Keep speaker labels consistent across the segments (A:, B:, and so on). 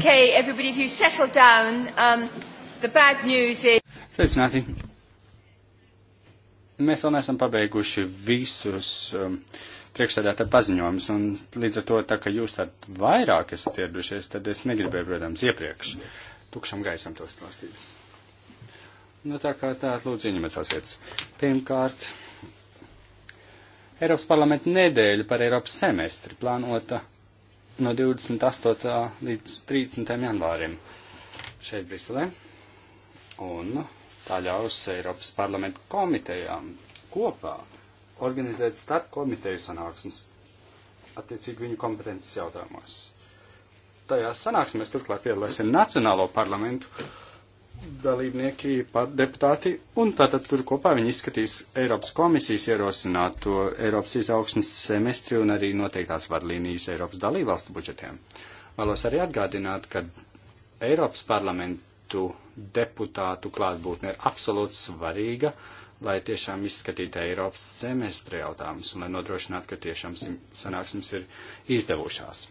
A: Okay, everybody, if you settle down, um, the bad news is...
B: Sveicināti. Mēs vēl neesam pabeiguši visus um, priekšsēdētā paziņojumus, un līdz ar to, tā kā jūs tad vairāk esat ieradušies, tad es negribēju, protams, iepriekš tukšam gaisam to stāstīt. Nu, tā kā tā, lūdzu, ieņemiet sasiec. Pirmkārt, Eiropas parlamenta nedēļa par Eiropas semestri plānota no 28. līdz 30. janvārim šeit Briselē. Un tā ļaus Eiropas parlamentu komitejām kopā organizēt starp komiteju sanāksmes attiecīgi viņu kompetences jautājumos. Tajās sanāksmēs turklāt piedalēsim Nacionālo parlamentu uh, dalībnieki, deputāti, un tātad tur kopā viņi izskatīs Eiropas komisijas ierosināto Eiropas izaugsmes semestri un arī noteiktās vadlīnijas Eiropas dalībvalstu budžetiem. Vēlos arī atgādināt, ka Eiropas parlamentu deputātu klātbūtne ir absolūti svarīga, lai tiešām izskatītu Eiropas semestra jautājumus un lai nodrošinātu, ka tiešām sanāksmes ir izdevušās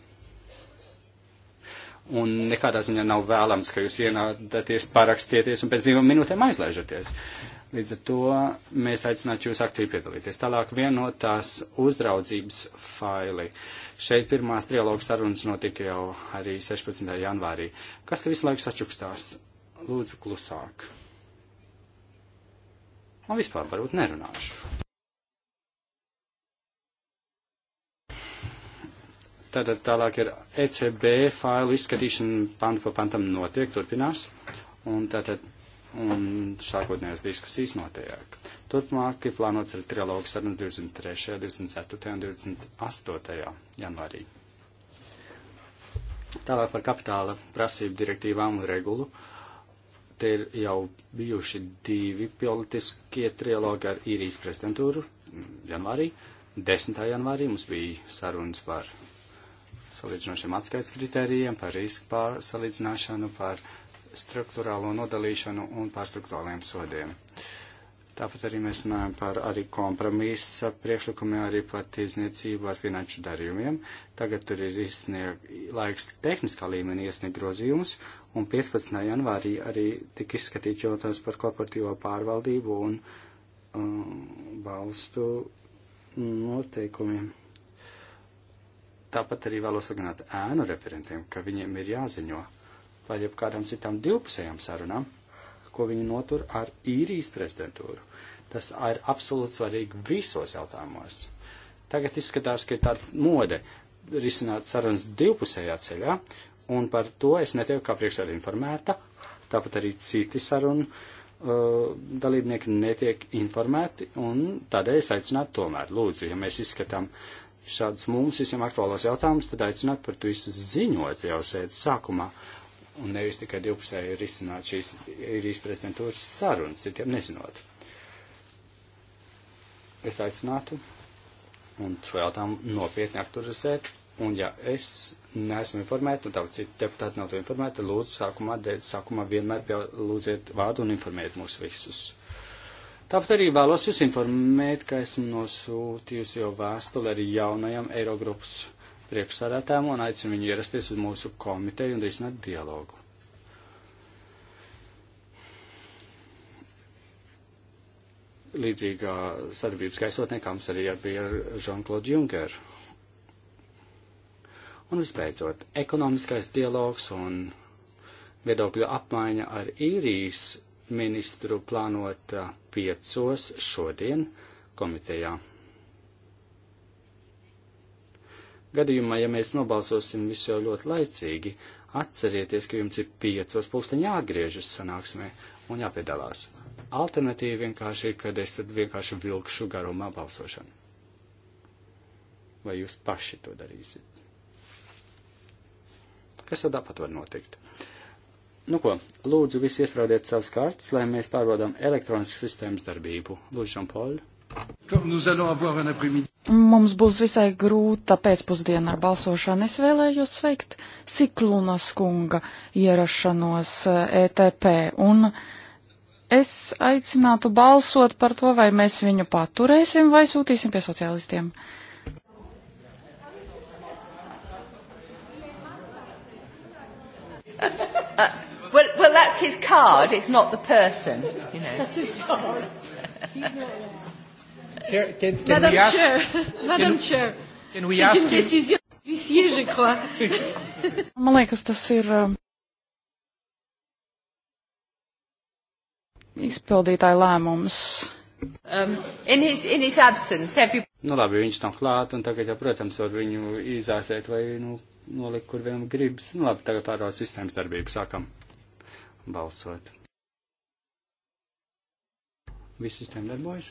B: un nekādā ziņā nav vēlams, ka jūs ienādaties, parakstieties un pēc divām minūtēm aizlaižaties. Līdz ar to mēs aicinātu jūs aktīvi piedalīties. Tālāk vienotās uzraudzības faili. Šeit pirmās trialogas sarunas notika jau arī 16. janvārī. Kas te visu laiku sačukstās? Lūdzu, klusāk. Un vispār varbūt nerunāšu. Tātad tālāk ir ECB failu izskatīšana pantu pa pantam notiek, turpinās. Un tātad un sākotnējās diskusijas notiek. Turpmāk ir plānots arī trialogs sarunas 23., 24. un 28. janvārī. Tālāk par kapitāla prasību direktīvām un regulu. Te ir jau bijuši divi politiskie trialogi ar īrijas prezidentūru janvārī. 10. janvārī mums bija sarunas par salīdzinošiem atskaits kritērijiem, par risku pārsalīdzināšanu, par struktūrālo nodalīšanu un par struktūrāliem sodiem. Tāpat arī mēs runājam par arī kompromisa priekšlikumiem, arī par tirzniecību ar finanšu darījumiem. Tagad tur ir izsniegt laiks tehniskā līmenī iesniegt grozījumus, un 15. janvārī arī tika izskatīt jautājums par korporatīvo pārvaldību un um, valstu noteikumiem. Tāpat arī vēlos atgādināt ēnu referentiem, ka viņiem ir jāziņo par jebkādām citām divpusējām sarunām, ko viņi notur ar īrijas prezidentūru. Tas ir absolūti svarīgi visos jautājumos. Tagad izskatās, ka ir tāda mode risināt sarunas divpusējā ceļā, un par to es netieku kā priekšsēdē informēta, tāpat arī citi sarunu uh, dalībnieki netiek informēti, un tādēļ es aicinātu tomēr, lūdzu, ja mēs izskatām uh, šādus mums visiem aktuālos jautājumus, tad aicināt par to visu ziņot jau sēdz sākumā. Un nevis tikai divpusēji risināt šīs īrijas prezidentūras sarunas, citiem nezinot. Es aicinātu un šo jautājumu nopietni aktualizēt. Un ja es neesmu informēta, un tāpēc citi deputāti nav to informēti, lūdzu sākumā, dēļ sākumā vienmēr lūdziet vārdu un informēt mūs visus. Tāpat arī vēlos jūs informēt, ka esmu nosūtījusi jau vēstuli arī jaunajam Eirogrupas priekšsādātājiem un aicinu viņu ierasties uz mūsu komiteju un risināt dialogu. Līdzīgā sadarbības gaisotnē, kā mums arī bija ar Jean-Claude Junkeru. Un visbeidzot, ekonomiskais dialogs un viedokļu apmaiņa ar īrijas ministru plānota piecos šodien komitejā. Gadījumā, ja mēs nobalsosim visu jau ļoti laicīgi, atcerieties, ka jums ir piecos pulksteņi jāatgriežas sanāksmē un jāpiedalās. Alternatīva vienkārši ir, kad es tad vienkārši vilkšu garumā balsošanu. Vai jūs paši to darīsiet? Kas tad apat var notikt? Nu ko, lūdzu visi iesprādiet savas kartas, lai mēs pārbaudām elektroniskas sistēmas darbību. Lūdzu, Žanpoļ.
C: Mums būs visai grūta pēcpusdiena ar balsošanu. Es vēlējos sveikt Siklunas kunga ierašanos ETP eh, e un es aicinātu balsot par to, vai mēs viņu paturēsim vai sūtīsim pie sociālistiem.
A: Well, well, that's his card. It's not the person. You know. That's
D: his card. He's not allowed.
E: Can, can, can Madam we ask, Chair, Madam can, Chair, can we ask une décision huissier, je crois.
C: Man liekas, tas ir um, izpildītāja lēmums.
A: Um, in his, in his absence, every...
B: Nu labi, viņš nav klāt, un tagad jau, protams, var viņu izāsēt vai, nu, nolikt, kur vienam gribas. Nu labi, tagad pārdaudzes sistēmas darbību sākam balsot. Viss sistēma darbojas.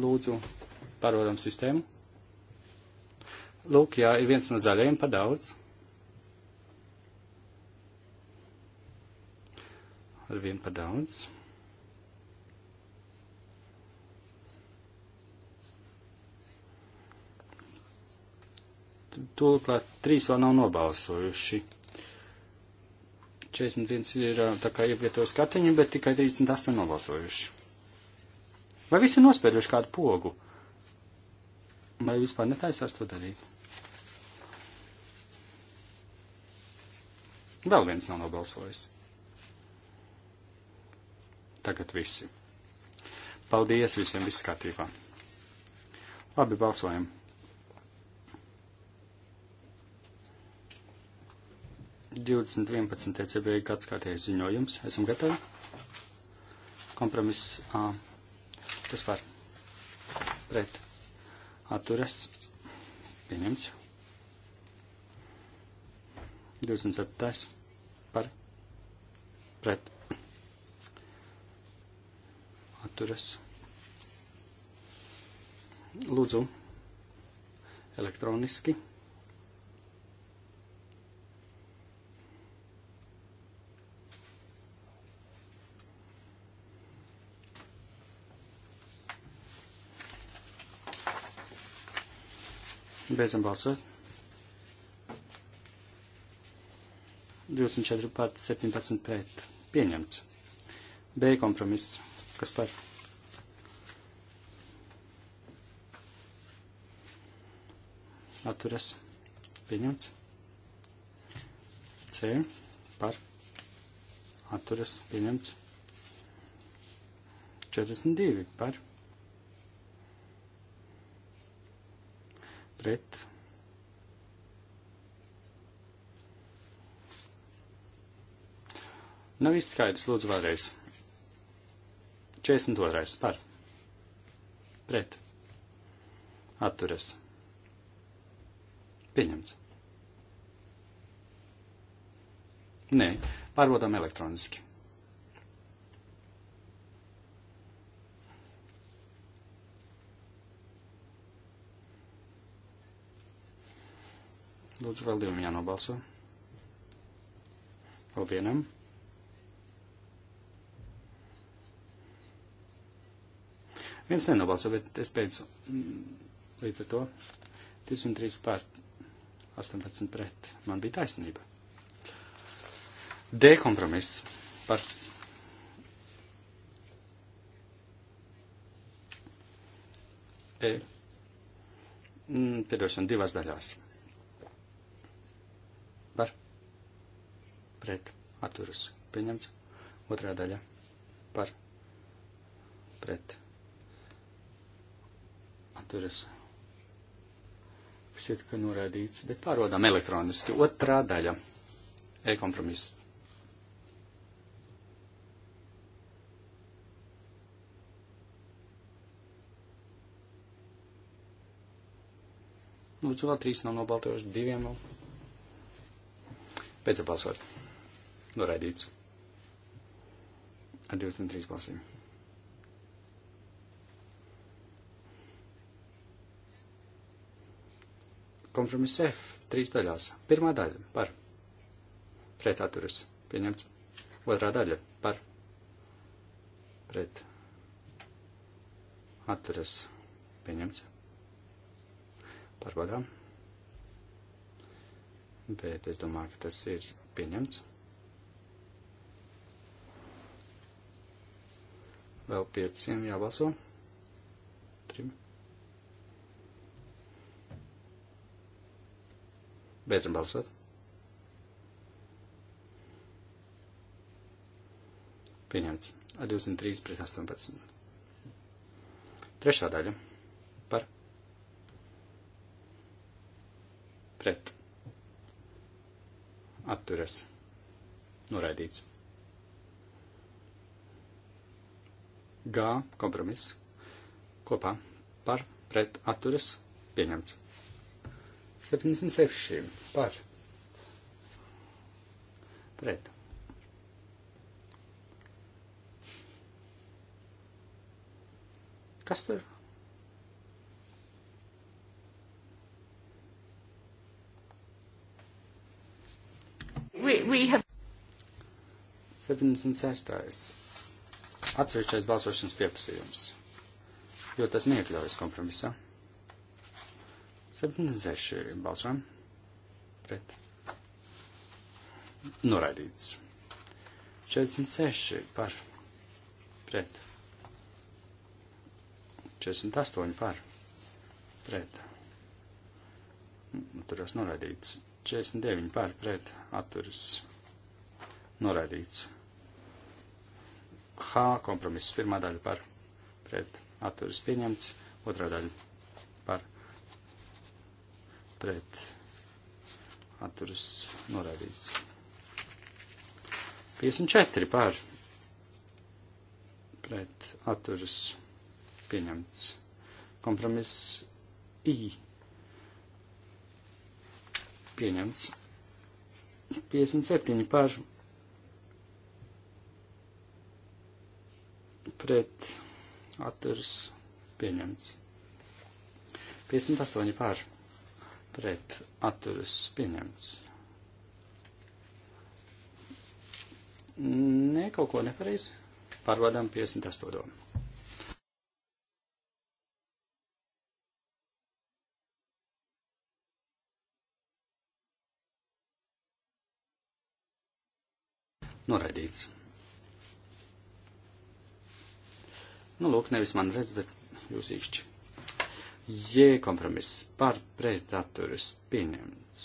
B: Lūdzu, pārvaldam sistēmu. Lūk, jā, ir viens no zaļajiem par daudz. Ar vienu par daudz. Turklāt trīs vēl nav nobalsojuši. 41 ir tā kā ievietojis kartiņu, bet tikai 38 nobalsojuši. Vai visi nospēduši kādu pogu? Vai vispār netaisās to darīt? Vēl viens nav nobalsojis. Tagad visi. Paldies visiem, viss kārtībā. Labi, balsojam! 2011. CB gadskārtējais ziņojums. Esam gatavi. Kompromiss A. Kas var? Pret. Atturas. Pieņemts. 27. Par. Pret. Atturas. Lūdzu. Elektroniski. Beidzam balsot. 24 pār 17 pret. Pieņemts. B kompromiss. Kas par? Atturas. Pieņemts. C par. Atturas. Pieņemts. 42 par pret. Nav viss skaidrs, lūdzu vēlreiz. 42. par. Pret. Atturas. Pieņemts. Nē, pārbaudām elektroniski. Lūdzu, vēl divam jānobalso. Vēl vienam. Viens nenobalso, bet es beidzu mm, līdz ar to 23 pār 18 pret. Man bija taisnība. D kompromiss par E. Mm, piedošana divās daļās. pret atturas pieņemts. Otrā daļa par pret atturas. Šķiet, ka norādīts, bet pārodām elektroniski. Otrā daļa. E-kompromiss. Lūdzu, vēl trīs nav nobaltojuši, diviem vēl. Pēc apbalsot. Noraidīts. Ar 23 balsīm. Kompromiss F. Trīs daļās. Pirmā daļa par. Pret atturas. Pieņemts. Otrā daļa par. Pret atturas. Pieņemts. Pārbaudām. Bet es domāju, ka tas ir pieņemts. Vēl pieciem jābalso. Trim. Beidzam balsot. Pieņemts ar 23 pret 18. Trešā daļa par pret atturas noraidīts. G kompromiss kopā par pret atturas pieņemts. 76 par pret. Kas tur? We, we have 76 atsevišķais balsošanas pieprasījums, jo tas neiekļaujas kompromisā. 76 balsojam pret. Noraidīts. 46 par pret. 48 par pret. Nu, Turās noraidīts. 49 par pret atturas. Noraidīts. H kompromiss. Pirmā daļa par pret atturas pieņemts, otrā daļa par pret atturas norādīts. 54 par pret atturas pieņemts. Kompromiss I pieņemts. 57 par pret pret atturas pieņemts. 58 pār pret atturas pieņemts. Nē, kaut ko nepareizi. Pārvadām 58. Noraidīts. Nu, lūk, nevis man redz, bet jūs īšķi. Jē, kompromiss par pretaturis pieņemts.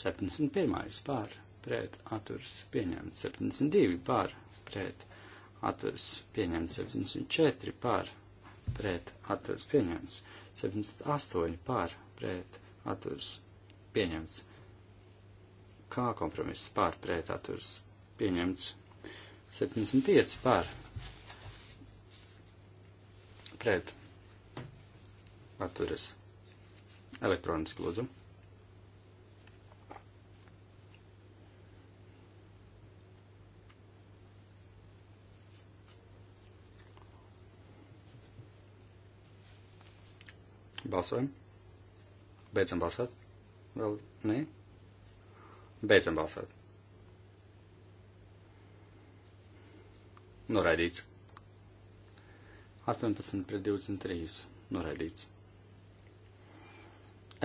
B: 71. par pretaturis pieņemts. 72. par pretaturis pieņemts. 74. par pretaturis pieņemts. 78. par pretaturis pieņemts. Kā kompromiss par pretaturis pieņemts. 75 par pret atturas elektroniski lūdzu. Balsojam. Beidzam balsot. Vēl nē. Beidzam balsot. Noraidīts. 18 pret 23 noraidīts.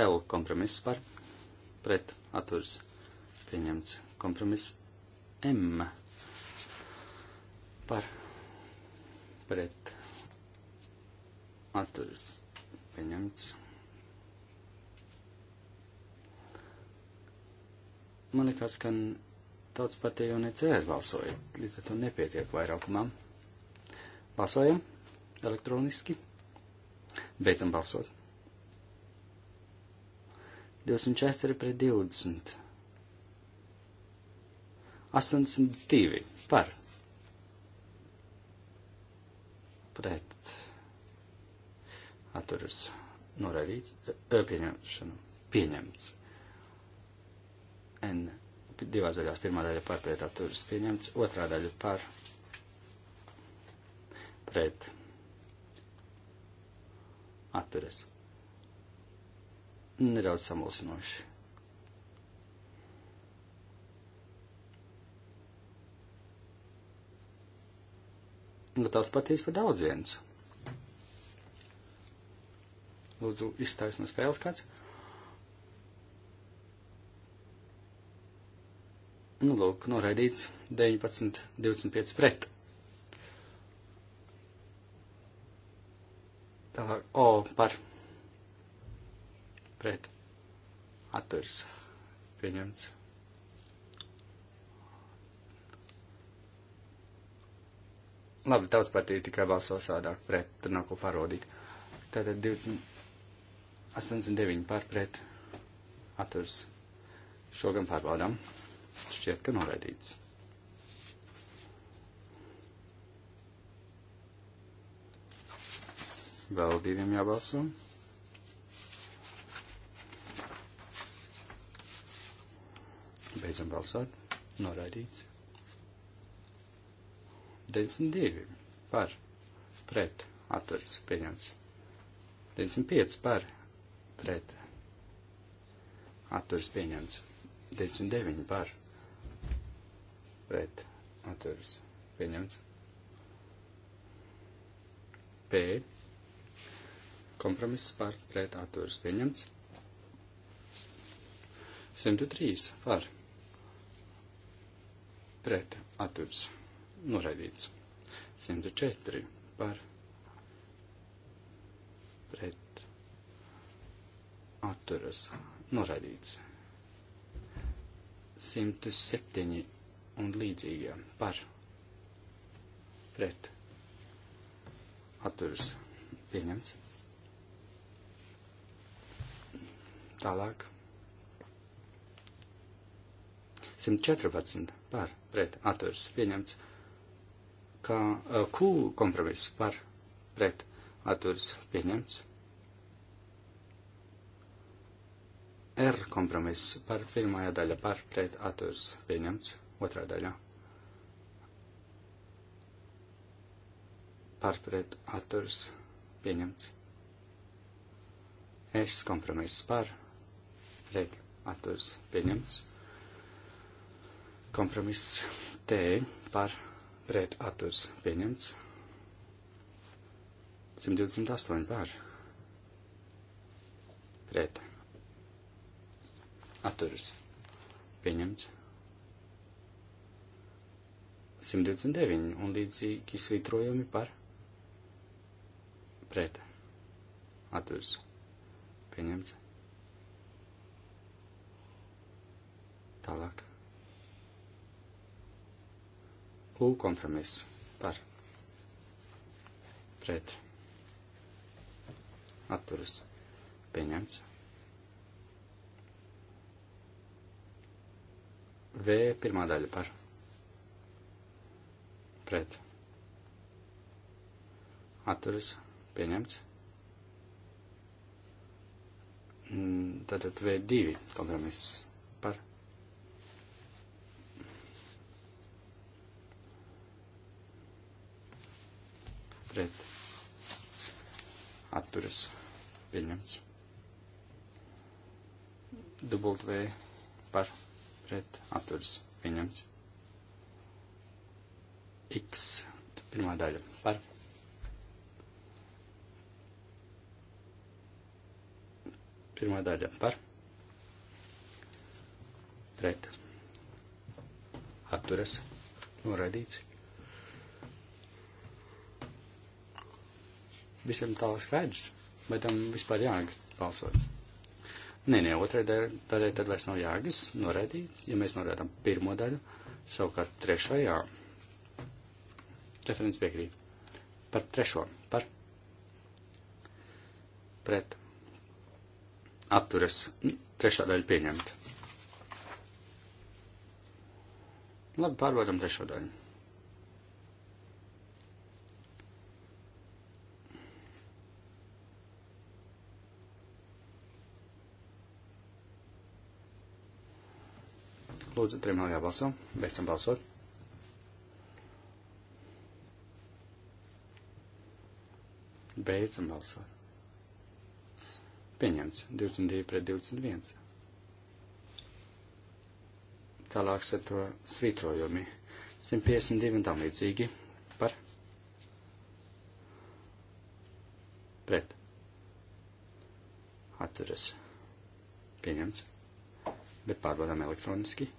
B: L kompromiss par pret atturs pieņemts kompromiss M par pret atturs pieņemts. Man liekas, ka tautas partija jau necēlēs balsojot, līdz ar to nepietiek vairākumam. Balsojam! elektroniski. Beidzam balsot. 24 pret 20. 82 par. Pret. Atturas noraidīts. E, pieņemšanu. Pieņemts. N. Divās daļās. Pirmā daļa par pret atturas pieņemts. Otrā daļa par. Pret atturas. Nedaudz samulsinoši. Nu, tāds patīs par daudz viens. Lūdzu, izstājas no spēles kāds. Nu, lūk, noraidīts 19, 25 pret. Tā, O par pret atturs pieņemts. Labi, tautas partija tikai balso sādāk pret, tur nav ko parodīt. Tātad 20, 89 pār pret atturs. Šogam pārbaudām. Šķiet, ka noraidīts. Vēl diviem jābalso. Beidzam balsot. Noraidīts. 92 par pret atturs pieņemts. 95 par pret atturs pieņemts. 99 par pret atturs pieņemts. P Kompromiss par pret atturas pieņemts. 103 par pret atturas noraidīts. 104 par pret atturas noraidīts. 107 un līdzīgie par pret atturas pieņemts. Tālāk. 114 par pret atturs pieņemts. Kā eh, Q kompromiss par pret atturs pieņemts. R kompromiss par pirmā daļa par pret atturs pieņemts. Otrā daļa pārpret atturs pieņemts. Es kompromiss par pret atturas pieņemts. Kompromiss T par pret atturas pieņemts. 128 par pret atturas pieņemts. 129 un līdzīgi svītrojumi par pret atturas pieņemts. Tālāk. U kompromiss par pret atturus pieņemts. V pirmā daļa par pret atturus pieņemts. Mm, tātad V2 kompromiss pret atturas pieņemts. Dubult V par pret atturas pieņemts. X pirmā daļa par. Pirmā daļa par. Pret atturas noradīts. visiem tālāk skaidrs, vai tam vispār jāgas balsot. Nē, nē, otrai daļai tad vairs nav jāgas noraidīt, ja mēs norādām pirmo daļu, savukārt trešajā. Referents piekrīt. Par trešo, par pret atturas trešā daļa pieņemta. Labi, pārbaudam trešo daļu. Lūdzu, trimnāk jābalso. Beidzam balsot. Beidzam balsot. Pieņemts. 22 pret 21. Tālāk ar to svītrojumi. 152 un tam līdzīgi par pret. Atturas. Pieņemts. Bet pārbaudām elektroniski.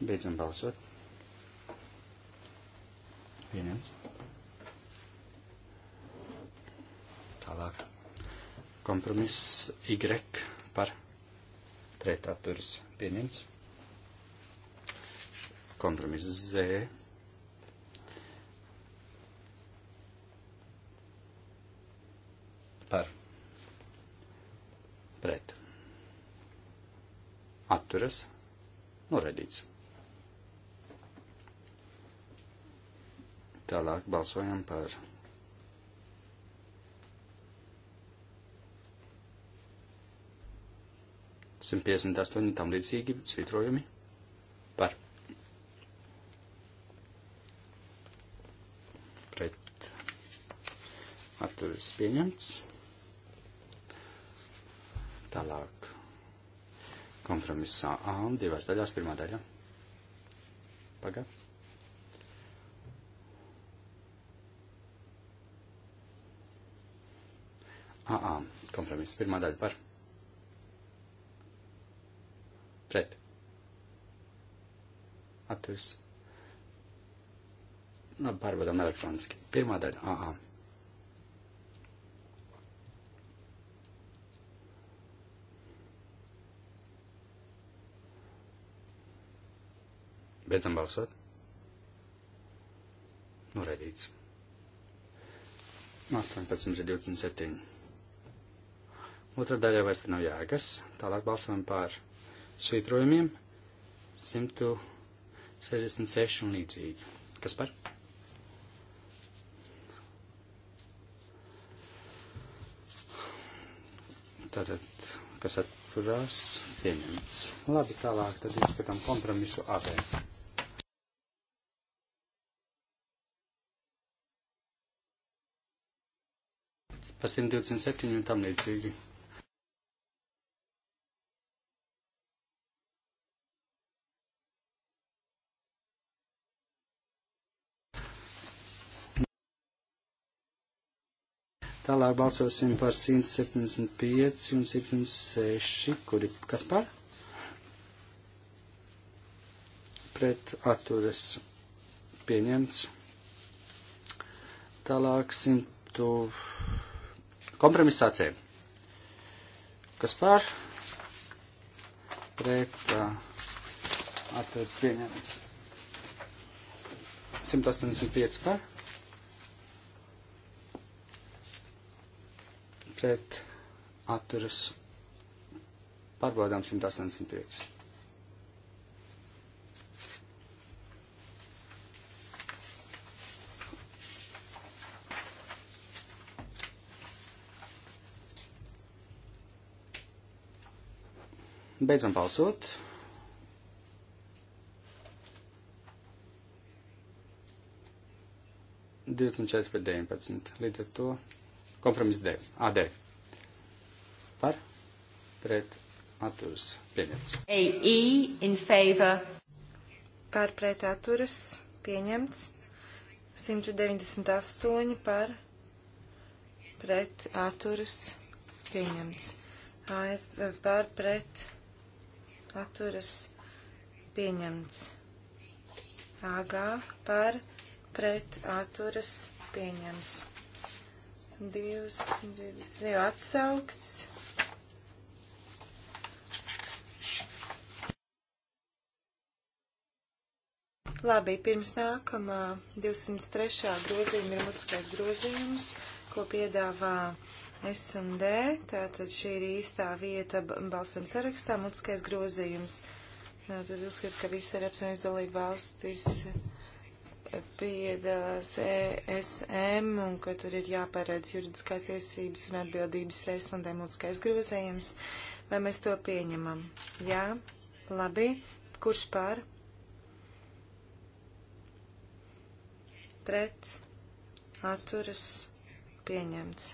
B: Beidzam balsot. Pieņemts. Tālāk. Kompromiss Y par pretāturas pieņemts. Kompromiss Z par pret atturas pieņemts Tālāk balsojam par simt piecdesmit astoņi tam līdzīgi svītrojumi par pret atturis pieņemts. Tālāk kompromisā A divās daļās, pirmā daļa. Pagad. kompromiss. Pirmā daļa par. Pret. Atturs. Labi, nu, pārbaudām elektroniski. Pirmā daļa. AA. Beidzam balsot. Noraidīts. 18 nu, pret 27. Otra daļa vairs nav jēgas. Tālāk balsojam par svītrojumiem 166 un līdzīgi. Kas par? Tātad, kas atturās, pieņemts. Labi, tālāk tad izskatām kompromisu AB. Pa 127 un tam līdzīgi. Tālāk balsosim par 175 un 76, kuri kas par? Pret atturas pieņemts. Tālāk 100 kompromisācē. Kas par? Pret atturas pieņemts. 185 par? pret atturas pārbaudām 185. Beidzam balsot. Divdesmit četri pret deviņpadsmit. Līdz ar to Kompromiss D. AD. Par. Pret. Atturas. Pieņemts.
A: AE in favor.
F: Par. Pret. Atturas. Pieņemts. 198 par. Pret. Atturas. Pieņemts. AF e, par. Pret. Atturas. Pieņemts. AG par. Pret. Atturas. Pieņemts. 220 atsaukts. Labi, pirms nākamā 203. grozījuma ir mutiskais grozījums, ko piedāvā S&D. Tātad šī ir īstā vieta balsojuma sarakstā, mutiskais grozījums. Tātad uzskat, ka visi ir apsaimnieki dalība valstis piedalās ESM un ka tur ir jāparedz juridiskās tiesības un atbildības es un demotiskais grozējums. Vai mēs to pieņemam? Jā, labi. Kurš pār? Pret. Atturas. Pieņemts.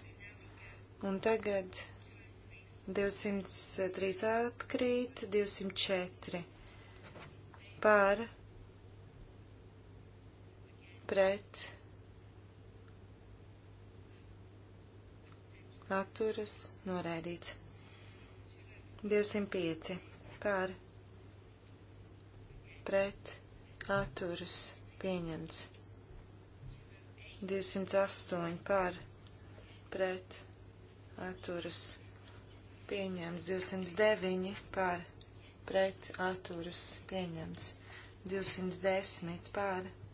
F: Un tagad 203 atkrīt, 204 pār pret atturas noraidīts. 205 par pret atturas pieņemts. 208 par pret atturas pieņemts. 209 par pret atturas pieņemts. 210 par pret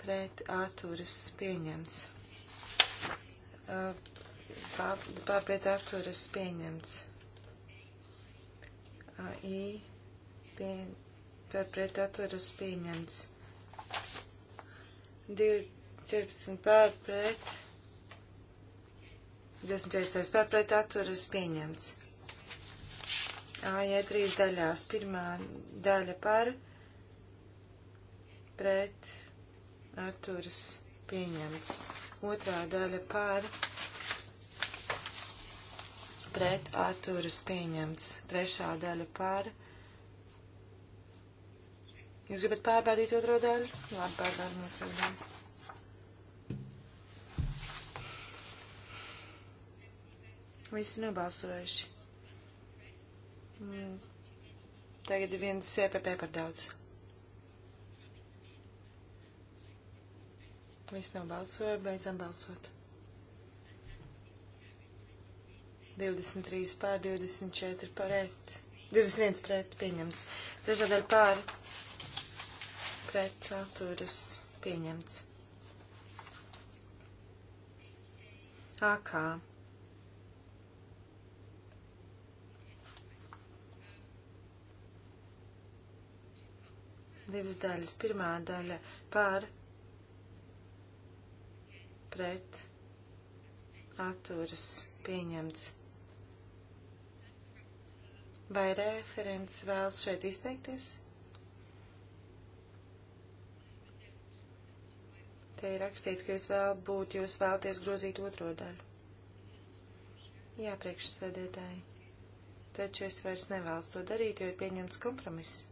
F: pret atturas pieņemts. Pārpret atturas pieņemts. I pie, pārpret atturas pieņemts. 14 pārpret 24 pārpret atturas pieņemts. AJ trīs daļās. Pirmā daļa par pret atturas pieņemts. Otrā daļa par pret atturas pieņemts. Trešā daļa par. Jūs gribat pārbaudīt otro daļu? Labi, pārbaudām otro daļu. Visi nobalsojuši. Mm. Tagad viens CPP e par daudz. Viss nav balsoja, beidzam balsot. 23 pār, 24 pret, 21 pret pieņemts. Trešā daļa pār, pret atturas pieņemts. AK. Divas daļas. Pirmā daļa pār pret atturas pieņemts. Vai referents vēlas šeit izteikties? Te ir rakstīts, ka jūs vēl būt, jūs vēlties grozīt otro daļu. Jā, priekšsēdētāji. Taču es vairs nevēlas to darīt, jo ir pieņemts kompromiss.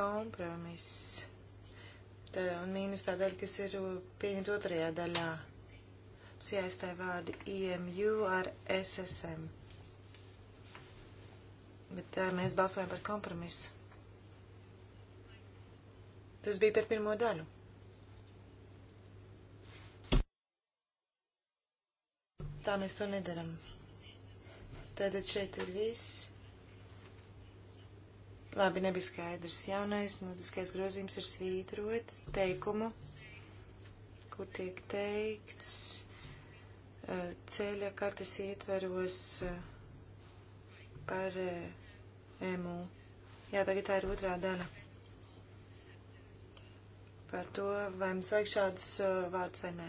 F: Kompromiss. Tā, un mīnus tā daļa, kas ir uh, pieņemta otrajā daļā. Mums jāizstāja vārdi EMU ar SSM. Bet tā, uh, mēs balsojam par kompromisu. Tas bija par pirmo daļu. Tā mēs to nedaram. Tātad šeit ir viss. Labi, nebija skaidrs. Jaunais mutiskais grozījums ir svītrot teikumu, kur tiek teikts eh, ceļa kartes ietveros eh, par eh, emu. Jā, tagad tā ir otrā daļa. Par to, vai mums vajag šādus vārdus vai nē.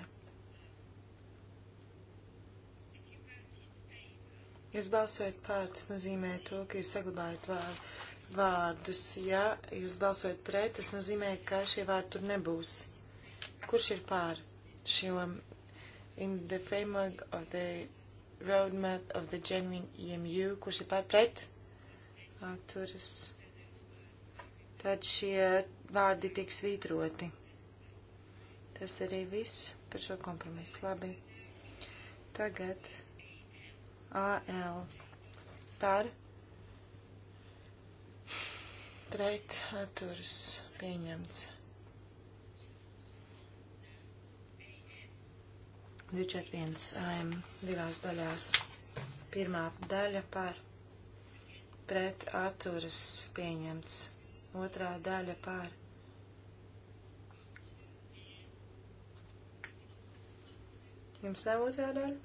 F: Jūs balsojat pār, tas nozīmē to, ka jūs saglabājat vārdu vārdus. Ja jūs balsojat pret, tas nozīmē, ka šie vārdi tur nebūs. Kurš ir pār šo in the framework of the roadmap of the genuine EMU, kurš ir pār pret? Atturas. Tad šie vārdi tiek svītroti. Tas arī viss par šo kompromisu. Labi. Tagad AL par pret atturas pieņemts. 241 AM divās daļās. Pirmā daļa par pret atturas pieņemts. Otrā daļa par Jums nav otrā daļa?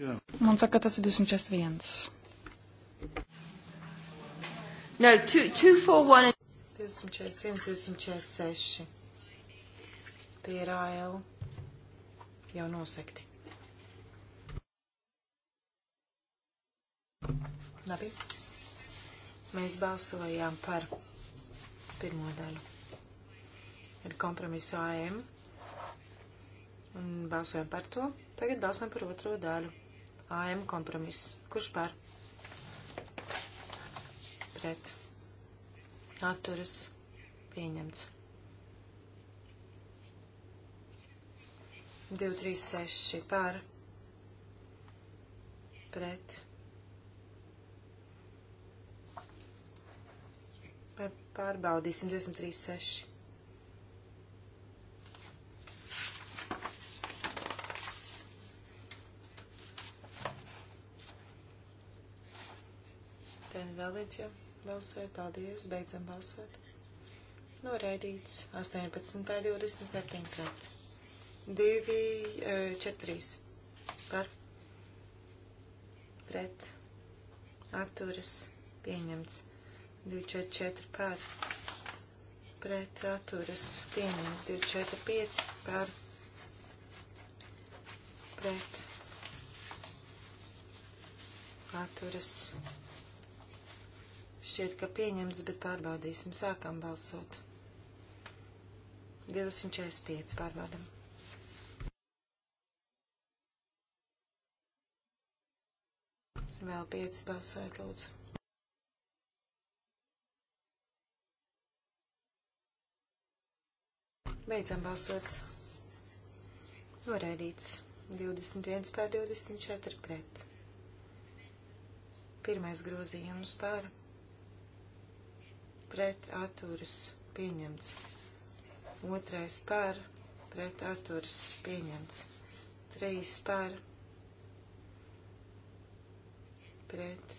F: Jā.
C: Man saka, tas ir 241.
A: No, 241. 241, 246. Tie ir AL
F: jau nosekti. Labi. Mēs balsojām par pirmo daļu. Ir kompromisu AM. Un balsojam par to. Tagad balsojam par otro daļu. AM kompromiss. Kurš par? pret atturas pieņemts. 236 par pret pārbaudīsim 236. Ten vēl viens jau. Balsoju, paldies, beidzam balsot. Noraidīts 18 pār 27 pret. 2, 4 e, par pret. Atturas pieņemts. 2, 4, 4 par pret. Atturas pieņemts. 2, 4, 5 par pret. Atturas pieņemts Šķiet, ka pieņemts, bet pārbaudīsim. Sākam balsot. 245 pārbaudam. Vēl 5 balsojiet, lūdzu. Beidzam balsot. Noraidīts. 21 pār 24 pret. Pirmais grozījums pār pret atturas pieņemts. Otrais par pret atturas pieņemts. Trīs par pret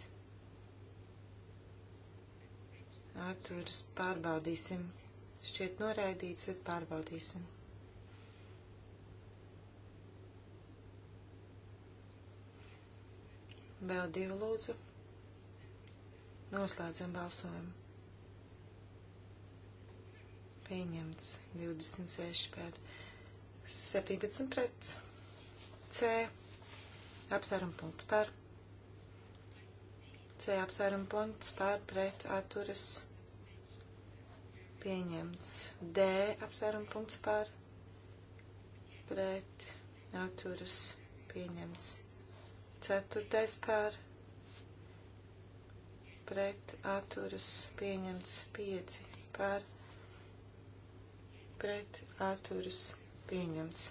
F: atturas pārbaudīsim. Šķiet noraidīts, bet pārbaudīsim. Vēl divi lūdzu. Noslēdzam balsojumu pieņemts 26 par 17 pret C apsvērumu punkts par C apsvērumu punkts par pret atturas pieņemts D apsvērumu punkts par pret atturas pieņemts ceturtais par pret atturas pieņemts 5 par pret atturas pieņemts.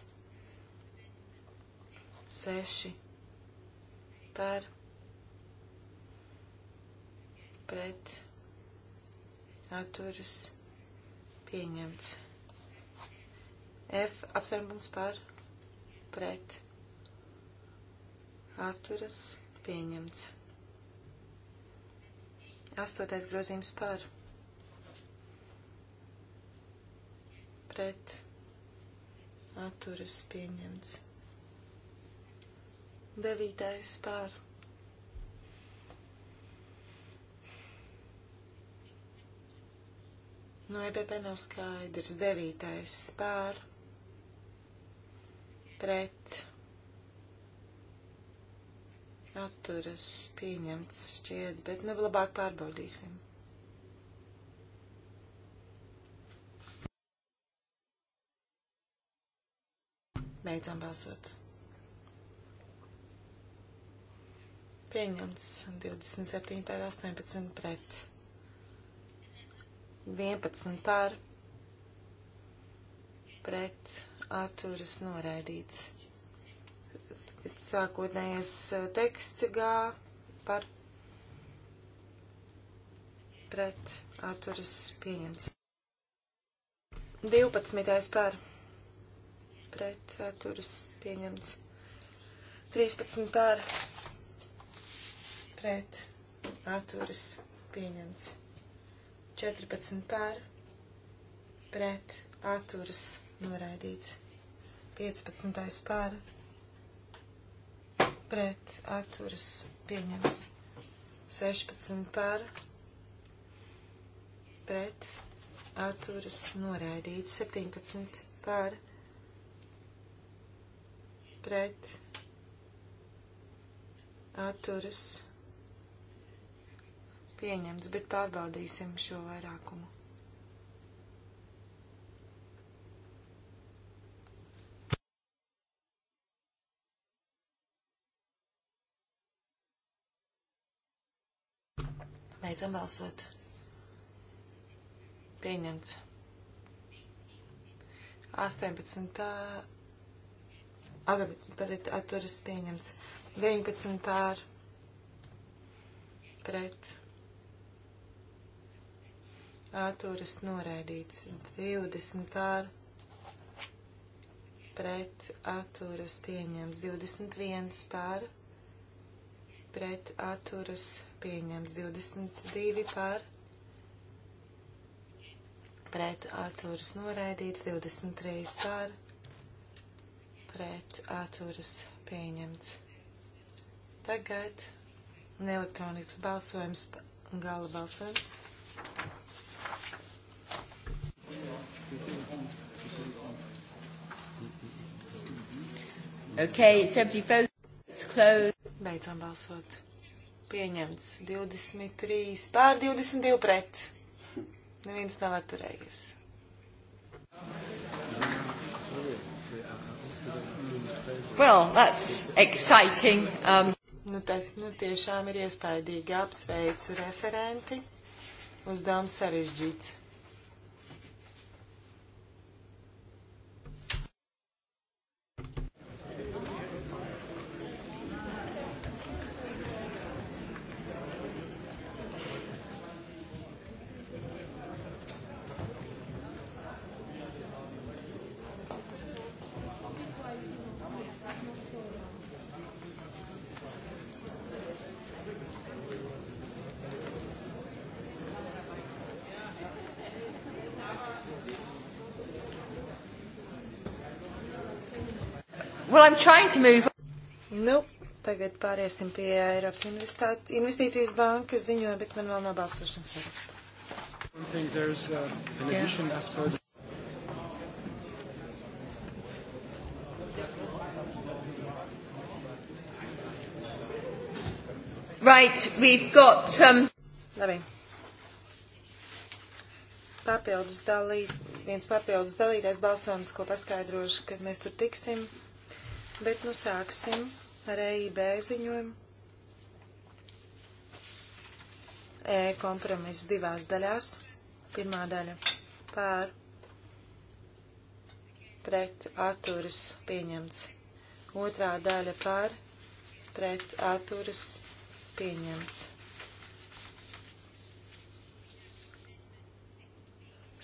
F: 6 par pret atturas pieņemts. F apsvērums par pret atturas pieņemts. Astotais grozījums par pret pret atturas pieņemts. Devītais pār. No EBP nav skaidrs. Devītais pār. Pret. Atturas pieņemts šķiet, bet nu labāk pārbaudīsim. Beidzam balsot. Pieņemts 27 par 18 pret. 11 par pret atturas noraidīts. Sākotnējais eh, teksts gā par pret atturas pieņemts. 12. par pret pret atturas pieņemts. 13 par pret atturas pieņemts. 14 par pret atturas noraidīts. 15 par pret atturas pieņemts. 16 par pret atturas noraidīts. 17 par pret pret atturas pieņemts, bet pārbaudīsim šo vairākumu. Beidzam balsot. Pieņemts. 18 pār pret atturas pieņemts. 19 pār pret atturas noraidīts. 20 pār pret atturas pieņemts. 21 pār pret atturas pieņemts. 22 pār pret atturas noraidīts. 23 pār pret atturas pieņemts. Tagad elektronisks balsojums, gala balsojums.
D: Okay, it's every vote.
A: It's
F: closed. Beidzam balsot. Pieņemts 23 pār 22 pret. Neviens nav atturējies.
D: Well, that's exciting. Um...
F: Nu, tas nu, tiešām ir iespaidīgi. Apsveicu referenti. Uzdevums sarežģīts. Well, I'm trying to move. Nu, tagad pāriesim pie Eiropas investīcijas bankas ziņojuma, bet man vēl nav balsošanas sarakstā.
D: I think there's uh, an yeah. addition after the
A: Right, we've got um Labi. Papildus
F: dalīt, viens papildus dalītais balsojums, ko paskaidrošu, kad mēs tur tiksim. Bet nu sāksim ar EIB ziņojumu. E kompromiss divās daļās. Pirmā daļa pār pret atturas pieņemts. Otrā daļa pār pret atturas pieņemts.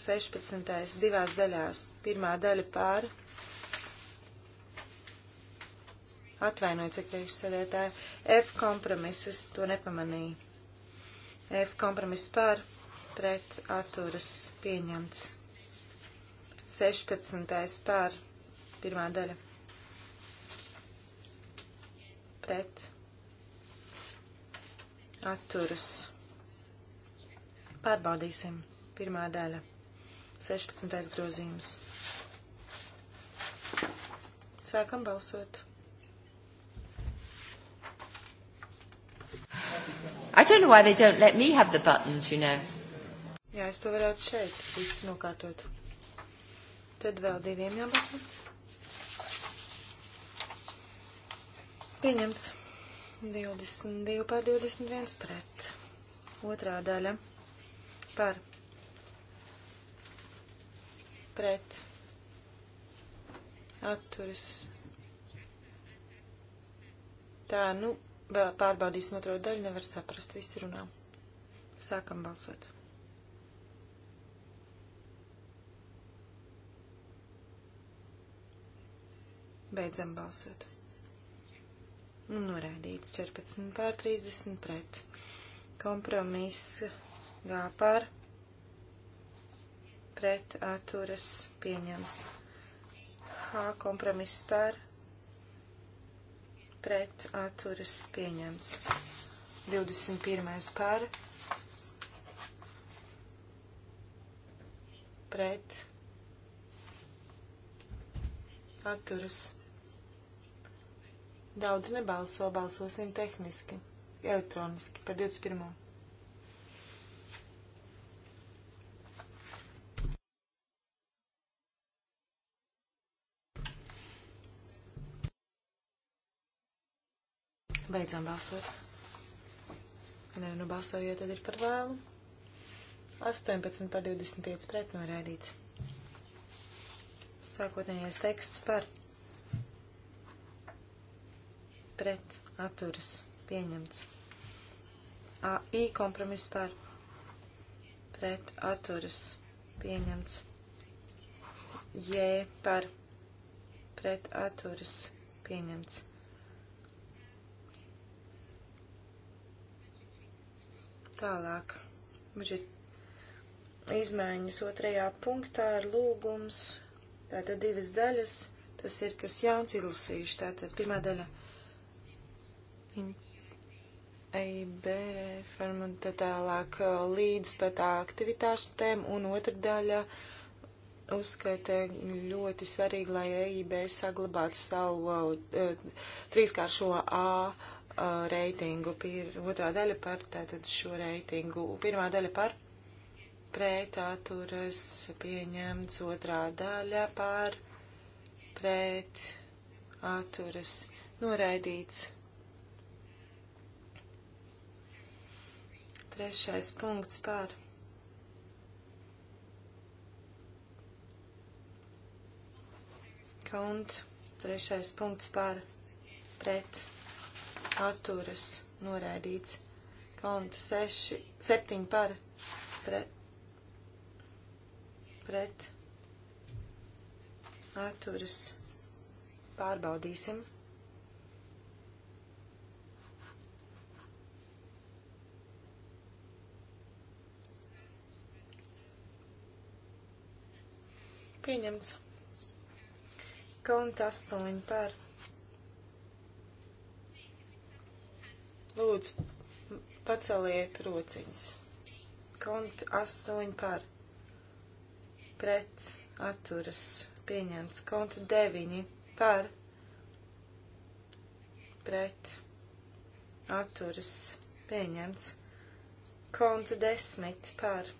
F: 16. divās daļās. Pirmā daļa pār Atvainojiet, cik priekšsēdētāji. F kompromises to nepamanīja. F kompromiss par pret atturas pieņemts. 16. par pirmā daļa. Pret atturas. Pārbaudīsim. Pirmā daļa. 16. grozījums. Sākam balsot.
A: I don't know why they don't let me have the buttons, you know.
F: Jā, es to varētu šeit visu nokārtot. Tad vēl diviem jābasa. Pieņemts. 22 pār 21 pret. Otrā daļa. Par. Pret. Atturis. Tā, nu, Vēl pārbaudīsim otro daļu, nevar saprast, visi runā. Sākam balsot. Beidzam balsot. Noraidīts 14 pār 30 pret. Kompromiss gā par pret atturas pieņems. H kompromiss par pret atturas pieņemts. 21. par pret atturas. Daudz nebalso, balsosim tehniski, elektroniski par 21. Beidzām balsot. Nē, nu balsojot, tad ir par vēlu. 18 par 25 pret noraidīts. Sākotnējais teksts par pret atturas pieņemts. AI kompromiss par pret atturas pieņemts. J par pret atturas pieņemts. Tālāk. Budžet izmaiņas otrajā punktā ir lūgums. Tātad divas daļas. Tas ir kas jauns izlasījuši. Tātad pirmā daļa. EIB reforma un tā tālāk uh, līdz pat aktivitāšatēm un otra daļa uzskaita ļoti svarīgi, lai EIB saglabātu savu uh, uh trīskāršo A. Uh, uh, reitingu. Pir, otrā daļa par tātad šo reitingu. Pirmā daļa par pretāturas pieņemts. Otrā daļa par pretāturas noraidīts. Trešais punkts par. Kont, trešais punkts par pret atturas noraidīts. Konta 6, 7 par pret, pret atturas pārbaudīsim. Pieņemts. Konta 8 par pret Lūdzu, paceliet rociņas. Kont 8 par. Pret atturas pieņemts. Kont 9 par. Pret atturas pieņemts. Kont 10 par.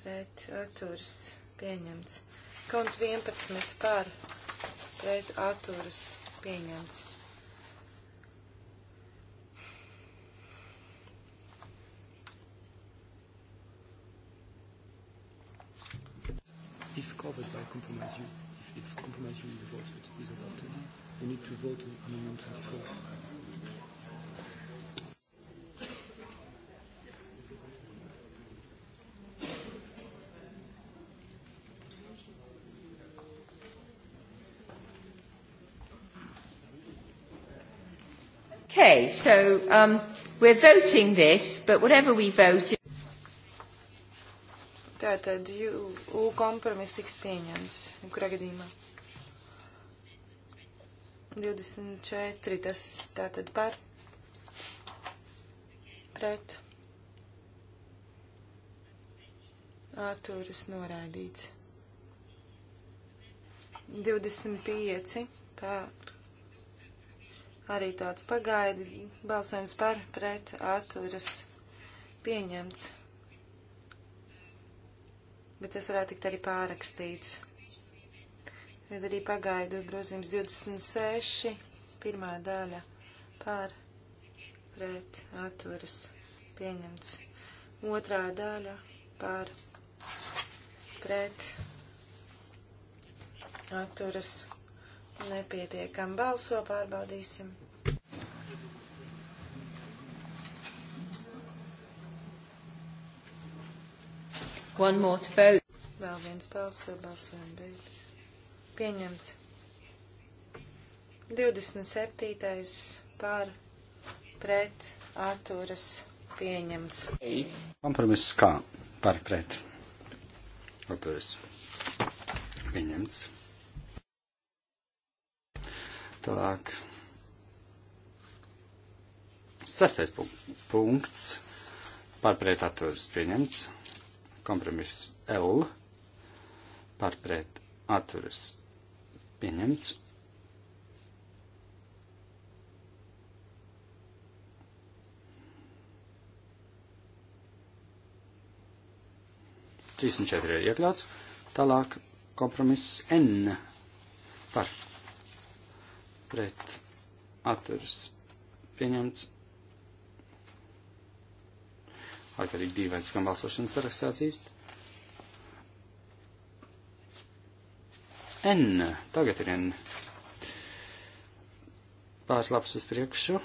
F: Pret atturas pieņemts. Kont 11 par. Pret atturas pieņemts.
D: covered by compromise U. If, if compromise U is voted, is adopted, we need to vote on amendment 24.
A: Okay, so um, we're voting this, but whatever we vote.
F: Tātad U kompromiss tiks pieņemts, jebkurā gadījumā. 24, tas tātad par, pret, atturas noraidīts. 25 par, arī tāds pagaidi, balsojums par, pret, atturas pieņemts bet tas varētu tikt arī pārakstīts. Tad arī pagaidu grozījums 26, pirmā daļa pār pret atturas pieņemts. Otrā daļa pār pret atturas nepietiekam balso pārbaudīsim.
A: One more to vote.
F: Vēl viens balsu, balsojam beidz. Pieņemts. 27. pār pret atturas pieņemts.
B: Kompromiss kā par pret atturas pieņemts. Tālāk. Sastais punkts. Pārpret atturas pieņemts kompromiss L par pret atturas pieņemts. Trīsdesmit četri ir iekļauts. Tālāk kompromiss N par pret atturas pieņemts. Ārkārtīgi dīvains, kam balsošanas saraksts atzīst. N. Tagad ir N. Pāris lapas uz priekšu.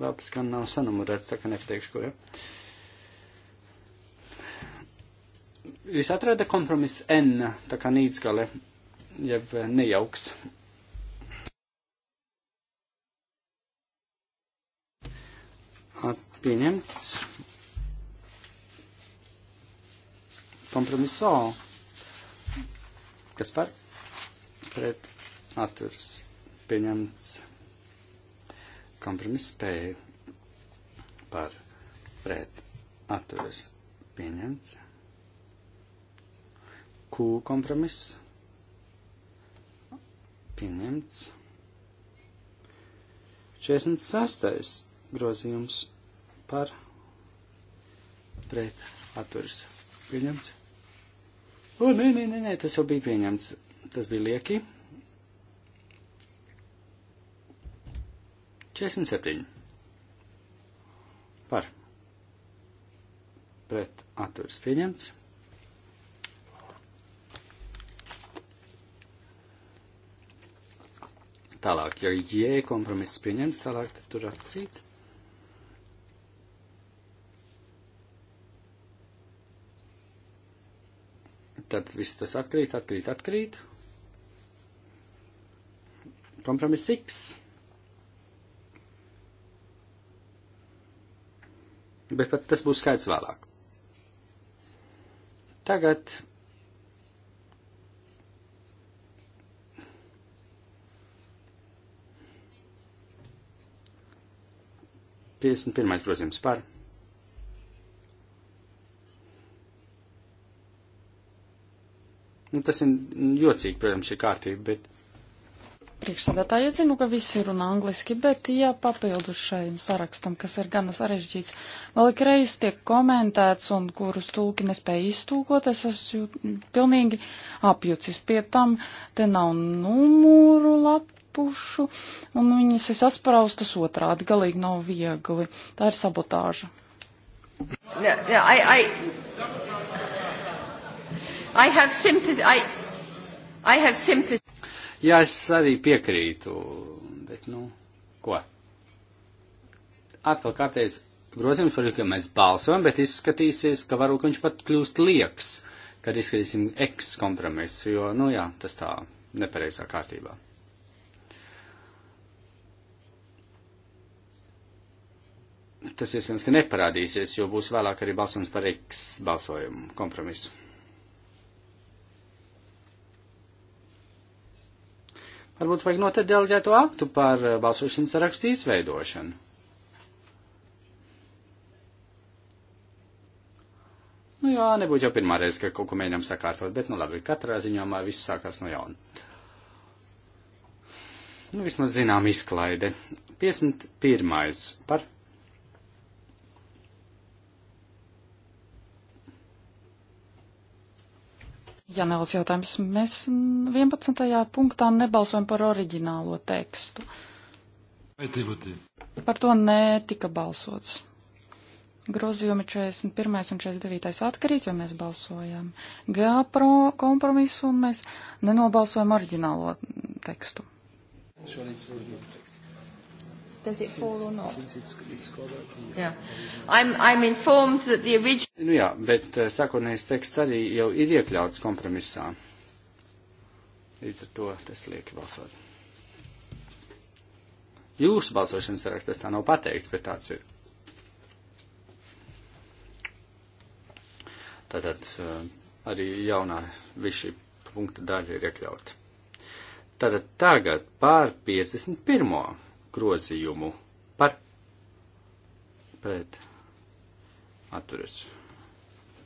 B: Lapas, ka nav sanumurēts, tā kā nepateikšu, kur ir. Ja? Jūs atrada kompromiss N, tā kā nīdzgale, jeb nejauks. At, pieņemts. Kompromiss O. Kas par? Pret atturs pieņemts. Kompromiss P. Par pret atturs pieņemts. Q kompromiss pieņemts. 46. grozījums par pret atturis pieņemts. O, nē, nē, nē, nē, tas jau bija pieņemts. Tas bija lieki. 47. Par. Pret atturs pieņemts. Tālāk, ja jē kompromiss pieņemts, tālāk tur atkrīt. Tad viss tas atkrīt, atkrīt, atkrīt. Kompromiss X. Bet pat tas būs skaidrs vēlāk. Tagad Piecdesmit pirmais grozījums par Nu, tas ir jocīgi, protams, šī kārtība, bet.
C: Priekšsādātāji, es zinu, ka visi runā angliski, bet, ja papildus šajam sarakstam, kas ir gana sarežģīts, vēl ikreiz tiek komentēts un kurus tulki nespēja iztūkot, es esmu pilnīgi apjucis. Pie tam te nav numuru lapušu, un viņas ir saspraustas otrādi, galīgi nav viegli. Tā ir sabotāža.
A: Yeah, yeah, I, I... I have sympathy. I, I have sympathy.
B: Jā, es arī piekrītu, bet, nu, ko? Atkal kārtēs grozījums par likumiem mēs balsojam, bet izskatīsies, ka varbūt viņš pat kļūst lieks, kad izskatīsim eks kompromisu, jo, nu jā, tas tā nepareizā kārtībā. Tas iespējams, ka neparādīsies, jo būs vēlāk arī balsojums par eks balsojumu kompromisu. Varbūt vajag noteikt deleģēto aktu par eh, balsošanas sarakstu izveidošanu. Nu jā, nebūtu jau pirmā reize, ka kaut ko mēģinām sakārtot, bet nu labi, katrā ziņā viss sākās no jauna. Nu, vismaz zinām izklaide. 51. par
C: Janēlas jautājums. Mēs 11. punktā nebalsojam par oriģinālo tekstu. Par to netika balsots. Grozījumi 41. un 49. atkarīt, jo mēs balsojām G pro kompromisu un mēs nenobalsojam oriģinālo
B: tekstu. Šodien, šodien, šodien.
A: Does it fall or not? Jā. I'm, I'm informed that the original...
B: Nu jā, bet eh, sākotnējais teksts arī jau ir iekļauts kompromisā. Līdz ar to tas liek balsot. Jūsu balsošanas sarakstā tā nav pateikts, bet tāds ir. Tātad eh, arī jaunā viši punkta daļa ir iekļauta. Tātad tagad pār 51 grozījumu par pret atturas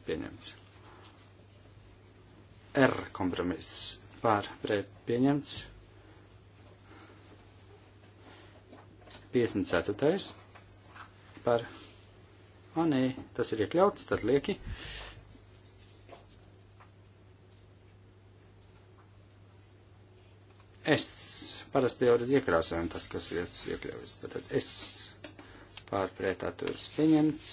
B: pieņemts. R kompromiss par pret pieņemts. 54. par, a ah, nē, tas ir iekļauts, tad lieki. S Parasti jau ir iekrāsojumi tas, kas ir iekļauts. Tātad es pārpretā tur ir pieņemts.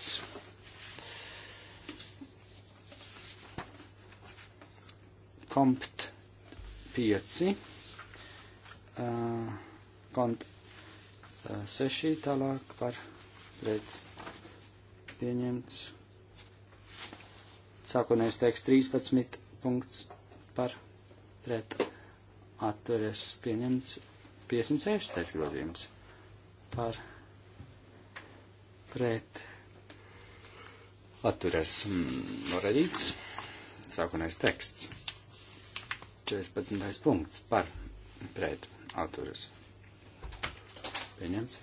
B: Kompt 5. Uh, kont 6 tālāk par pret pieņemts. Sākotnējais teiks 13 punkts par pret atturies pieņemts 56. grozījums par pret atturēs mm, norādīts sākotnējais teksts. 14. punkts par pret atturēs. Pieņemts.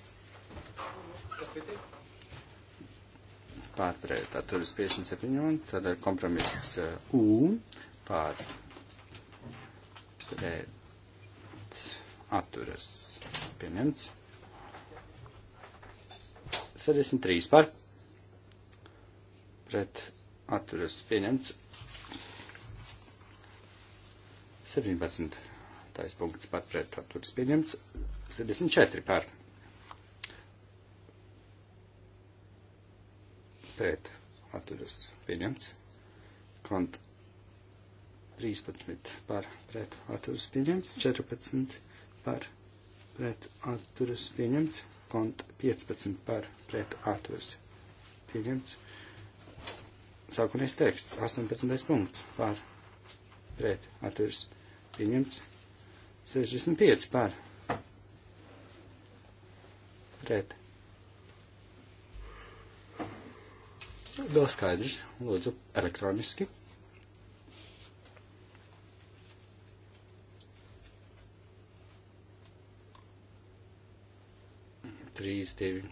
B: Pārpret atturēs 57. un tad kompromiss uh, U pār pret atturas pieņemts. 63 par pret atturas pieņemts. 17. Tais punkts pat pret atturas pieņemts. 74 par pret atturas pieņemts. Kont 13 par pret atturas pieņemts. 14 par pret atturas pieņemts, kont 15 par pret atturas pieņemts. Sākotnējais teksts, 18. punkts par pret atturas pieņemts, 65 par pret. Vēl skaidrs, lūdzu, elektroniski. 3, 2.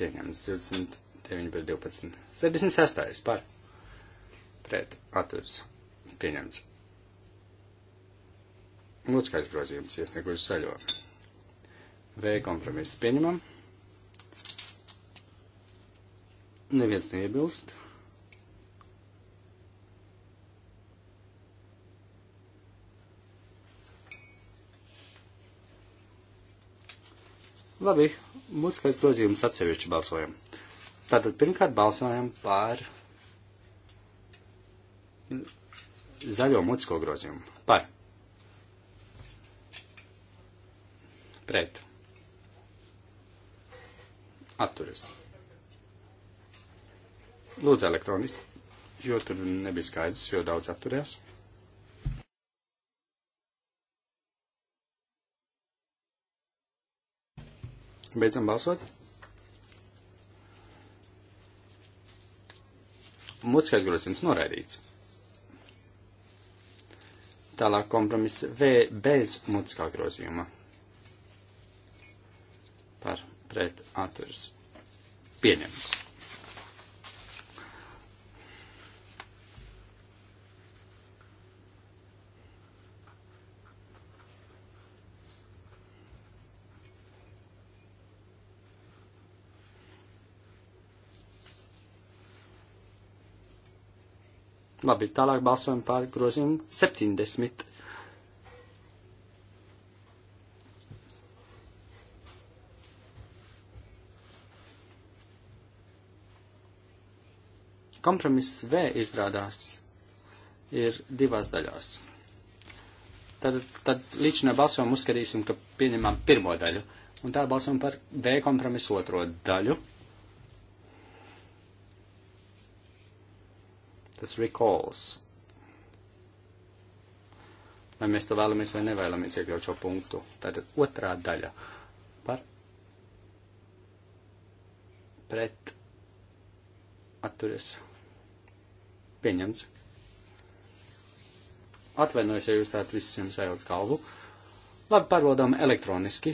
B: Pieņemts 29 pret 12. 76. par. Pret. Atturs. Pieņemts. Mūtskais grozījums iesnieguši zaļo. V kompromiss pieņemam. Neviens neiebilst. Labi, mūtiskais grozījums atsevišķi balsojam. Tātad pirmkārt balsojam par zaļo mūtisko grozījumu. Par. Pret. Atturis. Lūdzu elektroniski, jo tur nebija skaidrs, jo daudz atturējās. Beidzam balsot. Mutiskais grozījums noraidīts. Tālāk kompromiss V bez mutiskā grozījuma. Par pret atturs pieņemts. Labi, tālāk balsojam par grozījumu 70. Kompromiss V izrādās ir divās daļās. Tad, tad līdz šim balsojumu uzskatīsim, ka pieņemam pirmo daļu, un tā balsojam par V kompromisu otro daļu. tas recalls. Vai mēs to vēlamies vai nevēlamies iekļaut šo punktu. Tātad otrā daļa par pret atturies pieņemts. Atvainojos, ja jūs tātad visiem sajauc galvu. Labi, pārbaudām elektroniski.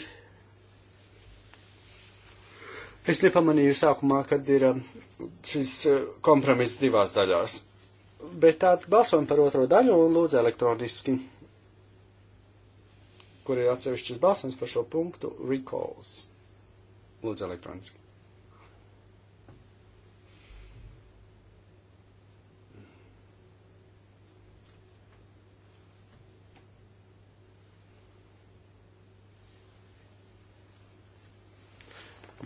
B: Es nepamanīju sākumā, kad ir um, šis uh, kompromiss divās daļās. Bet tā balsojam par otro daļu un lūdzu elektroniski, kur ir atsevišķis balsojums par šo punktu recalls. Lūdzu elektroniski.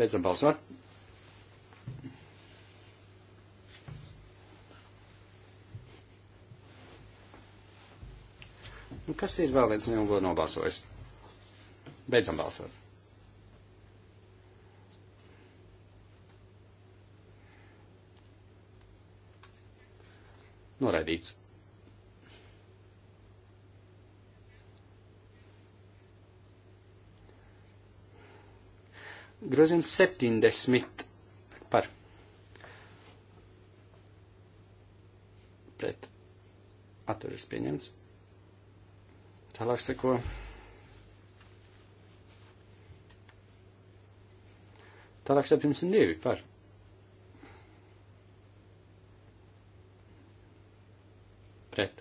B: Beidzam balsot. Un nu, kas ir vēl viens neilgo nobalsojis? Beidzam balsot. Noraidīts. Grozījums 70 par pret atturis pieņemts. Tālāk seko. Tālāk 72 par. Pret.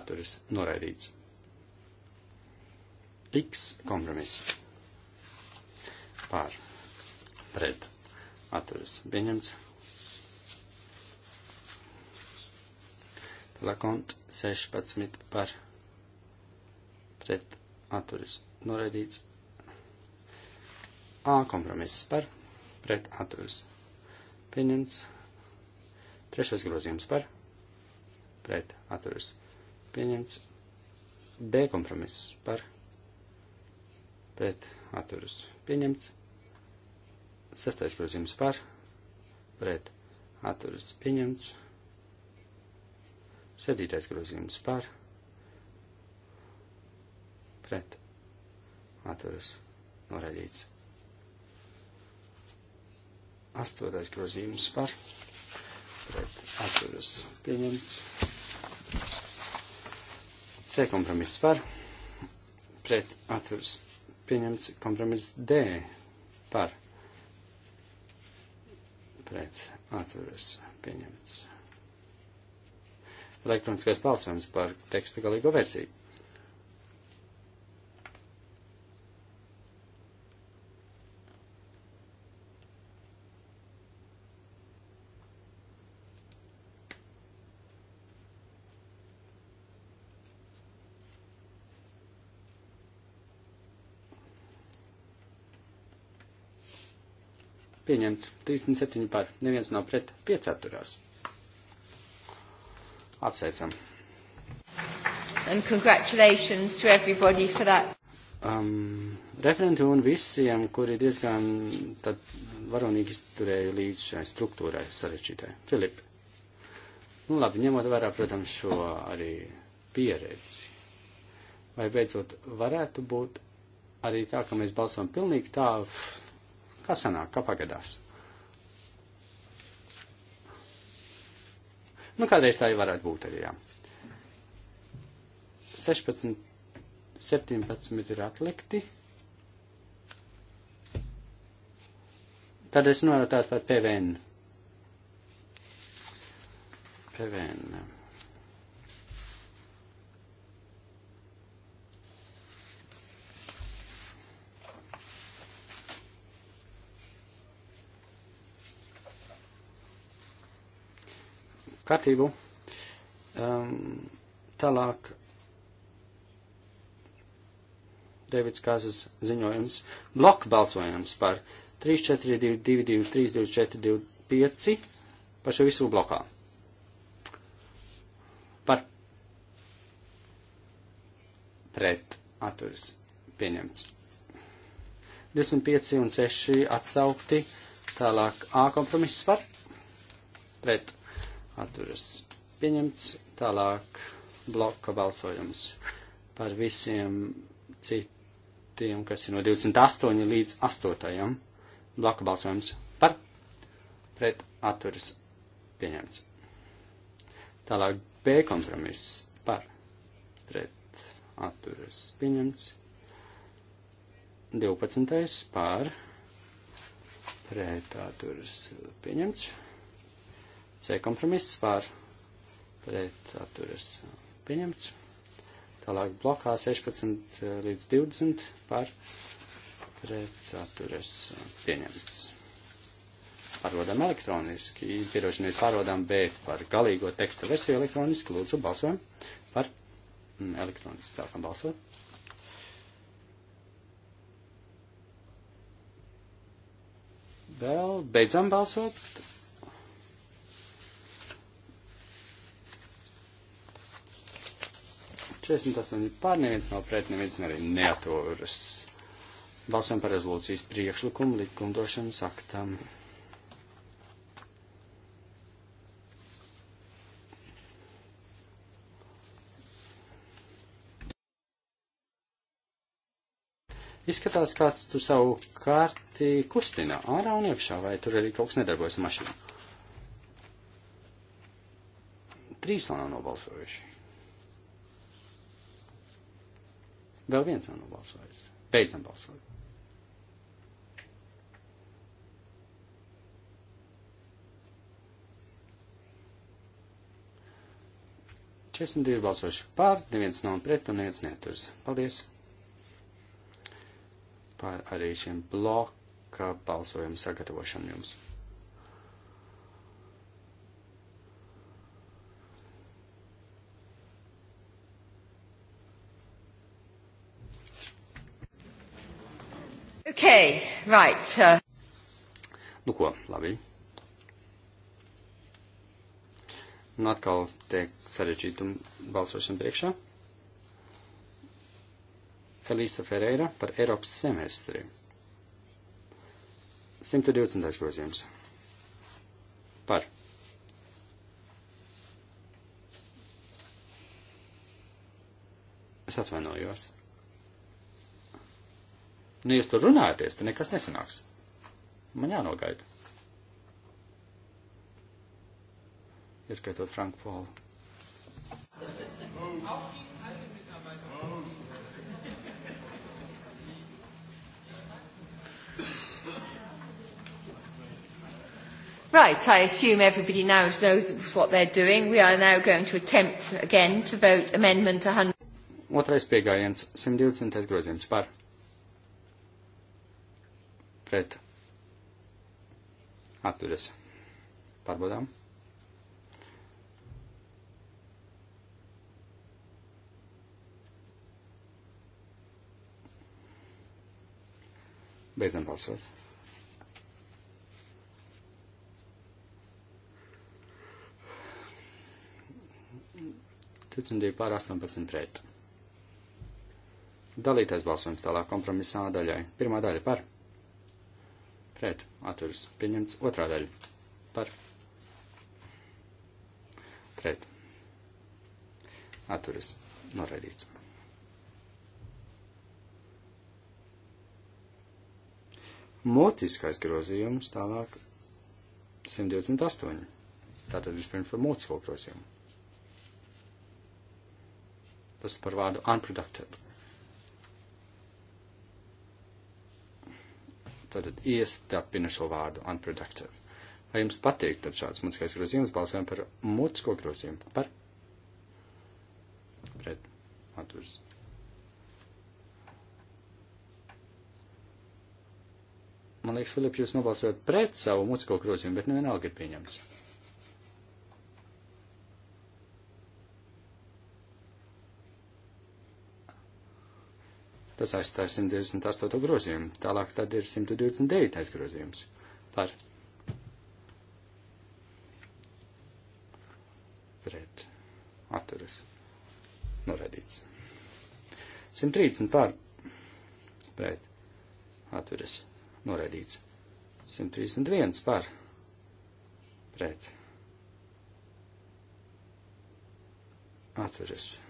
B: Atturis noraidīts. X kompromiss. Pār. Pret. Atturis pieņemts. Lakont 16 par pret atturas noraidīts. A kompromiss par pret atturas pieņemts. Trešais grozījums par pret atturas pieņemts. B kompromiss par pret atturas pieņemts. Sestais grozījums par pret atturas pieņemts. Septītais grozījums par pret pret atturas noraidīts. Astotais grozījums par pret atturas pieņemts. C kompromiss par pret atturas pieņemts kompromiss D par pret atturas pieņemts. Elektroniskais balsojums par teksta galīgo versiju. Pieņemts. 37 par. Neviens nav pret. 5 atturās. Apsveicam.
A: And congratulations to everybody for that.
B: Um, referenti un visiem, kuri diezgan tad varonīgi izturēja līdz šai struktūrai sarežģītai. Filip. Nu labi, ņemot vērā, protams, šo arī pieredzi. Vai beidzot varētu būt arī tā, ka mēs balsojam pilnīgi tā, Kā sanāk, kā pagadās? Nu, kādreiz tā jau varētu būt arī, jā. 16, 17 ir atlikti. Tad es norādīju par PVN. PVN. kārtību. Um, tālāk Devits Kazas ziņojums. Blok balsojums par 3, 4, 2, 2, 2, 3, 2, 4, 2, 5 par šo visu blokā. Par pret atturis pieņemts. 25 un 6 atsaukti, tālāk A kompromiss par pret atturas pieņemts. Tālāk bloka balsojums par visiem citiem, kas ir no 28 līdz 8. Bloka balsojums par pret atturas pieņemts. Tālāk B kompromiss par pret atturas pieņemts. 12. par pret atturas pieņemts. C kompromiss pār pret atturas pieņemts. Tālāk blokā 16 eh, līdz 20 pār pret atturas pieņemts. Pārvodām elektroniski, pierošaniet pārvodām, bet par galīgo teksta versiju elektroniski lūdzu balsojam par mm, elektroniski sākam balsot. Vēl beidzam balsot 68 pār neviens nav pret, neviens arī neaturas. Balsam par rezolūcijas priekšlikumu likumdošanas aktam. Izskatās, kāds tu savu kārti kustina ārā un iekšā, vai tur arī kaut kas nedarbojas mašīnā. Trīs vēl nav nobalsojuši. Vēl viens nav nobalsojis. Beidzam balsot. Četrdesmit divi balsoši pār, neviens nav pret un neviens neaturas. Paldies par arī šiem bloka balsojumu sagatavošanu jums.
A: Okay, right. Uh,
B: nu ko, labi. Un nu, atkal tiek sarežģīta balsošana priekšā. Elīsa Ferreira par Eiropas semestri. 120. grozījums. Par. Es atvainojos. Nu, jūs tur runājaties, tad nekas nesanāks. Man jānogaida. Ieskaitot Franku Polu.
A: Right, I assume everybody now knows what they're doing. We are now going to attempt again to vote Amendment
B: 100. Otrais pieejams - 120. grozījums par pret atturas. Pārbaudām. Beidzam balsot. Ticam divi pār 18 pret. Dalītais balsojums tālāk kompromisā daļai. Pirmā daļa par pret atturas pieņemts otrā daļa par pret atturas noraidīts. Motiskais grozījums tālāk 128. Tātad vispirms par motisko grozījumu. Tas par vārdu unproductive. Tātad iestarpina šo vārdu unproductive. Vai jums patīk tad šāds mutiskais grozījums? Balsojam par mutisko grozījumu. Par? Pret. Atturis. Man liekas, Filip, jūs nobalsojat pret savu mutisko grozījumu, bet nevienalga ir pieņemts. Tas aizstāja 128. grozījumu. Tālāk tad ir 129. grozījums par pret atturas norādīts. 130 par pret atturas norādīts. 131 par pret atturas norādīts.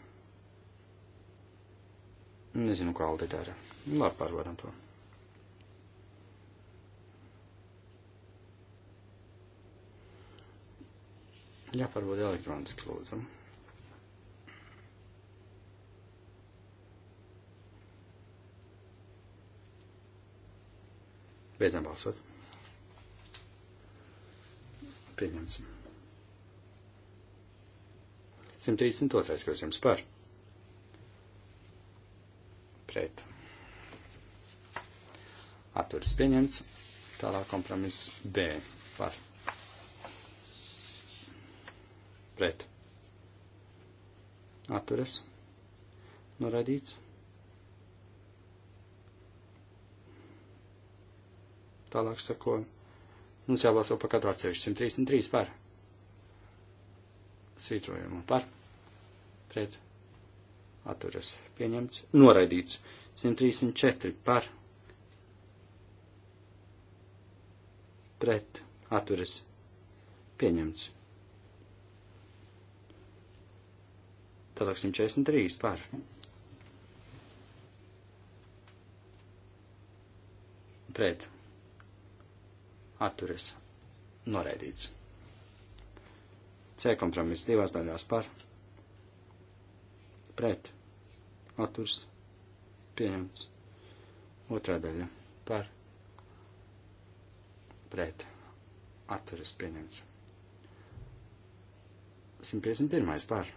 B: Nezinu, kā Aldi dara. Labi, pārvaram to. Jāpārvada elektroniski, lūdzu. Beidzam balsot. Pieņemts. 132. grozījums par pret. Atturis pieņemts. Tālāk kompromiss B par pret. Atturis. Noradīts. Tālāk sako, mums jābalso par katru atsevišķi 133 par svītrojumu par pret atturas pieņemts, noraidīts 134 par pret atturas pieņemts. Tālāk 143 par. Pret atturas noraidīts. C kompromiss divās daļās par pret atturs pieņemts. Otrā daļa par pret atturs pieņemts. 151. par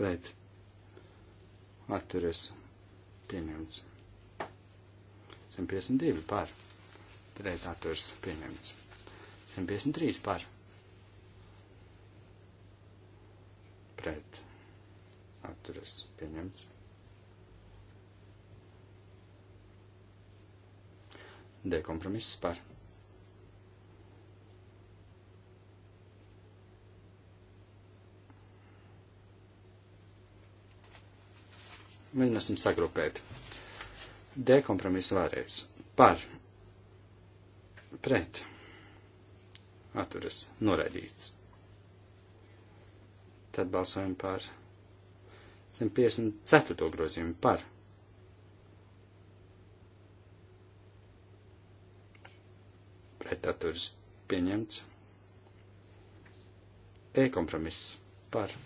B: pret atturs pieņemts. 152 par pret atturs pieņemts. 153 par pret pret atturas pieņemts. D kompromiss par mēģināsim sagrupēt. D kompromiss vēlreiz. Par. Pret. Atturas. Noraidīts. Tad balsojam par 154. grozījumu par. Pretaturs pieņemts. E kompromiss par.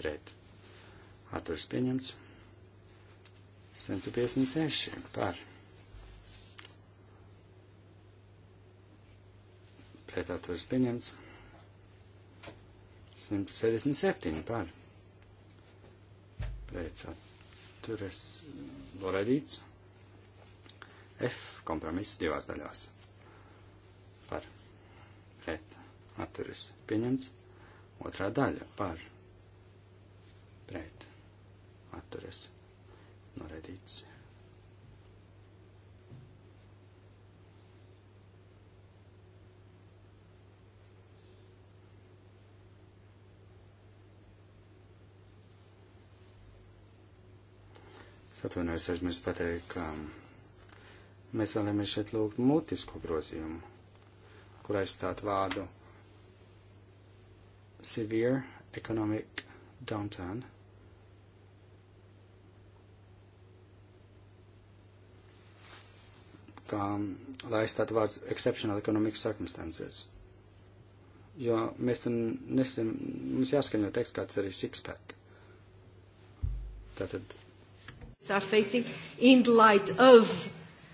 B: Pret. Atturs pieņemts. 156 par. pret atturas pieņemts. 167 par pret atturas noraidīts. F kompromiss divās daļās par pret atturas pieņemts. Otrā daļa par pret atturas noraidīts. Es atvainojos, aizmirst pateikt, ka mēs vēlamies šeit lūgt mutisko grozījumu, kur aizstāt vārdu severe economic downturn. Kā, lai aizstātu vārds exceptional economic circumstances jo mēs tam nesam, mums jāskaņo teksts kāds arī sixpack. Tātad
E: are facing in the light of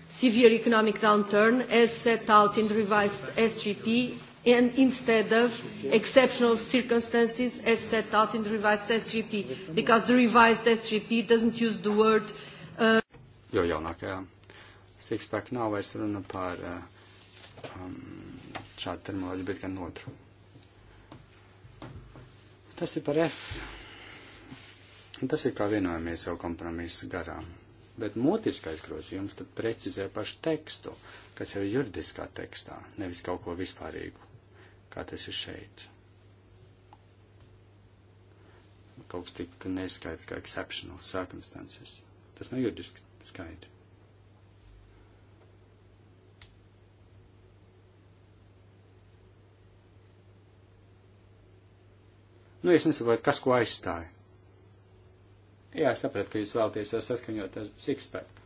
E: severe economic downturn as set out in the revised SGP and instead of exceptional circumstances as set out in the revised SGP, because the revised SGP doesn't use the word. Uh,
B: jo jaunākajā sixpack nav vairs runa par uh, um, šādu terminoloģiju, bet gan otru. Tas ir par F Tas ir kā vienojamies jau kompromisa garā. Bet mutiskais grozījums tad precizē pašu tekstu, kas jau ir juridiskā tekstā, nevis kaut ko vispārīgu, kā tas ir šeit. Kaut kas tik neskaidrs kā exceptional circumstances. Tas nav juridiski skaidri. Nu, es nesaprotu, kas ko aizstāja. Jā, es sapratu, ka jūs vēlaties to uh, saskaņot ar uh, Sixpack.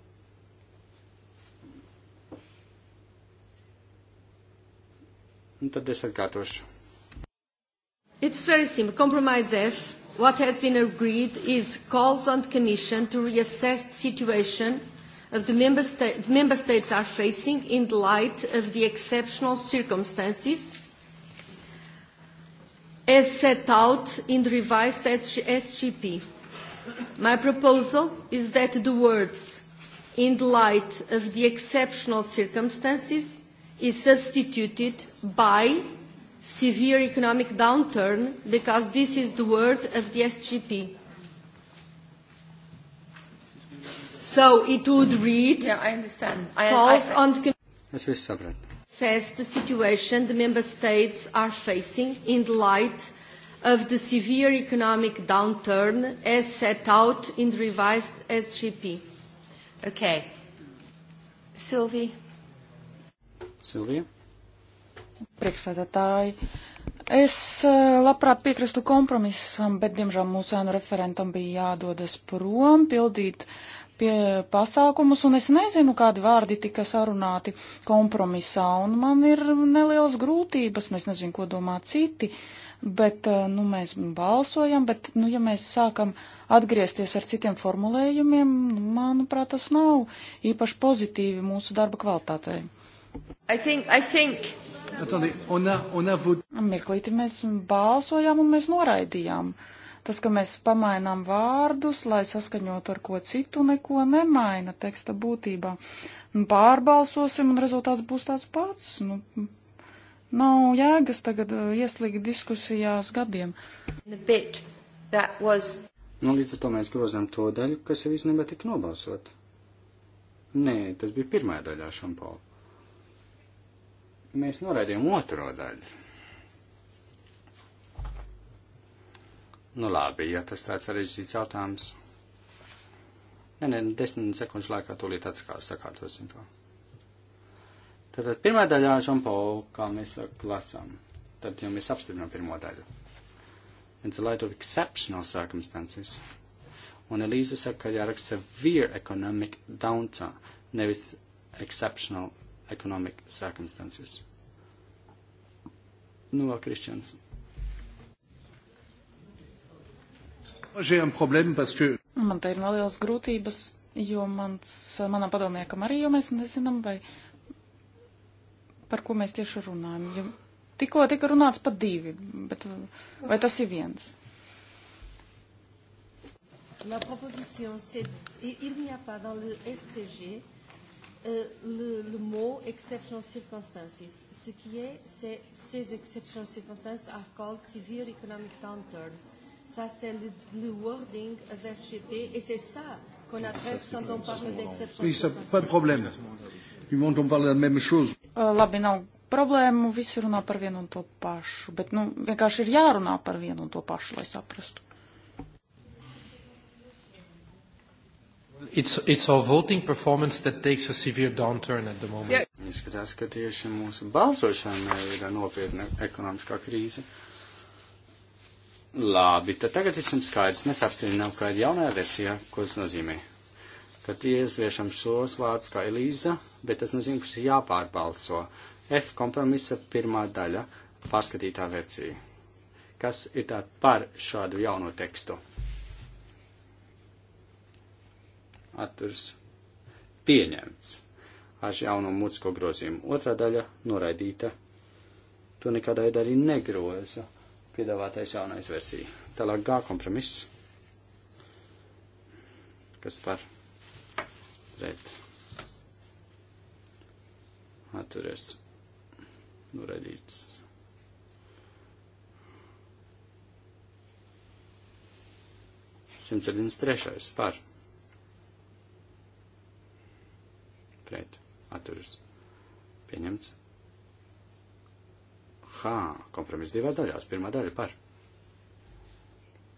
B: Un tad es atkārtošu.
E: It's very simple. Compromise F. What has been agreed is calls on the Commission to reassess the situation of the member, sta the member States are facing in the light of the exceptional circumstances as set out in the revised SGP. My proposal is that the words in the light of the exceptional circumstances is substituted by severe economic downturn because this is the word of the SGP. So it would read yeah, I understand. I, calls I, I, on the says the situation the member states are facing in the light of the severe economic downturn as set out in the revised SGP. Okay.
A: Silvija. Silvija.
C: Priekšsēdētāji, es eh, labprāt piekristu kompromisam, bet, diemžēl, mūsu ēnu referentam bija jādodas prom, pildīt pie pasākumus, un es nezinu, kādi vārdi tika sarunāti kompromisā, un man ir nelielas grūtības, un es nezinu, ko domā citi. Uh, bet eh, nu, mēs balsojam, bet, nu, ja mēs sākam atgriezties ar citiem formulējumiem, nu, manuprāt, tas nav īpaši pozitīvi mūsu darba kvalitātei. I think, I think... Mirklīti mēs balsojām un mēs noraidījām. Tas, ka mēs pamainām vārdus, lai saskaņot ar ko citu, neko nemaina teksta būtībā. Nu, pārbalsosim un rezultāts būs tāds pats. Nu, Nav jēgas tagad uh, ieslīgt diskusijās gadiem. Was...
B: Nu, līdz ar to mēs grozām to daļu, kas jau īstenībā tika nobalsot. Nē, tas bija pirmā daļā šampaula. Mēs noraidījām otro daļu. Nu, labi, ja tas tāds sarežģīts jautājums. Nē, nē, nu, desmit sekundžu laikā tūlīt atkal sakārtosim to. Simtā. Tātad pirmā daļā Žanpaulu, kā mēs lasām, tad jau mēs apstiprinām pirmo daļu. It's a light of exceptional circumstances. Un Elīze saka, ka jāraksta severe economic downturn, nevis exceptional economic circumstances. Nu, vēl Kristians.
C: Man te ir nelielas grūtības, jo mans, manam padomniekam arī, jo mēs nezinām, vai par ko mēs tieši runājam. Ja tikko tika runāts par divi, bet vai tas ir viens?
E: La proposition, c'est il n'y a pas dans le SPG euh, le, le mot exception circumstances. Ce qui est, c'est ces exception circumstances are called severe economic downturn. Ça, c'est le, le wording FSGP et c'est ça qu'on adresse quand on parle d'exception. Oui, ça, pas de problème.
D: Du moment qu'on parle de la même chose.
C: Eh, labi, nav problēmu, visi runā par vienu un to pašu, bet, nu, vienkārši ir jārunā par vienu un to pašu, lai saprastu.
B: It's, it's our voting performance that takes a severe downturn at the moment. Yeah. Izskatās, ka tieši mūsu balsošana ir nopietna ekonomiskā krīze. Labi, tad tagad visam skaidrs. Mēs apstiprinām, ka ir jaunā versija, ko tas nozīmē. Tad iezviešam šos vārdus kā Elīza, bet tas nozīmē, ka ir jāpārbalso. F kompromisa pirmā daļa - pārskatītā versija. Kas ir tā par šādu jauno tekstu? Atturs pieņemts ar jauno mutisko grozījumu. Otrā daļa noraidīta. To nekādā veidā arī negroza piedāvātais jaunais versija. Tālāk G kompromiss. Kas par pret atturies noraidīts. Simts septiņdesmit trešais par pret atturies pieņemts. Hā, kompromiss divās daļās. Pirmā daļa par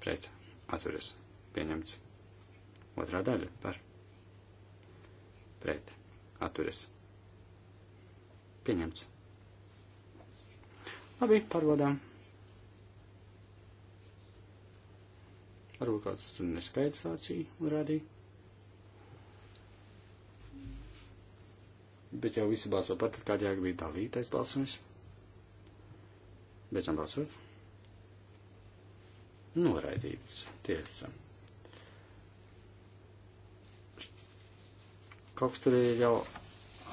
B: pret atturies pieņemts. Otrā daļa par pret atturas. Pieņemts. Labi, pārvadām. Varbūt kāds tur nespēja sācīja rādīt. Bet jau visi balso par, tad kādējā bija dalītais balsojums. Beidzam balsot. Noraidīts. Tiesa. Kaut kas tur ir jau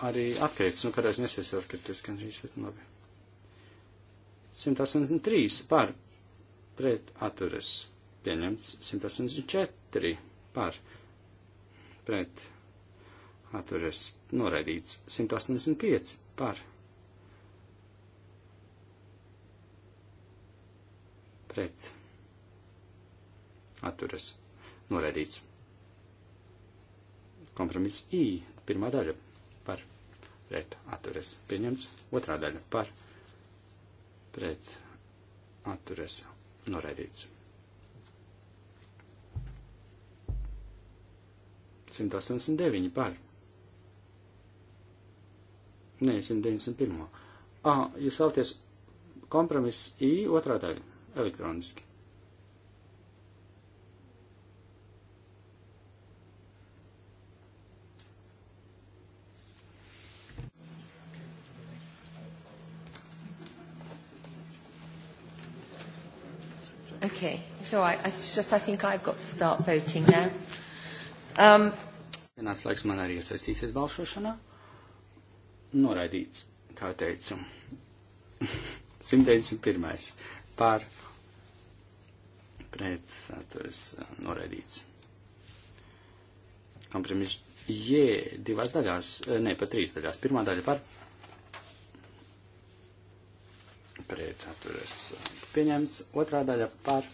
B: arī atkritis, nu kādreiz nesies jau atkritis, gan šīs, bet nu, labi. 183 par pret atturas pieņemts, 184 par pret atturas noraidīts, 185 par pret atturas noraidīts. Kompromiss I. Pirmā daļa par pret atturas pieņemts. Otrā daļa par pret atturas noraidīts. 189 par. Nē, 191. Ā, jūs vēlties kompromiss I otrā daļa elektroniski.
A: Okay, so I, it's just I think I've got to start voting now. Um,
B: Pienācis laiks man arī iesaistīsies balsošanā. Noraidīts, kā teicu. 191. Par pret, tas noraidīts. Kompromiss J divās daļās, eh, ne, pa trīs daļās. Pirmā daļa par pret, tas pieņemts, otrā daļa par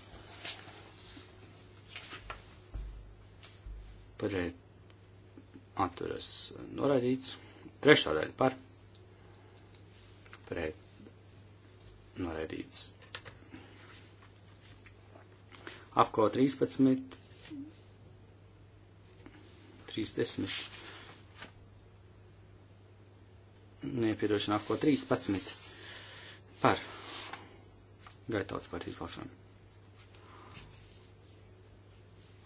B: pret atturas noraidīts, trešā daļa par pret noraidīts. Afko 13, 30, nepiedošanā, Afko 13 par pret Gaita tautas partijas balsojumu.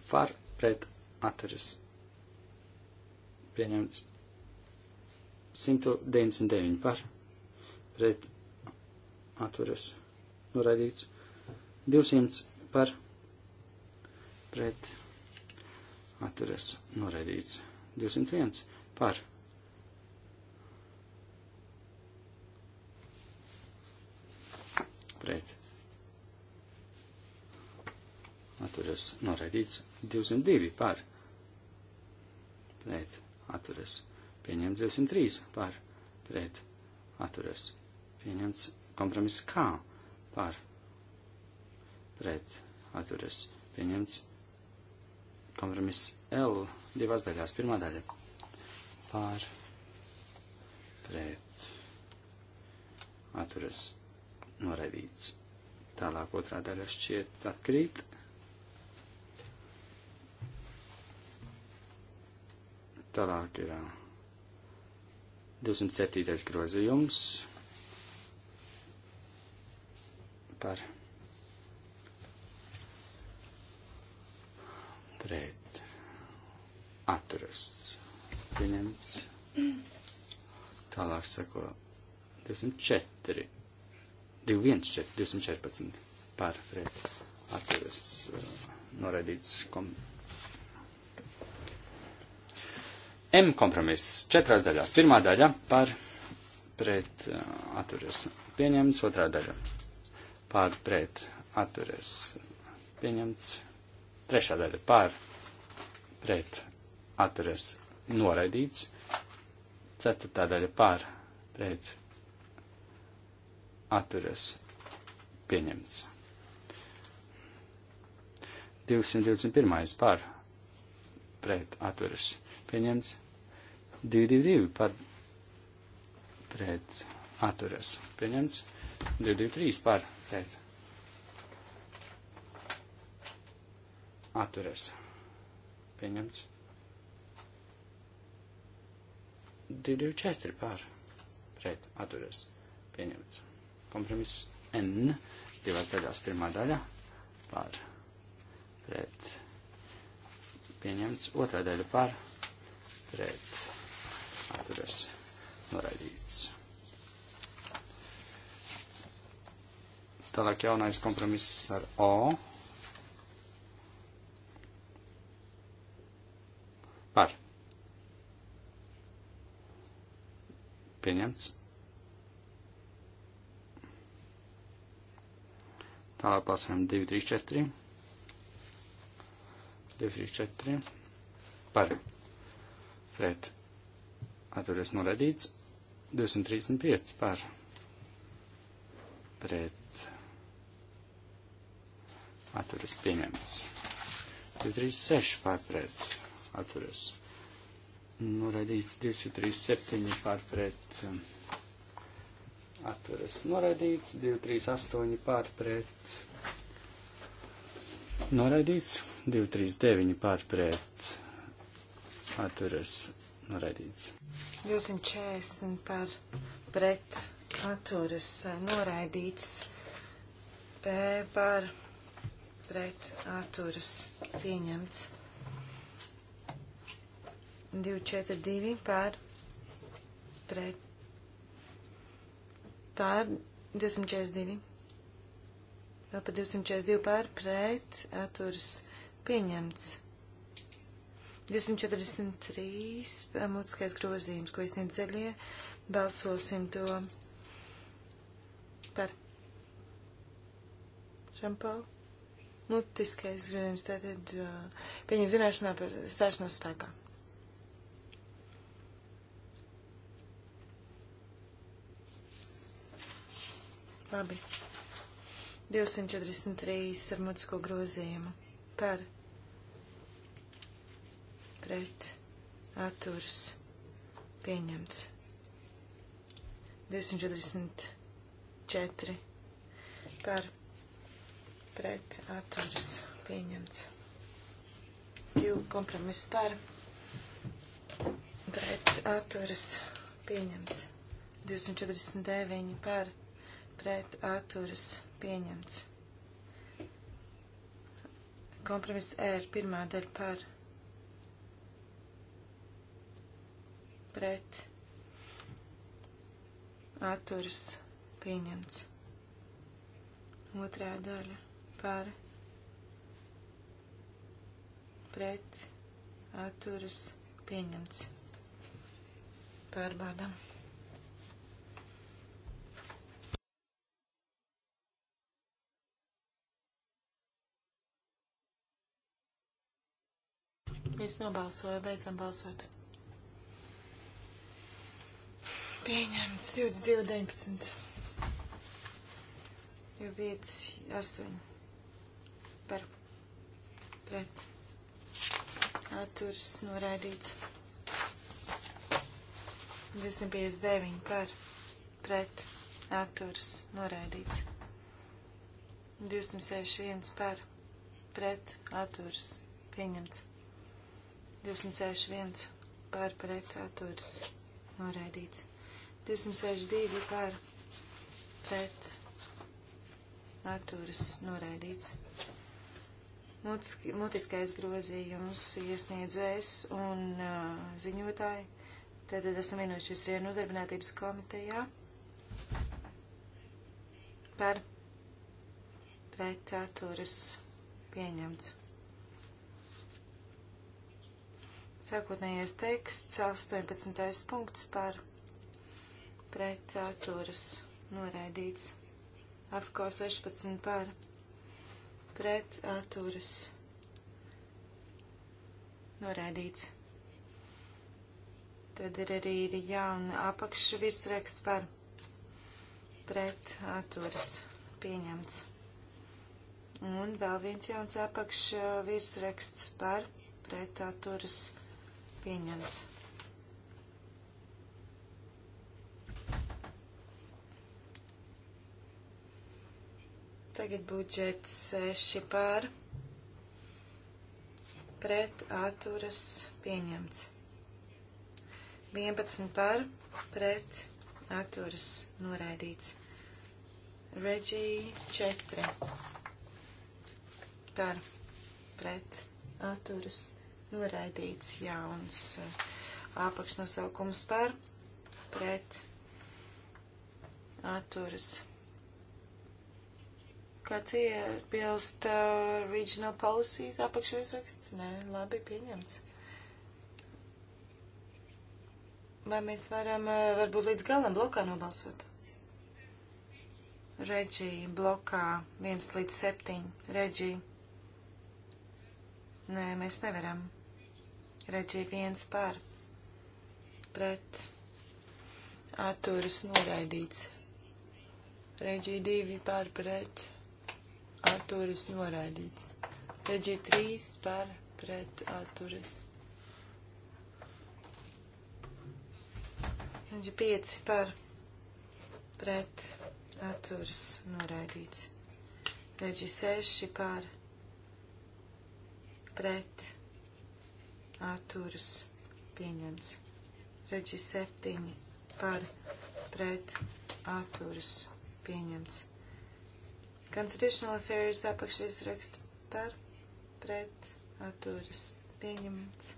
B: Far pret atturas pieņemts 199 par pret atturas noraidīts 200 par pret atturas noraidīts 201 par pret atturas noraidīts, 202 par, pret, atturas, pieņemts 203 par, pret, atturas, pieņemts kompromiss K par, pret, atturas, pieņemts kompromiss L divās daļās, pirmā daļa par, pret, atturas, noraidīts. Tālāk otrā daļa šķiet atkrīt. Tālāk ir 207. grozījums par pret atturas pieņemts. Tālāk sako 204. 214, 214 par pret atturas noraidīts komponents. M kompromiss četrās daļās. Pirmā daļa par pret uh, atturies pieņemts, otrā daļa par pret atturies pieņemts, trešā daļa par pret atturies noraidīts, ceturtā daļa par pret atturies pieņemts. 221. par pret atturis pieņemts. 222 par pret atturas. Pieņemts 223 par pret atturas. Pieņemts 224 par pret atturas. Pieņemts kompromiss N divās daļās pirmā daļa par pret pieņemts otrā daļa par pret atturas noraidīts. Tālāk jaunais kompromiss ar O. Par. Pieņemts. Tālāk pasakām 2, 3, 4. 2, 3, 4. Par. Pret atturies noraidīts 235 par pret atturies pieņemts 236 par pret atturies noraidīts 237 par pret atturies noraidīts 238 par pret noraidīts 239 par pret atturies noraidīts.
F: 240 par pret atturas noraidīts. P par pret atturas pieņemts. 242 par pret pār 242. Vēl par 242 pār pret atturas pieņemts. 243 mutiskais grozījums, ko izniedz ceļie. Balsosim to par šampau. Mutiskais grozījums tātad uh, pieņem zināšanā par stāšanos spēkā. Labi. 243 ar mutisko grozījumu par pret atturs pieņemts. 244 par pret atturs pieņemts. Q kompromiss par pret atturs pieņemts. 249 par pret atturs pieņemts. Kompromiss R pirmā daļa par pret pret atturas pieņemts. Otrā daļa par pret atturas pieņemts. Pārbaudam. Mēs nobalsojam, beidzam balsot. Pieņemts 22, 19. 25, 8. Par pret. Atturs noraidīts. 259 par pret. Atturs noraidīts. 261 par pret. Atturs pieņemts. 261 par pret. Atturs noraidīts. 262 par pret atturas noraidīts. Mutiskais grozījums iesniedzu es un uh, ziņotāji. Tātad esam vienojušies Rienu darbinātības komitejā par pretāturas pieņemts. Sākotnējais teksts 18. punkts par pretāturas pieņemts pret atturas noraidīts. Afko 16 par pret atturas noraidīts. Tad ir arī ir jauna apakšvirsraksts par pret atturas pieņemts. Un vēl viens jauns apakšvirsraksts par pret atturas pieņemts. Tagad budžets 6 pār pret atturas pieņemts. 11 pār pret atturas noraidīts. Regija 4 par pret atturas noraidīts jauns uh, apakšnosaukums par pret atturas noraidīts Kāds iebilst uh, regional policies apakšvirsraksts? Nē, labi, pieņemts. Vai mēs varam uh, varbūt līdz galam blokā nobalsot? Reģija blokā 1 līdz 7. Reģija. Nē, mēs nevaram. Reģija 1 pār. Pret. Atturas noraidīts. Reģija 2 pār pret atturas noraidīts. Reģi 3 par pret atturas. Reģi 5 par pret atturas noraidīts. Reģi 6 par pret atturas pieņemts. Reģi 7 par pret atturas pieņemts. Constitutional Affairs apakšviesraksts par pret atturas pieņemts.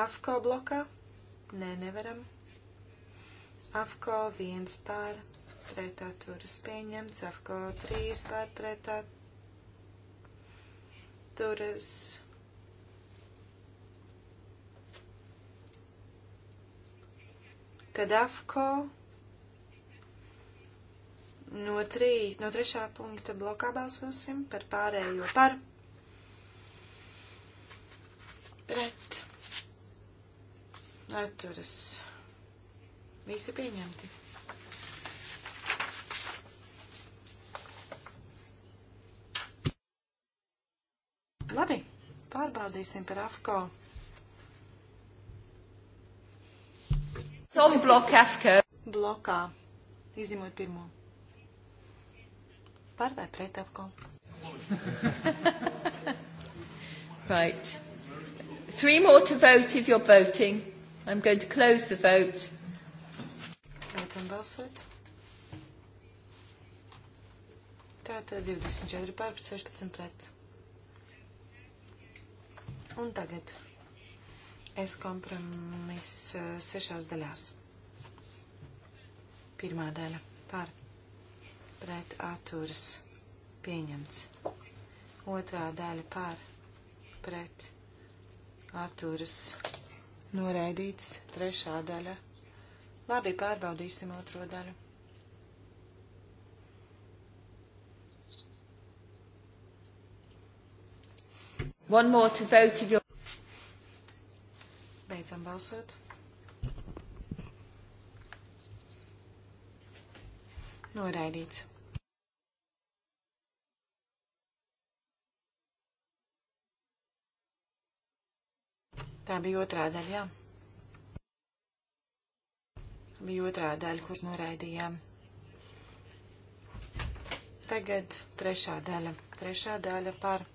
F: AFCO blokā? Nē, nevaram. AFCO 1 pār pret atturas pieņemts. AFCO 3 pār pret atturas. Tad AFCO 3 No, trī, no trešā punkta blokā balsosim par pārējo par. Pret. Atturas. Visi pieņemti. Labi, pārbaudīsim par AFCO. Soli blokā AFCO. Blokā, izņemot pirmo.
A: Par vai pret AFCO? right. Three more to vote if you're voting. I'm going to close the vote. Beidzam balsot.
F: Tātad 24 pār 16 pret. Un tagad es kompromiss eh, sešās daļās. Pirmā daļa pār pret atturas pieņemts. Otrā daļa par pret atturas noraidīts. Trešā daļa. Labi, pārbaudīsim otro daļu.
A: One more to vote if you're...
F: Beidzam balsot. Noraidīts. Tā bija otrā daļa, jā. Bija otrā daļa, kur noraidījām. Tagad trešā daļa. Trešā daļa par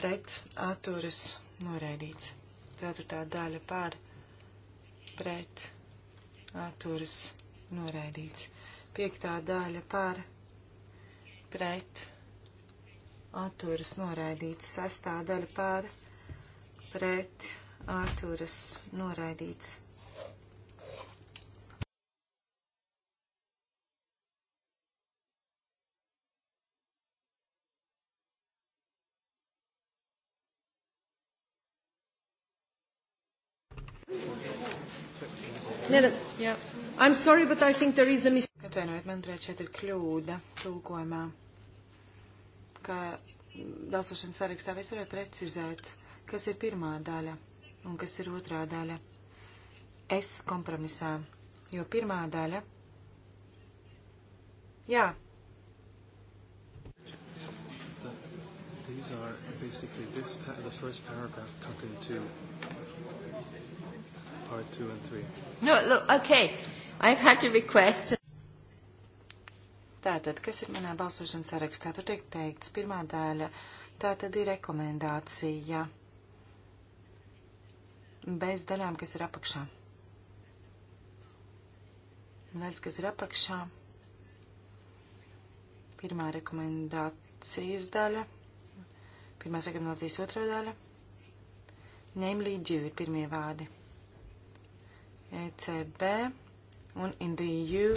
F: pret atturas noraidīts. Ceturtā daļa par pret atturas noraidīts noraidīts. Piektā daļa par pret atturas noraidīts. Sestā daļa par pret atturas noraidīts.
D: Ne, da, jā.
E: I'm sorry, but I think there
F: is a mistake. Atvainojiet, manuprāt, šeit ir kļūda tulkojumā, ka balsošanas sarakstā es varētu precizēt, kas ir pirmā daļa un kas ir otrā daļa. Es kompromisā, jo pirmā daļa. Jā.
D: These are basically this, the first paragraph cut into part two and three. No, look, okay. I've
A: had a request.
F: Tātad, kas ir manā balsošanas sarakstā? Tur tiek teikts, pirmā daļa, tā tad ir rekomendācija bez daļām, kas ir apakšā. Daļas, kas ir apakšā. Pirmā rekomendācijas daļa. Pirmās rekomendācijas otrā daļa. Namely, due ir pirmie vārdi. ECB and in the EU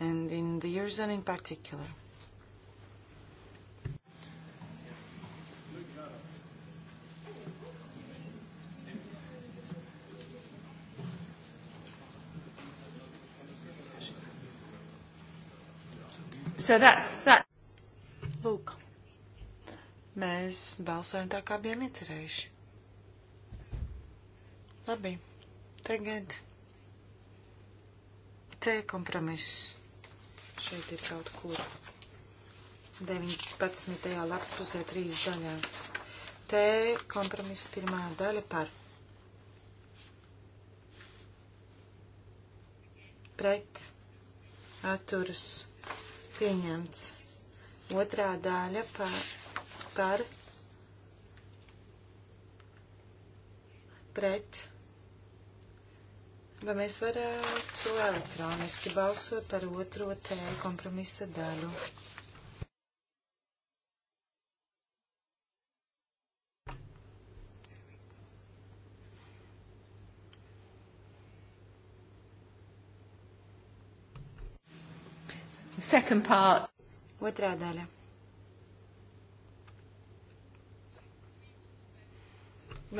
F: and in the Eurozone in particular.
A: So that's that. Lūk,
F: mēs balsojam tā, kā bijām iecerējuši. Labi, tagad T kompromiss. Šeit ir kaut kur 19. lapspusē trīs daļās. T kompromiss pirmā daļa par pret atturus pieņemts. Otrā daļa par, par pret atturus Vai mēs varētu elektroniski balsot par otro T kompromisa daļu?
A: Second part. Otrā daļa.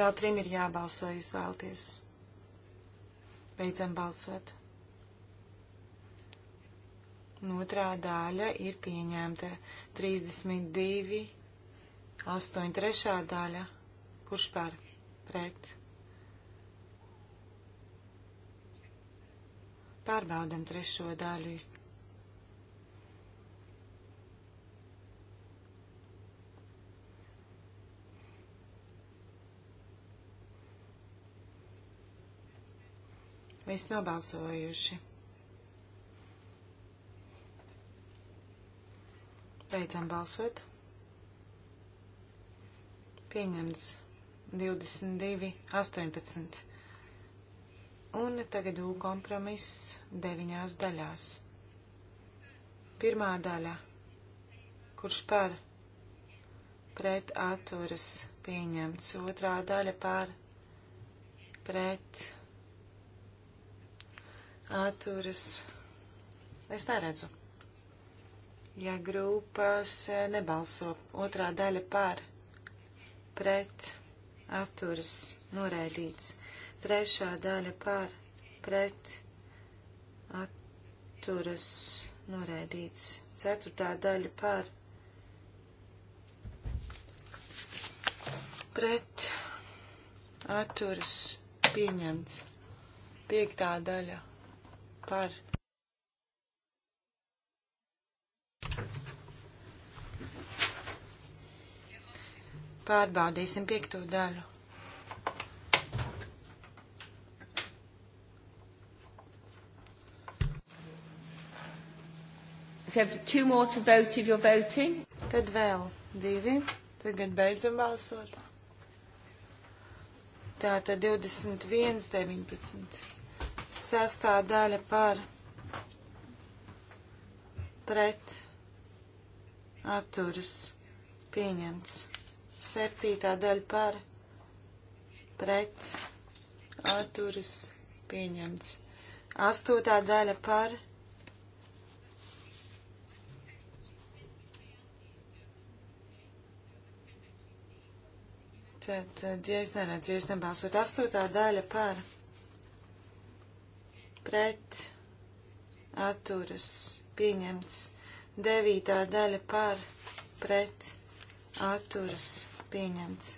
F: Vēl trim ir jābalso, jūs vēlties. Beidzam balsot. Un otrā daļa ir pieņemta 32, 8, 3 daļa. Kurš par? Pret. Pārbaudam trešo daļu. Viss nobalsojuši. Beidzam balsot. Pieņemts 22, 18. Un tagad U kompromiss deviņās daļās. Pirmā daļa. Kurš par? Pret atturas pieņemts. Otrā daļa par? Pret atturas. Es tā redzu. Ja grupas eh, nebalso otrā daļa par, pret, atturas, noraidīts. Trešā daļa par, pret, atturas, noraidīts. Ceturtā daļa par, pret atturas pieņemts. Piektā daļa par. Pārbaudīsim piekto daļu.
A: Vote, Tad vēl divi. Tagad beidzam balsot. Tā tad
F: 21, 19. Sestā daļa par pret atturas pieņemts. Septītā daļa par pret atturas pieņemts. Astotā daļa par Tad, ja es neredzu, ja es nebalsotu, astotā daļa par pret atturas pieņemts. Devītā daļa par pret atturas pieņemts.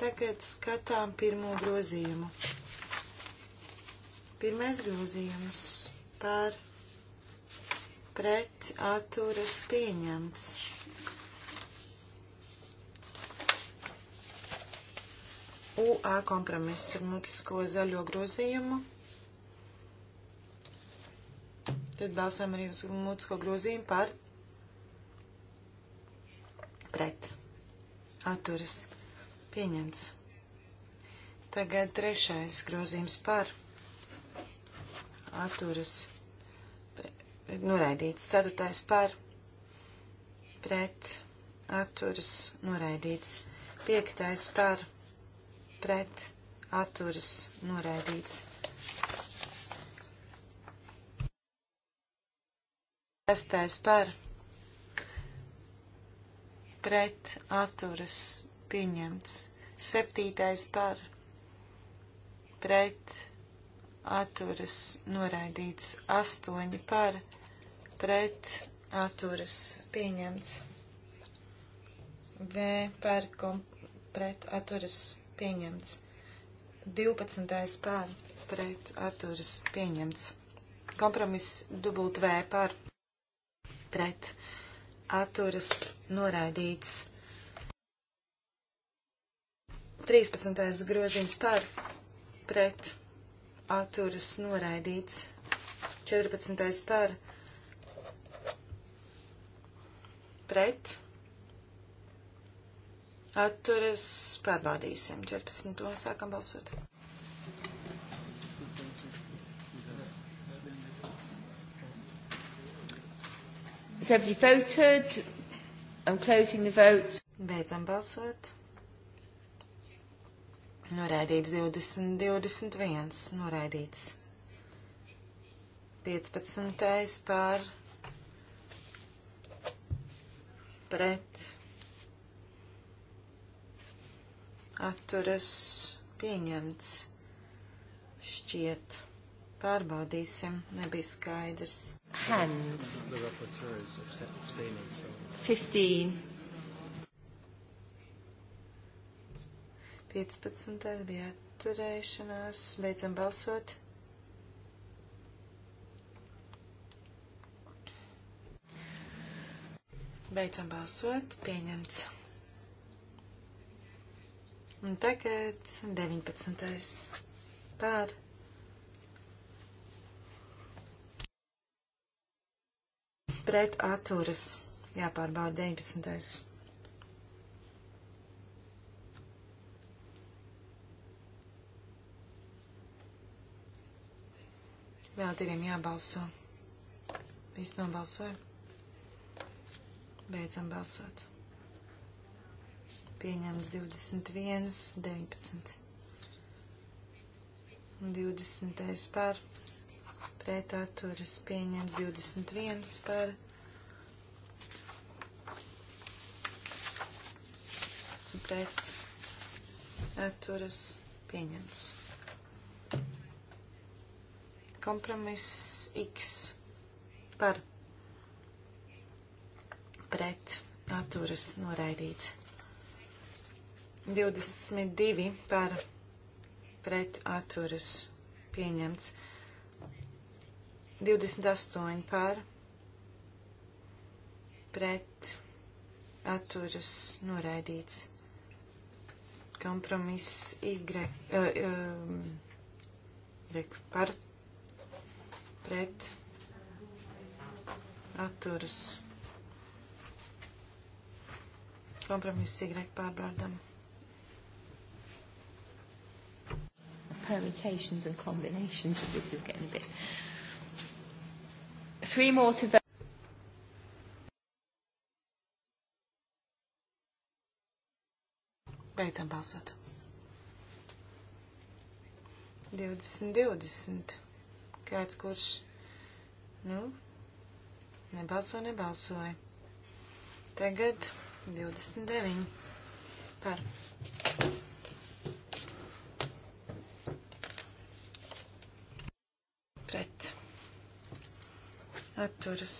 F: Tagad skatām pirmo grozījumu. Pirmais grozījums par pret atturas pieņemts. UA kompromiss ar mutisko zaļo grozījumu Tad balsojam arī uz mutisko grozījumu par pret. Atturas pieņemts. Tagad trešais grozījums par atturas noraidīts. Ceturtais par pret atturas noraidīts. Piektais par pret atturas noraidīts. Sestais par pret atturas pieņemts. Septītais par pret atturas noraidīts. Astoņi par pret atturas pieņemts. V par kom, pret atturas pieņemts. 12. par pret atturas pieņemts. Kompromiss dubult V par pret atturas noraidīts. 13. grozījums par pret atturas noraidīts. 14. par pret atturas pārbaudīsim. 14. sākam balsot.
A: Has everybody voted? I'm closing the vote. Beidzam balsot.
F: Noraidīts 20, 21, noraidīts. 15. pār pret atturas pieņemts šķiet. Pārbaudīsim, nebija skaidrs. Hands.
D: The rapporteur is abstaining, so. 15.
F: 15. bija atturēšanās. Beidzam balsot. Beidzam balsot. Pieņemts. Un tagad 19. pār. pret atturas. Jāpārbauda 19. Vēl diviem jābalso. Viss nobalsoja. Beidzam balsot. Pieņems 21, 19. 20. par pret atturas pieņems 21 par pret atturas pieņems. Kompromiss X par pret atturas noraidīts. 22 par pret atturas pieņemts. 28 par pret atturas noraidīts. Kompromiss Y uh, uh, par pret atturas.
A: Kompromiss Y pārbaudam. Permutations and combinations of this is getting a bit Three more to vote.
F: Beidzam balsot. 20, 20. Kāds, kurš, nu, nebalso, nebalsoja. Tagad 29 par. atturas.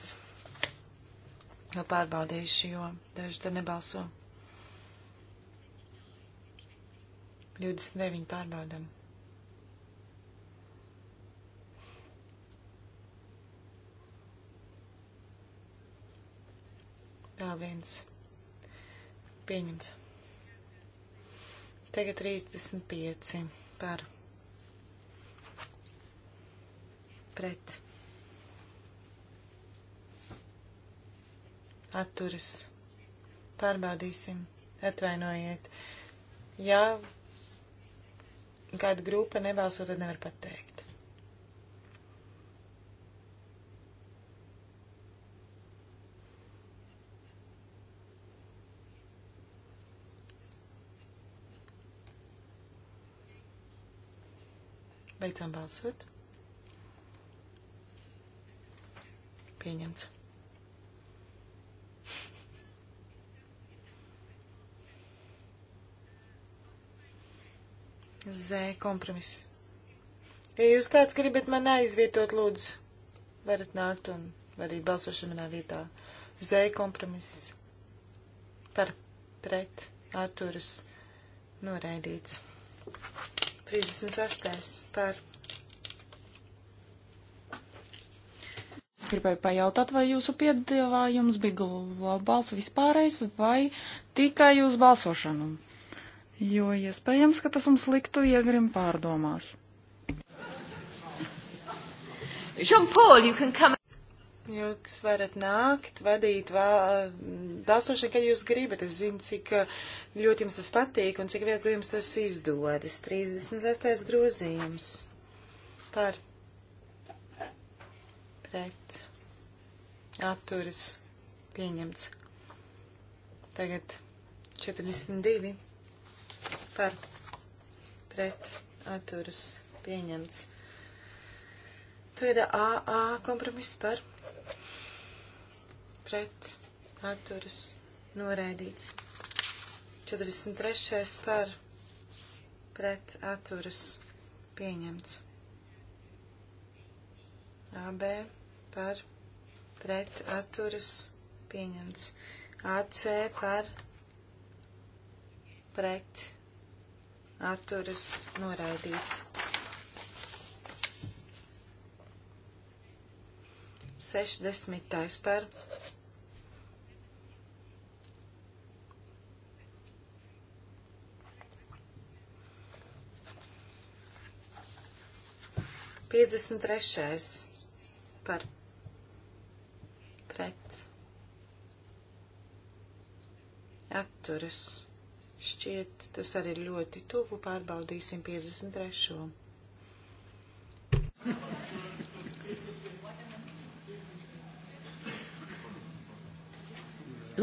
F: Vēl pārbaudīšu, jo daži te nebalso. 29 pārbaudam. Vēl viens. Pieņemts. Tagad 35 par pret atturas. Pārbaudīsim, atvainojiet. Ja kāda grupa nebalso, tad nevar pateikt. Beidzam balsot. Pieņemts. Z kompromiss. Ja jūs kāds gribat man aizvietot, lūdzu, varat nākt un vadīt balsošanu manā vietā. Z kompromiss. Par pret atturas noraidīts. 36. par.
C: Es gribēju pajautāt, vai jūsu piedāvājums bija globāls vispārējais vai tikai uz balsošanu? jo iespējams, ka tas mums liktu
F: iegrim pārdomās.
A: Jean-Paul, you can come.
F: Jūs varat nākt, vadīt balsošanu, kad jūs gribat. Es zinu, cik uh, ļoti jums tas patīk un cik viegli jums tas izdodas. 36. grozījums par pret atturis pieņemts. Tagad 42 par pret atturas pieņemts. Pēdā AA kompromiss par pret atturas noraidīts. 43. par pret atturas pieņemts. AB par pret atturas pieņemts. AC par pret pret atturas noraidīts. Sešdesmitais par piecdesmit trešais par pret atturas noraidīts Šķiet, tas arī ir ļoti tuvu. Pārbaudīsim
A: 53.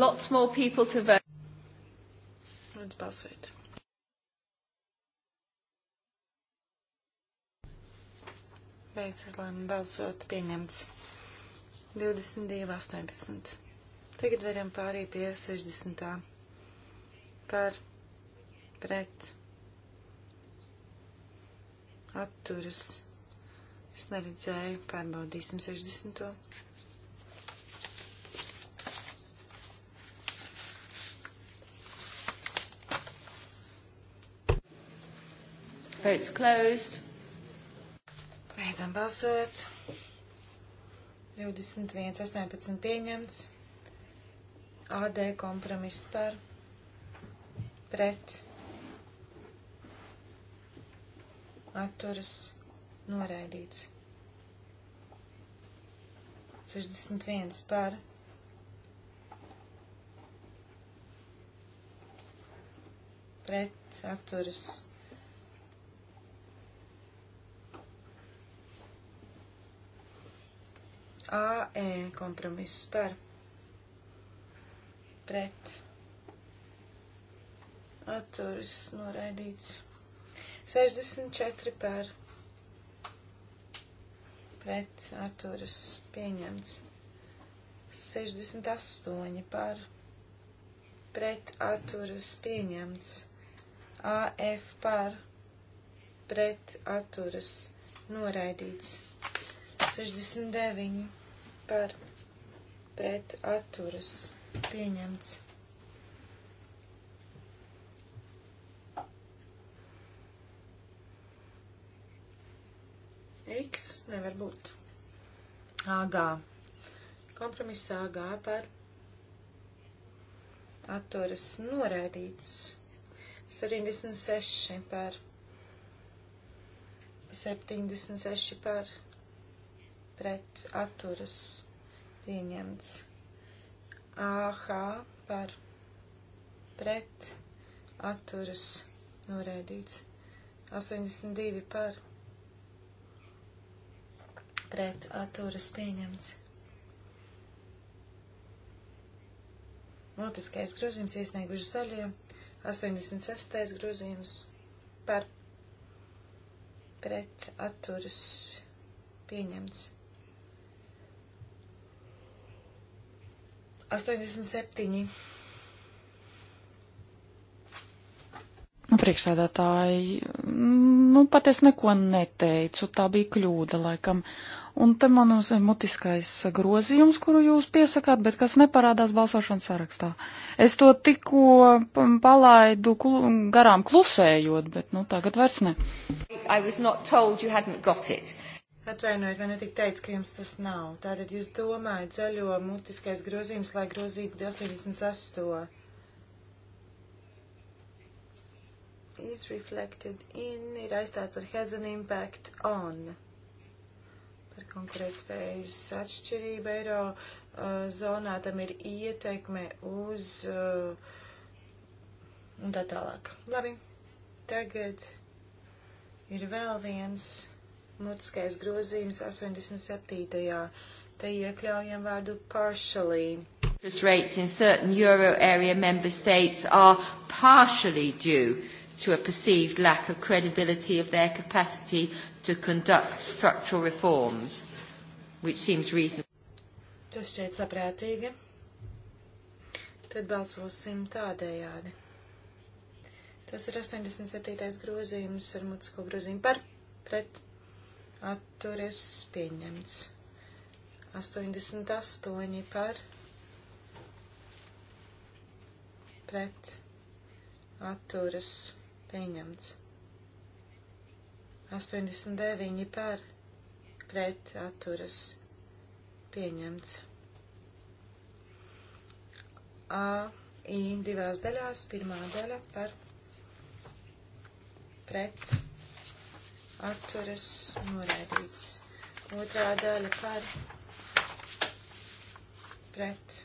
A: Lots more people to vote.
F: Lūdzu, balsojiet. Beidzot, lai man balsot pieņemts. 22, 18. Tagad varam pārīt pie 60. par pret atturas. Es neredzēju, pārbaudīsim 60. Votes closed. Beidzam balsot. 21, 18 pieņemts. AD kompromiss par pret atturas noraidīts. 61 par pret atturas AE kompromiss par pret atturas noraidīts. 64 par pret atturas pieņemts. 68 par pret atturas pieņemts. AF par pret atturas noraidīts. 69 par pret atturas pieņemts. X nevar būt. AG. Kompromiss AG par atturas noraidīts. 76 par 76 par pret atturas pieņemts. AH par pret atturas noraidīts. 82 par pret atturas pieņemts. Mutiskais grozījums iesnieguši zaļie, 86. grozījums par pret atturas pieņemts. 87.
C: Nu, priekšsēdētāji, mm, nu, patiesi neko neteicu, tā bija kļūda, laikam. Un te man uz mutiskais grozījums, kuru jūs piesakāt, bet kas neparādās balsošanas sarakstā. Es to tikko mm, palaidu klu, garām klusējot, bet nu tagad vairs ne.
A: Atvainojiet, man netika teikt, ka jums tas nav.
F: Tātad jūs domājat zaļo mutiskais grozījums, lai grozītu 88. Is reflected in, ir aizstāts ar has an impact on konkurētspējas atšķirība eiro uh, zonā, tam ir ieteikme uz uh, un tā tālāk. Labi, tagad ir vēl viens mutiskais grozījums 87. Te iekļaujam vārdu partially.
A: Interest rates in certain euro area member states are partially due to a perceived lack of credibility of their capacity to conduct structural reforms, which seems reasonable.
F: Tas šeit saprātīgi. Tad balsosim tādējādi. Tas ir 87. grozījums ar mutisko grozījumu par pret atturies pieņemts. 88 par pret atturas pieņemts. 89 par pret atturas pieņemts. A, I divās daļās, pirmā daļa par pret atturas norēdīts. Otrā daļa par pret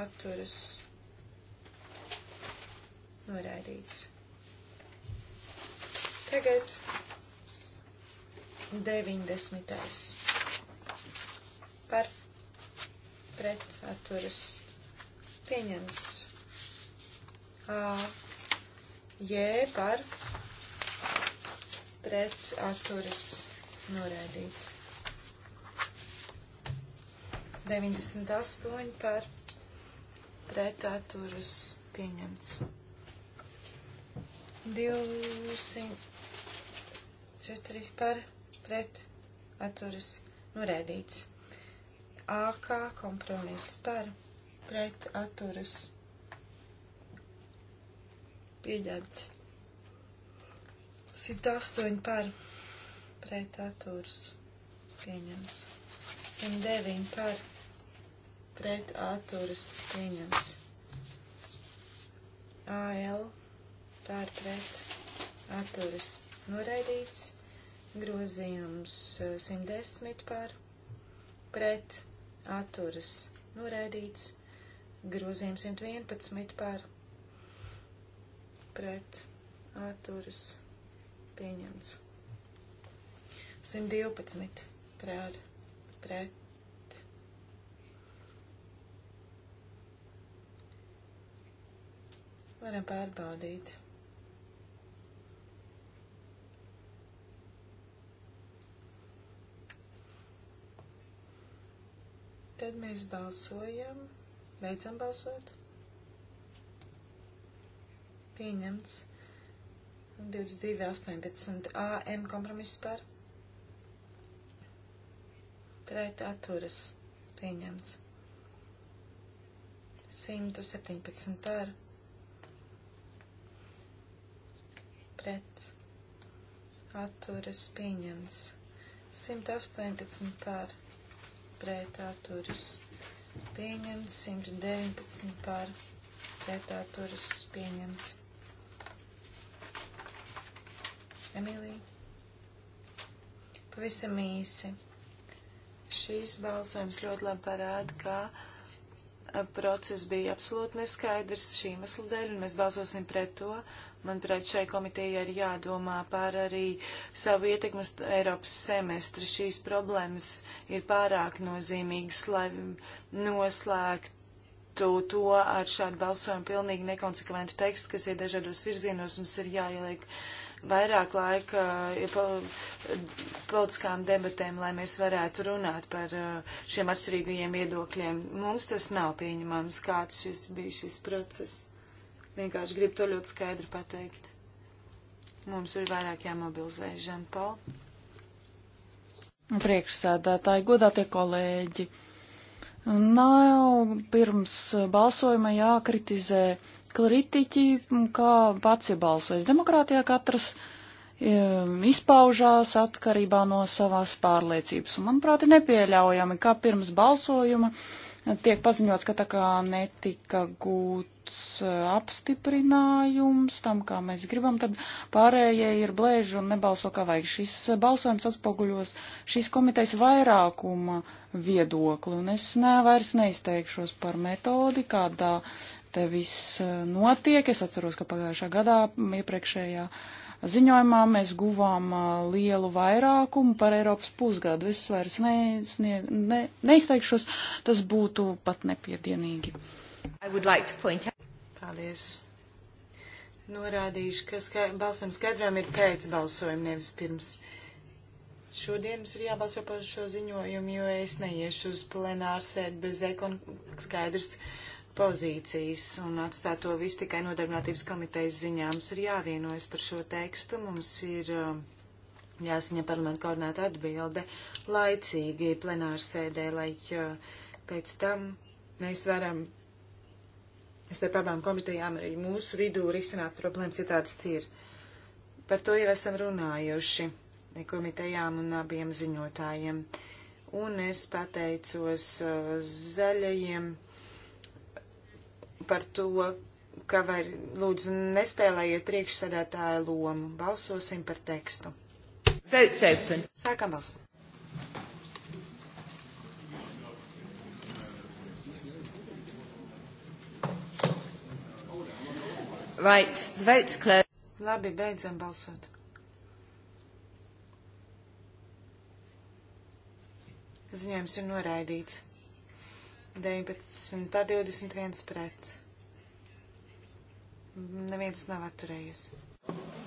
F: atturas norēdīts noraidīts. Tagad 90. par pretsaturas pieņems A, J par pretsaturas noraidīts. 98 par pretāturas pieņemts. 204 par pret atturas norēdīts. AK kompromiss par pret atturas pieņemts. 108 par pret atturas pieņems. 109 par pret atturas pieņems. AL pārpret atturas noraidīts, grozījums 110 par pret atturas noraidīts, grozījums 111 eh, par pret atturas pieņemts. 112 prār pret varam pārbaudīt. Tad mēs balsojam, beidzam balsot. Pieņemts 22.18 AM kompromiss par pret atturas. Pieņemts 117 par pret atturas pieņemts 118 par pret pretāturas pieņemts, 119 par pretāturas pieņemts. Emīlija, pavisam īsi. Šīs balsojums ļoti labi parāda, ka process bija absolūti neskaidrs šī iemesla dēļ, un mēs balsosim pret to. Manuprāt, šai komitejai ir jādomā par arī savu ietekmu uz Eiropas semestri. Šīs problēmas ir pārāk nozīmīgas, lai noslēgtu to ar šādu balsojumu pilnīgi nekonsekventu tekstu, kas ir dažādos virzienos. Mums ir jāieliek vairāk laika politiskām debatēm, lai mēs varētu runāt par eh, šiem atšķirīgajiem viedokļiem. Mums tas nav pieņemams, kāds šis bija šis process. Vienkārši gribu to ļoti skaidri pateikt. Mums ir vairāk jāmobilizē, Žanpal.
C: Priekšsēdētāji, godātie kolēģi, nav pirms balsojuma jākritizē kritiķi, kā pats ir balsojis. Demokrātijā katrs izpaužās atkarībā no savās pārliecības. Un, manuprāt, ir nepieļaujami, kā pirms balsojuma tiek paziņots, ka tā kā netika gūt absolūts eh, apstiprinājums tam, kā mēs gribam, tad pārējie ir blēži un nebalso kā vajag. Šis eh, balsojums atspoguļos šīs komitejas vairākuma viedokli, un es ne, vairs neizteikšos par metodi, kādā te viss eh, notiek. Es atceros, ka pagājušā gadā iepriekšējā ziņojumā mēs guvām lielu vairākumu par Eiropas pusgadu. Es vairs neiznie, ne, neizteikšos, tas būtu pat nepiedienīgi.
F: Like Paldies! Norādīšu, ka skai, balsojums skaidrām ir pēc balsojuma, nevis pirms. Šodien mums ir jābalso par šo ziņojumu, jo es neiešu uz plenārsēdi bez ekon skaidrs pozīcijas un atstāt to visu tikai nodarbinātības komitejas ziņā. Mums ir jāvienojas par šo tekstu, mums ir um, jāsaņem parlamentu koordinēta atbilde laicīgi plenārsēdē, lai uh, pēc tam mēs varam starp abām komitejām arī mūsu vidū risināt problēmas, ja tādas ir. Par to jau esam runājuši komitejām un abiem ziņotājiem. Un es pateicos uh, zaļajiem par to, ka var, lūdzu, nespēlējiet priekšsēdētāju lomu. Balsosim par tekstu. Sākam balsot.
A: Right, the vote's closed. Labi, beidzam
F: balsot. Ziņojums ir noraidīts. 19 pār 21 pret. Neviens nav atturējies.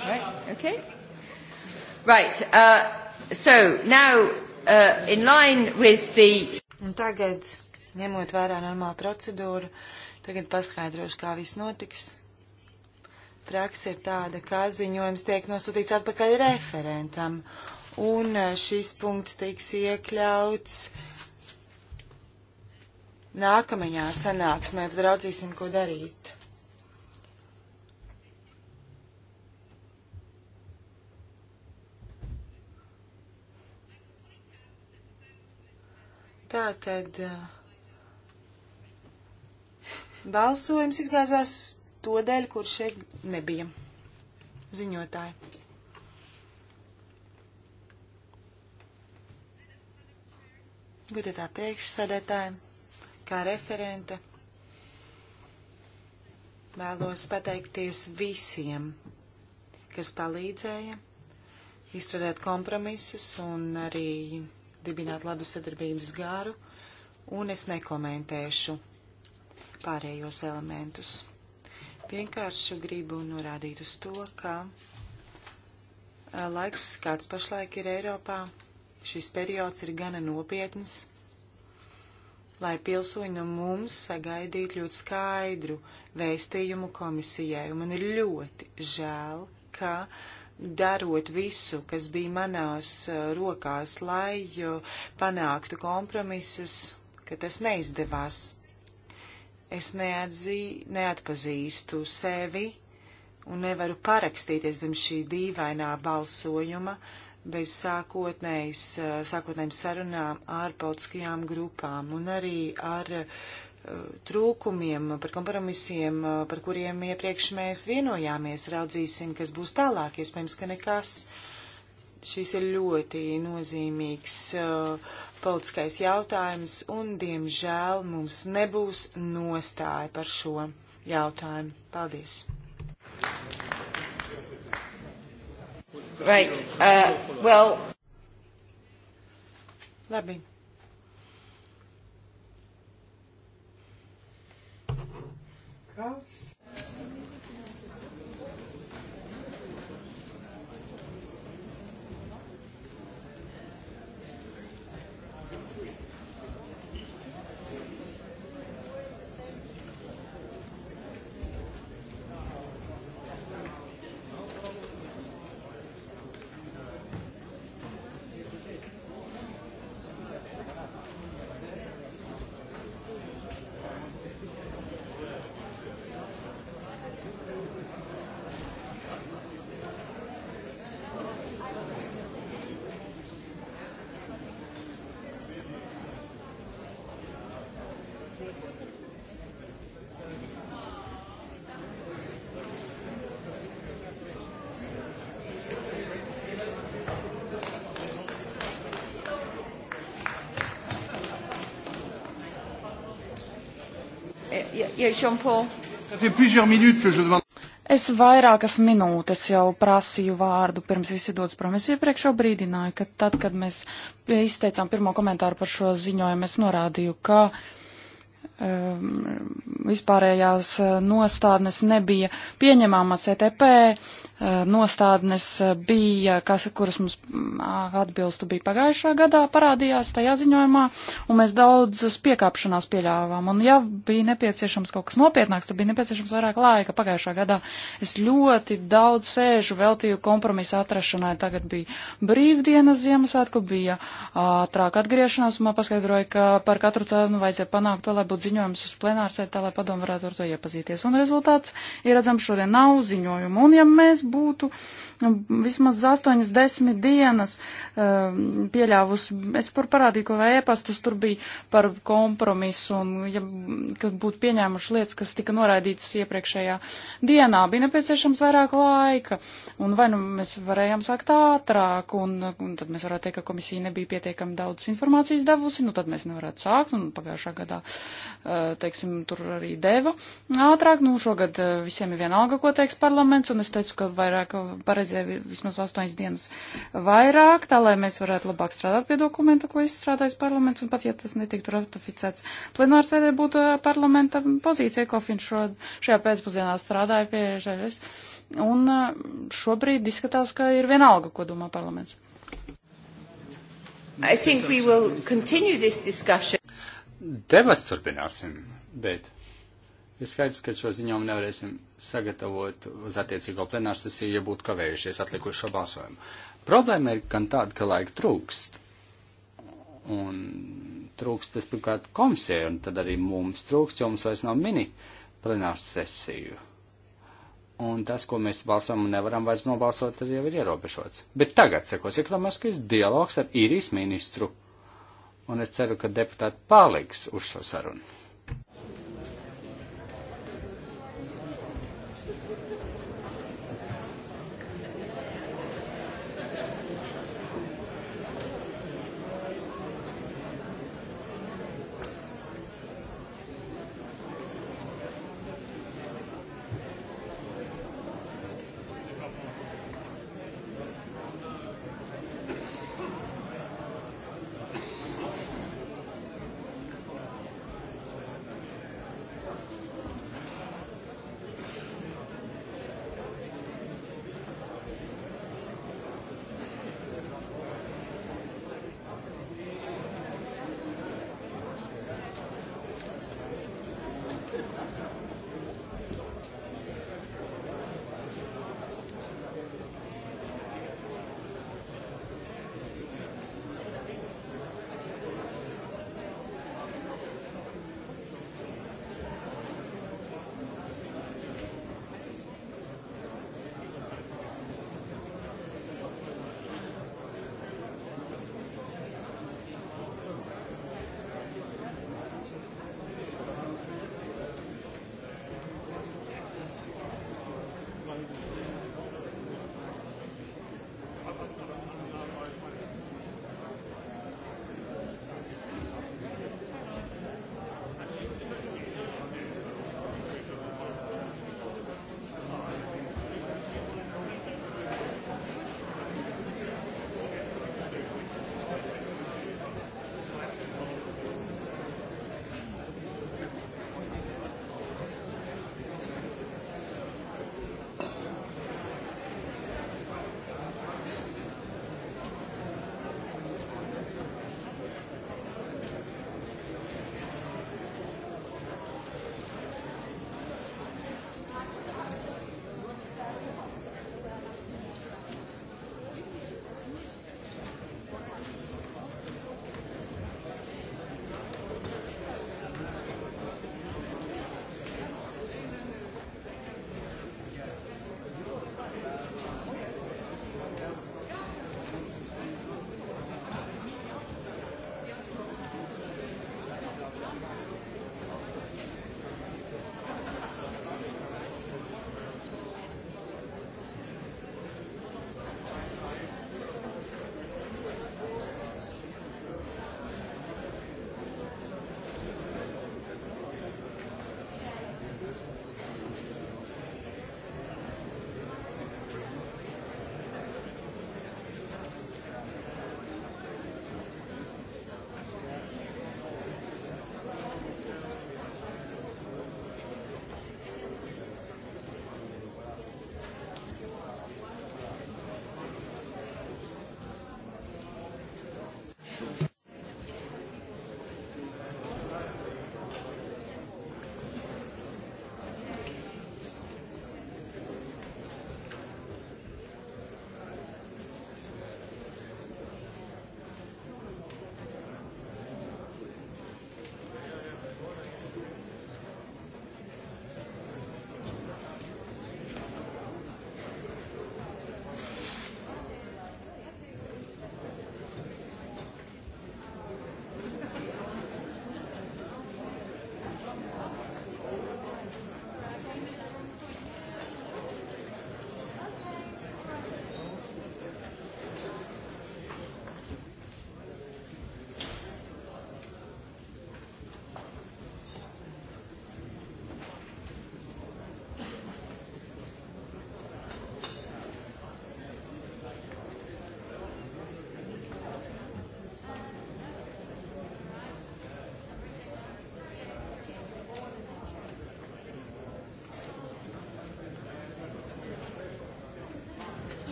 F: Right,
A: okay. Right, uh, so now uh, in line with the... Un tagad, ņemot vērā normālu procedūru,
F: tagad paskaidrošu, kā viss notiks praksa ir tāda, ka ziņojums tiek nosūtīts atpakaļ referentam, un eh, šis punkts tiks iekļauts nākamajā sanāksmē, tad raudzīsim, ko darīt. Tā tad eh, balsojums izgāzās to dēļ, kur šeit nebija ziņotāji. Gudētā priekšsēdētāja, kā referente, vēlos pateikties visiem, kas palīdzēja izstrādāt kompromisus un arī dibināt labu sadarbības gāru, un es nekomentēšu pārējos elementus vienkārši gribu norādīt uz to, ka eh, laiks, kāds pašlaik ir Eiropā, šis periods ir gana nopietns, lai pilsoņi no mums sagaidītu ļoti skaidru vēstījumu komisijai. Un man ir ļoti žēl, ka darot visu, kas bija manās eh, rokās, lai eh, panāktu kompromisus, ka tas neizdevās es neatzī, neatpazīstu sevi un nevaru parakstīties zem šī dīvainā balsojuma bez sākotnējiem eh, sarunām ar politiskajām grupām un arī ar eh, trūkumiem, par kompromisiem, eh, par kuriem iepriekš mēs vienojāmies, raudzīsim, kas būs tālāk, iespējams, ka nekas. Šis ir ļoti nozīmīgs uh, politiskais jautājums, un, diemžēl, mums nebūs nostāja par šo jautājumu. Paldies!
D: Right. Uh, well. Labi. Kāds?
C: Es vairākas minūtes jau prasīju vārdu, pirms visi dodas prom. Es iepriekš jau brīdināju, ka tad, kad mēs izteicām pirmo komentāru par šo ziņojumu, es norādīju, ka uh, Um, vispārējās uh, nostādnes nebija pieņemamas ETP, uh, nostādnes uh, bija, kas, kuras mums mm, atbilstu bija pagājušā gadā, parādījās tajā ziņojumā, un mēs daudzas piekāpšanās pieļāvām. Un ja bija nepieciešams kaut kas nopietnāks, tad bija nepieciešams vairāk laika. Pagājušā gadā es ļoti daudz sēžu veltīju kompromisu atrašanai. Tagad bija brīvdienas Ziemassvētku, bija ātrāk atgriešanās, un man paskaidroja, ka par katru cenu vajadzēja panākt to, lai būtu nosūta ziņojums uz plenārsēdi, tā lai padomu varētu ar to iepazīties. Un rezultāts ir redzams šodien nav ziņojumu. Un ja mēs būtu nu, vismaz 8-10 dienas um, pieļāvus, es par parādīju, ko vai ēpastus tur bija par kompromisu un ja, kad būtu pieņēmuši lietas, kas tika noraidītas iepriekšējā dienā, bija nepieciešams vairāk laika. Un vai nu mēs varējām sākt ātrāk un, un tad mēs varētu teikt, ka komisija nebija pietiekami daudz informācijas devusi, nu tad mēs nevarētu sākt un pagājušā gadā Eh, teiksim, tur arī deva ātrāk. Nu, šogad eh, visiem ir vienalga, ko teiks parlaments, un es teicu, ka vairāk paredzēju vismaz astoņas dienas vairāk, tā lai mēs varētu labāk strādāt pie dokumenta, ko izstrādājas parlaments, un pat ja tas netiktu ratificēts plenārsēdē, būtu eh, parlamenta pozīcija, ko viņš šajā pēcpusdienā strādāja pie ševis. Un šobrīd izskatās, ka ir vienalga, ko domā parlaments. I think we will
A: continue this discussion
B: debats turpināsim, bet ir skaidrs, ka šo ziņojumu nevarēsim sagatavot uz attiecīgo plenārsesiju, ja būtu kavējušies atlikušo balsojumu. Problēma ir gan tāda, ka laika trūkst. Un trūkst, tas pirmkārt komisija, un tad arī mums trūkst, jo mums vairs nav mini plenārsesiju. Un tas, ko mēs balsojam un nevaram vairs nobalsot, tad jau ir ierobežots. Bet tagad sekos ekonomiskais dialogs ar īrijas ministru un es ceru, ka deputāti paliks uz šo sarunu.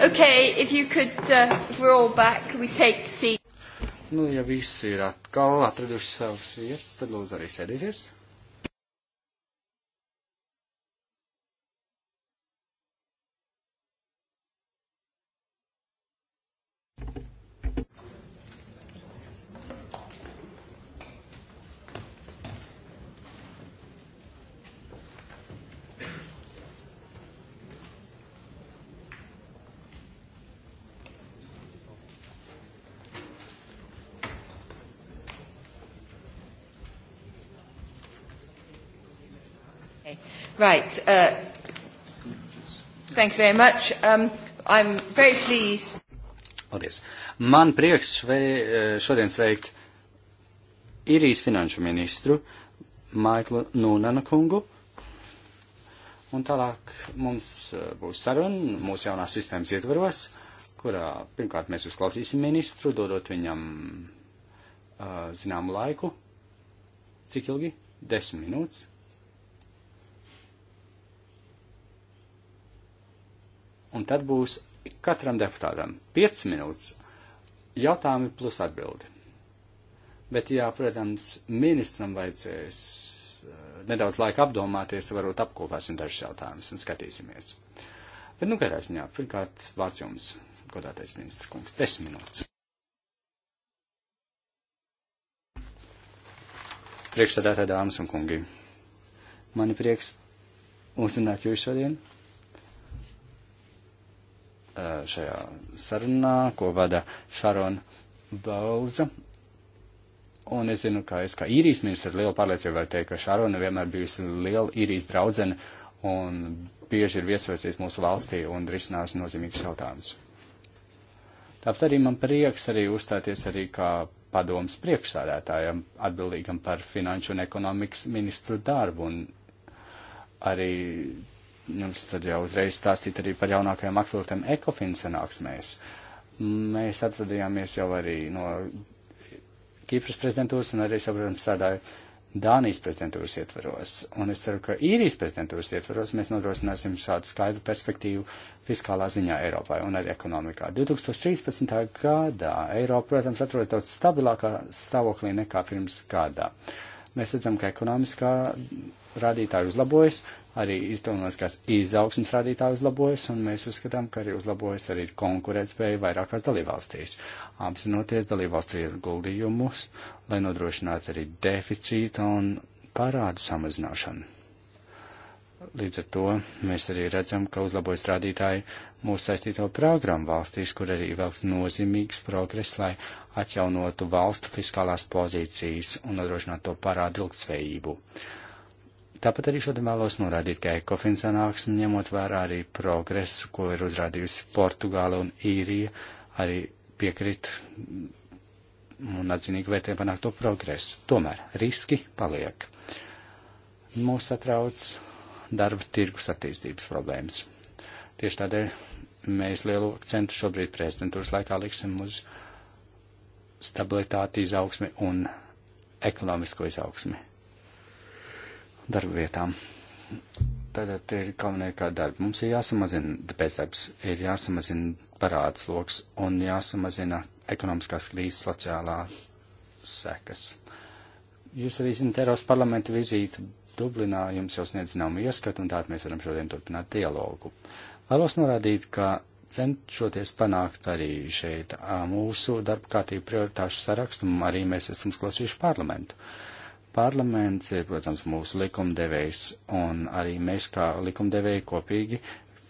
A: Okay, if you could, uh, if we're all back, we take the seat.
B: Nu, ja visi ir atkal atraduši savas vietas, tad lūdzu arī sēdieties.
A: Right. Uh, thank you very much. Um, I'm very pleased.
B: Paldies. Man prieks švei, uh, šodien sveikt Irijas finanšu ministru Maiklu Nūnana kungu. Un tālāk mums uh, būs saruna mūsu jaunās sistēmas ietvaros, kurā pirmkārt mēs uzklausīsim ministru, dodot viņam uh, zināmu laiku. Cik ilgi? Desmit minūtes. un tad būs katram deputātam 5 minūtes jautājumi plus atbildi. Bet, jā, protams, ministram vajadzēs eh, nedaudz laika apdomāties, tad varbūt apkopāsim dažus jautājumus un skatīsimies. Bet, nu, kādā ziņā, pirmkārt, vārds jums, godātais ministra kungs, 10 minūtes. Priekšsēdētāji, dāmas un kungi, man ir prieks uzzināt jūs šodien šajā sarunā, ko vada Šarona Balza. Un es zinu, ka es kā īrijas ministrs ar lielu pārliecību varu teikt, ka Šarona vienmēr bijusi liela īrijas draudzene un bieži ir viesojusies mūsu valstī un risinās nozīmīgus jautājumus. Tāpat arī man prieks arī uzstāties arī kā padoms priekšsādātājam atbildīgam par finanšu un ekonomikas ministru darbu un arī jums tad jau uzreiz stāstīt arī par jaunākajām aktuālitātēm ECOFIN sanāksmēs. Mēs atradījāmies jau arī no Kīpras prezidentūras un arī, saprotam, strādāju Dānijas prezidentūras ietvaros. Un es ceru, ka īrijas prezidentūras ietvaros mēs nodrošināsim šādu skaidru perspektīvu fiskālā ziņā Eiropai un arī ekonomikā. 2013. gadā Eiropa, protams, atrodas daudz stabilākā stāvoklī nekā pirms gadā. Uh, Mēs redzam, ka ekonomiskā rādītāja uzlabojas, arī ekonomiskās izaugsmas rādītāja uzlabojas, un mēs uzskatām, ka arī uzlabojas arī konkurētspēja vairākās dalībvalstīs, apzinoties dalībvalstu ieguldījumus, lai nodrošinātu arī deficīta un parādu samazināšanu. Līdz ar to mēs arī redzam, ka uzlabojas rādītāji mūsu saistīto programmu valstīs, kur arī vēlas nozīmīgs progress, lai atjaunotu valstu fiskālās pozīcijas un nodrošinātu to parādu ilgtspējību. Tāpat arī šodien vēlos norādīt, ka ekofin sanāksme ņemot vērā arī progresu, ko ir uzrādījusi Portugāla un Īrija, arī piekrit un atzinīgi vērtē panākto progresu. Tomēr riski paliek. Mūs atrauc darba tirgus attīstības problēmas. Tieši tādēļ mēs lielu akcentu šobrīd prezidentūras laikā liksim uz stabilitāti, izaugsmi un ekonomisko izaugsmi darba vietām. Tātad ir komunikā darba. Mums ir jāsamazina bezdarbs, ir jāsamazina parāds loks un jāsamazina ekonomiskās krīzes sociālā sekas. Jūs arī zināt Eiropas parlamenta vizīti Dublinā jums jau sniedz zināmu ieskatu, un tādā mēs varam šodien turpināt dialogu. Vēlos norādīt, ka cenšoties panākt arī šeit mūsu darba kārtību prioritāšu sarakstu, arī mēs esam sklausījuši parlamentu. Parlaments ir, protams, mūsu likumdevējs, un arī mēs kā likumdevēji kopīgi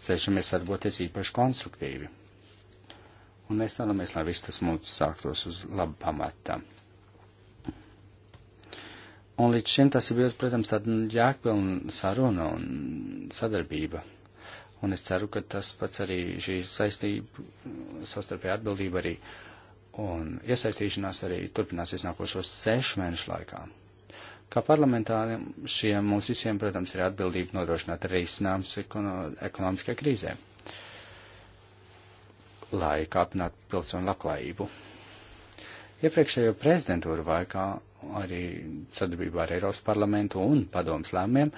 B: cenšamies darboties īpaši konstruktīvi. Un mēs vēlamies, lai viss tas mums sāktos uz labu pamatu. Un līdz šim tas ir bijis, protams, tāda nu, jēgpilna saruna un sadarbība. Un es ceru, ka tas pats arī šī saistība, sastarpēja atbildība arī un iesaistīšanās arī turpināsies nākošos sešu mēnešu laikā. Kā parlamentāriem šiem mums visiem, protams, ir atbildība nodrošināt risinājums ekono, ekonomiskajai krīzē, lai kāpinātu pilsonu labklājību. Iepriekšējo prezidentūru laikā arī sadarbībā ar Eiropas parlamentu un padomas lēmumiem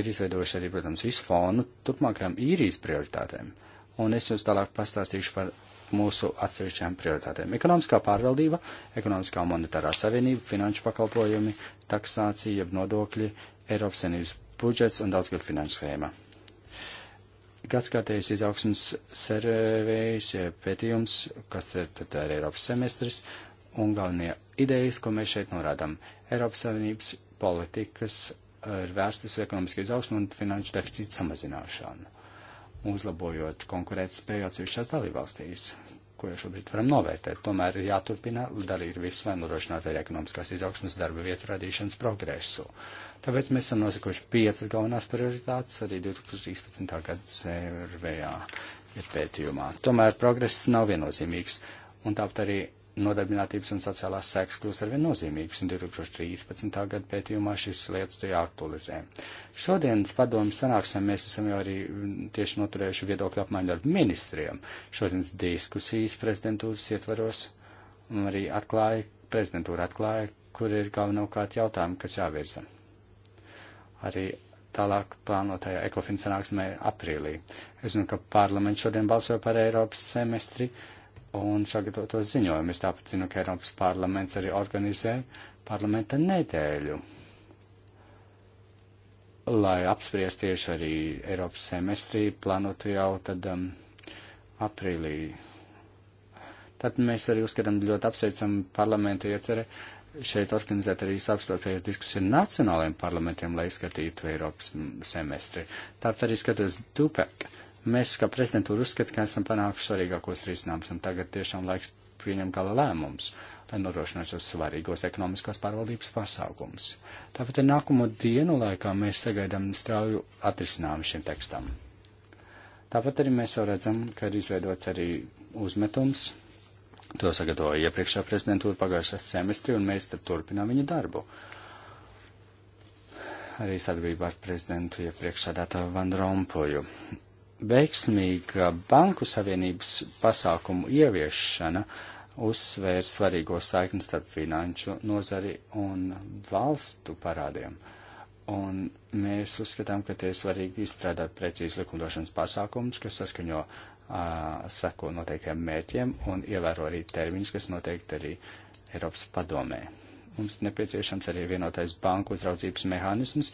B: ir izveidojuši arī, protams, visu fonu turpmākajām īrijas prioritātēm. Un es jums tālāk pastāstīšu par mūsu atsevišķām prioritātēm. Ekonomiskā pārvaldība, ekonomiskā monetārā savienība, finanšu pakalpojumi, taksācija, nodokļi, Eiropas savienības budžets un daudzgad finanšu schēma. Gadskārtējs izaugsmas servējs pētījums, kas ir tad arī Eiropas semestris, un galvenie idejas, ko mēs šeit norādām. Eiropas Savienības politikas eh, ir vērstas uz ekonomisku izaugsmu un finanšu deficītu samazināšanu, uzlabojot konkurētspēju atsevišķās dalībvalstīs, ko jau šobrīd varam novērtēt. Tomēr ir jāturpina darīt visu, lai nodrošinātu arī ekonomiskās izaugsmas darba vietu radīšanas progresu. Tāpēc mēs esam nosekuši piecas galvenās prioritātes arī 2013. gada sērvējā pētījumā. Tomēr progress nav viennozīmīgs, un tāpat arī nodarbinātības un sociālās sēks kļūst arvien nozīmīgas, un 2013. gada pētījumā šīs lietas to jāaktualizē. Šodienas padomu sanāksmē mēs esam jau arī mm, tieši noturējuši viedokļu apmaiņu ar ministriem. Šodienas diskusijas prezidentūras ietvaros arī atklāja, prezidentūra atklāja, kur ir galvenokārt jautājumi, kas jāvirza. Arī tālāk plānotajā ekofin sanāksmē aprīlī. Es zinu, ka parlaments šodien balsoja par Eiropas semestri. Uh, un sagatavotos ziņojumus. Tāpat zinu, ka Eiropas parlaments arī organizē parlamenta nedēļu, lai apspriest tieši arī Eiropas semestrī planotu jau tad um, aprīlī. Tad mēs arī uzskatām ļoti apsveicam parlamentu iecerē šeit organizēt arī savstarpējas diskusiju nacionālajiem parlamentiem, lai izskatītu Eiropas semestri. Tāpat arī skatos DUPEK Mēs, kā prezidentūra, uzskatām, ka esam panākuši svarīgākos risinājumus, un tagad tiešām laiks pieņem gala lēmums, lai nodrošinātu šos svarīgos ekonomiskās pārvaldības pasākumus. Tāpēc ar nākamo dienu laikā mēs sagaidām strauju atrisinājumu šim tekstam. Tāpat arī mēs jau redzam, ka ir izveidots arī uzmetums. To sagatavoja iepriekšā prezidentūra pagājušā semestri, un mēs tad turpinām viņu darbu arī sadarbībā ar prezidentu iepriekšādātā Van Rompuju veiksmīga banku savienības pasākumu ieviešana uzsvēra svarīgo saikni starp finanšu nozari un valstu parādiem. Un mēs uzskatām, ka tie ir svarīgi izstrādāt precīzi likumdošanas pasākumus, kas saskaņo, uh, sako noteiktiem mērķiem un ievēro arī termiņus, kas noteikti arī Eiropas padomē. Mums nepieciešams arī vienotais banku uzraudzības mehānisms,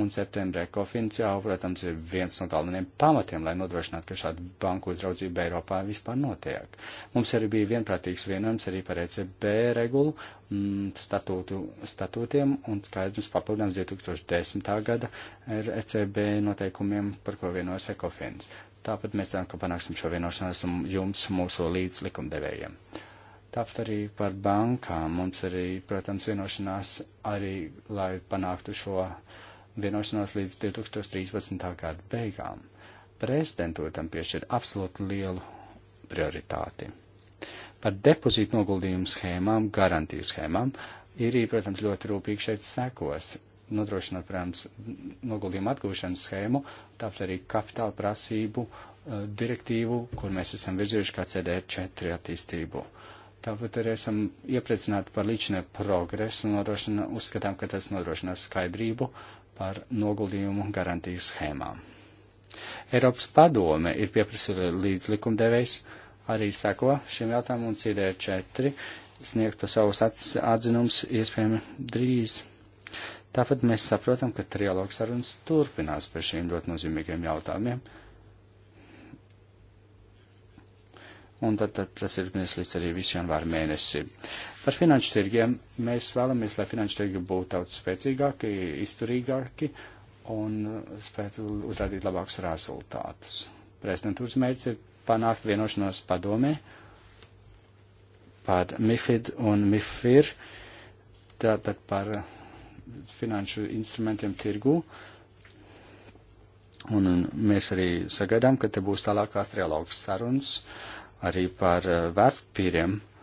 B: un septembrē kofins jau, protams, ir viens no galvenajiem pamatiem, lai nodrošinātu, ka šāda banku uzraudzība Eiropā vispār notiek. Mums arī bija vienprātīgs vienojums arī par ECB regulu m, mm, statūtu, statūtiem un skaidrs papildinājums 2010. gada ECB noteikumiem, par ko vienojas ekofins. Tāpat mēs ceram, ka panāksim šo vienošanos jums, mūsu līdz likumdevējiem. Tāpat arī par bankām mums arī, protams, vienošanās arī, lai panāktu šo vienošanos līdz 2013. gada beigām. Prezidentotam piešķir absolūti lielu prioritāti. Par depozītu noguldījumu schēmām, garantiju schēmām, ir, protams, ļoti rūpīgi šeit sekos, nodrošinot, protams, noguldījumu atgūšanas schēmu, tāpat arī kapitāla prasību uh, direktīvu, kur mēs esam virzījuši kā CDR4 attīstību. Tāpat arī esam iepriecināti par līdzinē progresu un nodrošina, uzskatām, ka tas nodrošinās skaidrību par noguldījumu garantijas schēmām. Eiropas padome ir pieprasīta līdzlikumdevējs arī seko šim jautājumam un CD4 sniegtu savus atzinums iespējami drīz. Tāpat mēs saprotam, ka trialogs sarunas turpinās par šiem ļoti nozīmīgiem jautājumiem. Un tad, tad tas ir mēs līdz arī visu janvāru mēnesi. Par finanšu tirgiem mēs vēlamies, lai finanšu tirgi būtu daudz spēcīgāki, izturīgāki un spētu uzrādīt labākus rezultātus. Prezidentūras mērķis ir panākt vienošanos padomē par MIFID un MIFIR, tātad par finanšu instrumentiem tirgū. Un mēs arī sagaidām, ka te būs tālākās trialogas sarunas arī par eh, vērtspīriem. Uh,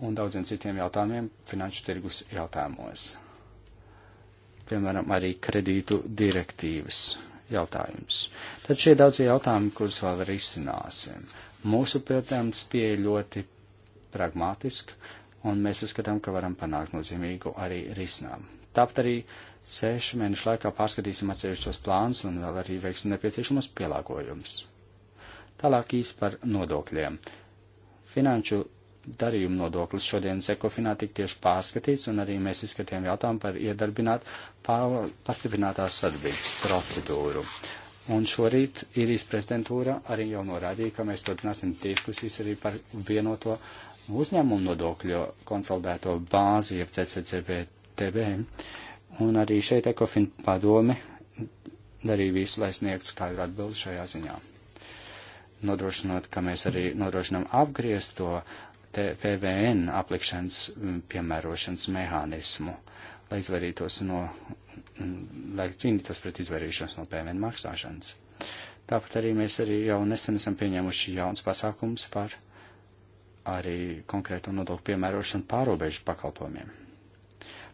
B: un daudziem citiem jautājumiem finanšu tirgus jautājumos. Piemēram, arī kredītu direktīvas jautājums. Tad šie daudzie jautājumi, kurus vēl risināsim. Mūsu, protams, pieeja ļoti pragmatiska, un mēs uzskatām, ka varam panākt nozīmīgu arī risinājumu. Tāpat arī sešu mēnešu laikā pārskatīsim atsevišķos plānus un vēl arī veiksim nepieciešamos pielāgojumus. Tālāk īsti par nodokļiem. Finanšu darījuma nodoklis. Šodien Sekofinā tik tieši pārskatīts, un arī mēs izskatījām jautājumu par iedarbināt pār, pastiprinātās sadarbības procedūru. Un šorīt īrijas prezidentūra arī jau norādīja, ka mēs turpināsim diskusijas arī par vienoto uzņēmumu nodokļu konsolidēto bāzi, jeb CCCBTB. Un arī šeit Ekofin padome darīja visu, lai sniegtu skaidru atbildi šajā ziņā. Nodrošinot, ka mēs arī nodrošinām apgriezto PVN aplikšanas mm, piemērošanas mehānismu, lai izvairītos no, mm, lai cīnītos pret izvairīšanos no PVN maksāšanas. Tāpat arī mēs arī jau nesen esam pieņēmuši jauns pasākums par arī konkrēto nodokļu piemērošanu pārobežu pakalpojumiem.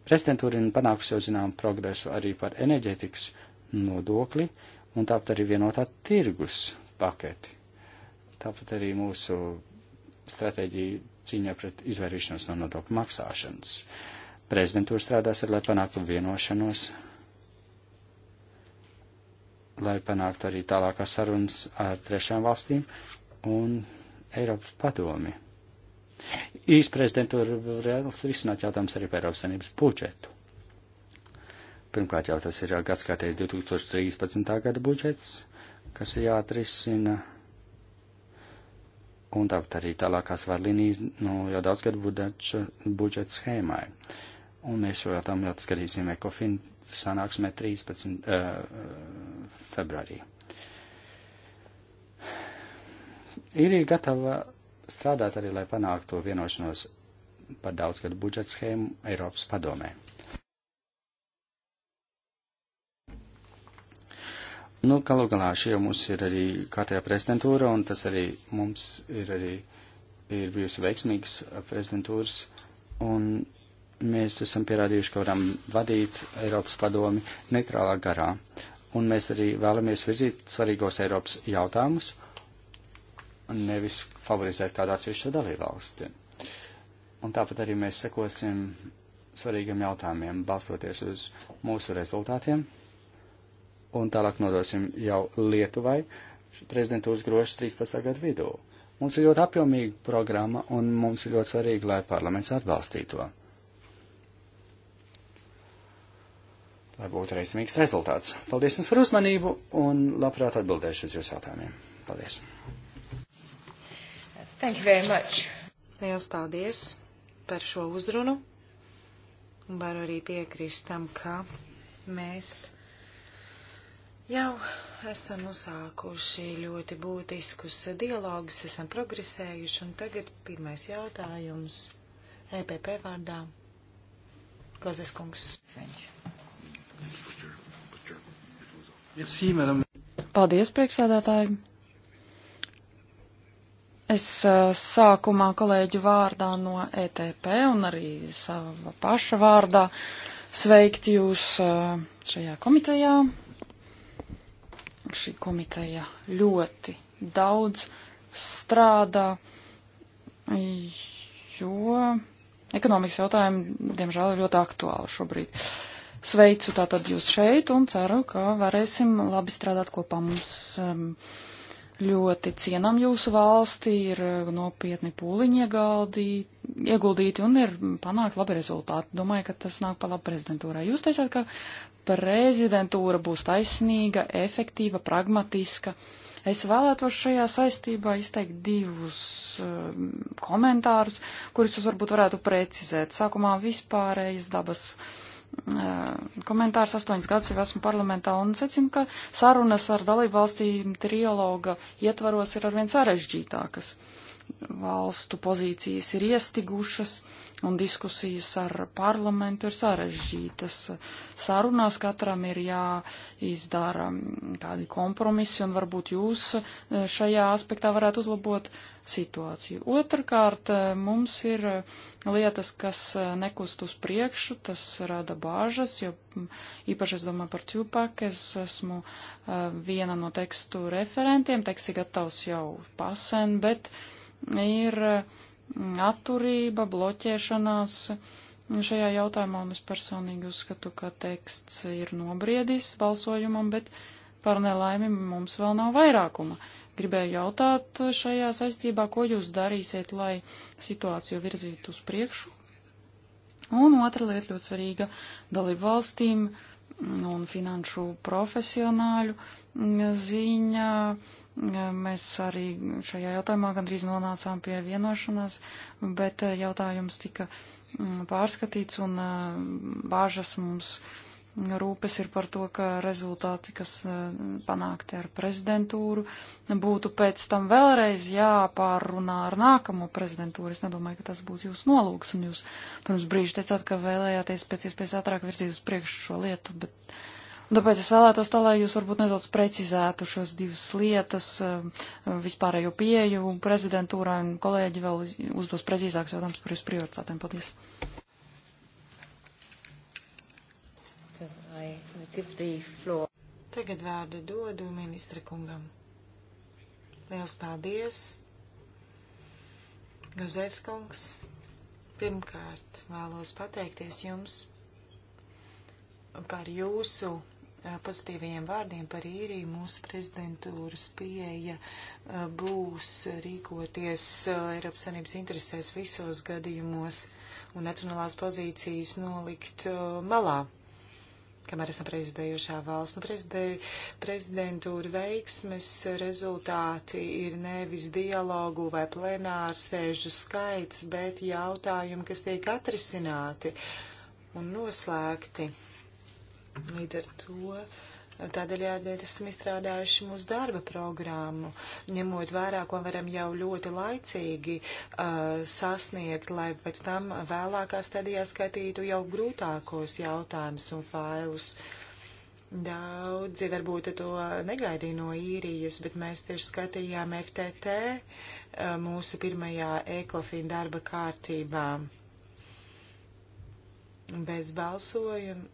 B: Prezidentūra ir panākusi jau zinām progresu arī par enerģētikas nodokli un tāpat arī vienotā tirgus paketi. Tāpat arī mūsu stratēģija cīņā pret izvairīšanos no nodokļu maksāšanas. Prezidentūra strādās, ar, lai panāktu vienošanos, lai panāktu arī tālākās sarunas ar trešām valstīm un Eiropas padomi. Īs prezidentūra vēlas risināt jautājums arī par Eiropas Sanības budžetu. Pirmkārt jau tas ir gads, kā teicu, 2013. gada budžets, kas ir jāatrisina un tāpat arī tālākās vadlīnijas nu, jau daudz gadu budžeta schēmai. Un mēs šo jautājumu ļoti skatīsim ECOFIN sanāksmē 13. Uh, eh, februārī. Ir gatava strādāt arī, lai panāktu vienošanos par daudzgadu budžeta schēmu Eiropas padomē. Nu, galu galā šī jau mums ir arī kārtējā prezidentūra, un tas arī mums ir arī ir bijusi veiksmīgs prezidentūras, un mēs esam pierādījuši, ka varam vadīt Eiropas padomi neitrālā garā. Un mēs arī vēlamies virzīt svarīgos Eiropas jautājumus, nevis favorizēt kādu atsevišķu dalībvalsti. Un tāpat arī mēs sekosim svarīgiem jautājumiem, balstoties uz mūsu rezultātiem un tālāk nodosim jau Lietuvai prezidentūras grošas 13. gadu vidū. Mums ir ļoti apjomīga programma, un mums ir ļoti svarīgi, lai parlaments atbalstītu to. Lai būtu reizmīgs rezultāts. Paldies jums par uzmanību, un labprāt atbildēšu uz jūsu jautājumiem. Paldies!
F: Thank you very much. Liels paldies par šo uzrunu. Varu arī piekrist tam, ka mēs Jau esam uzsākuši ļoti būtiskus dialogus, esam progresējuši, un tagad pirmais jautājums EPP vārdā. Kozes kungs.
C: Paldies, priekšsēdētāji. Es uh, sākumā kolēģu vārdā no ETP un arī sava paša vārdā sveikt jūs uh, šajā komitejā, šī komiteja ļoti daudz strādā, jo ekonomikas jautājumi, diemžēl, ir ļoti aktuāli šobrīd. Sveicu tātad jūs šeit un ceru, ka varēsim labi strādāt kopā mums. Um, ļoti cienam jūsu valsti, ir nopietni pūliņi iegaldīt, ieguldīti un ir panākt labi rezultāti. Domāju, ka tas nāk pa labu prezidentūrai. Jūs teicāt, ka prezidentūra būs taisnīga, efektīva, pragmatiska. Es vēlētos šajā saistībā izteikt divus uh, komentārus, kurus jūs varbūt varētu precizēt. Sākumā vispārējas dabas uh, komentārs astoņas gadus jau esmu parlamentā un secinu, ka sarunas ar dalību valstīm trialoga ietvaros ir arvien sarežģītākas. Valstu pozīcijas ir iestigušas. Uh, un diskusijas ar parlamentu ir sarežģītas. Sarunās katram ir jāizdara mm, kādi kompromisi, un varbūt jūs e, šajā aspektā varētu uzlabot situāciju. Otrakārt, e, mums ir lietas, kas e, nekust uz priekšu, tas rada bāžas, jo mm, īpaši es domāju par Čupaku, es esmu viena no tekstu referentiem, teksti gatavs jau pasen, bet ir atturība, bloķēšanās šajā jautājumā, un es personīgi uzskatu, ka teksts ir nobriedis balsojumam, bet par nelaimi mums vēl nav vairākuma. Gribēju jautāt šajā saistībā, ko jūs darīsiet, lai situāciju virzītu uz priekšu. Un otra lieta ļoti svarīga - dalību valstīm un finanšu profesionāļu ziņā Mēs arī šajā jautājumā gandrīz nonācām pie vienošanās, bet eh, jautājums tika mm, pārskatīts un eh, bāžas mums rūpes ir par to, ka rezultāti, kas eh, panākti ar prezidentūru, būtu pēc tam vēlreiz jāpārunā ar nākamo prezidentūru. Es nedomāju, ka tas būtu jūsu nolūks, un jūs pirms brīža teicāt, ka vēlējāties pēc iespējas ātrāk virzīt uz priekšu šo lietu, bet Un tāpēc es vēlētos tā, lai jūs varbūt nedaudz precizētu šos divas lietas, eh, vispārējo pieeju prezidentūrā, un kolēģi vēl uzdos precīzākus jautājumus par jūsu prioritātēm.
F: Paldies! Tagad vārdu dodu ministra kungam. Liels paldies! Gazēs kungs, pirmkārt vēlos pateikties jums par jūsu pozitīvajiem vārdiem par īriju. Mūsu prezidentūras pieeja būs rīkoties Eiropas Savienības interesēs visos gadījumos un nacionālās pozīcijas nolikt malā. Kamēr esam prezidējošā valsts, nu prezidē, prezidentūra veiksmes rezultāti ir nevis dialogu vai plenāru sēžu skaits, bet jautājumi, kas tiek atrisināti un noslēgti. Līdz ar to tādējādi esam izstrādājuši mūsu darba programmu, ņemot vērā, ko varam jau ļoti laicīgi uh, sasniegt, lai pēc tam vēlākā stadijā skatītu jau grūtākos jautājumus un failus. Daudzi varbūt to negaidīja no īrijas, bet mēs tieši skatījām FTT uh, mūsu pirmajā ekofīna darba kārtībā. Bez balsojuma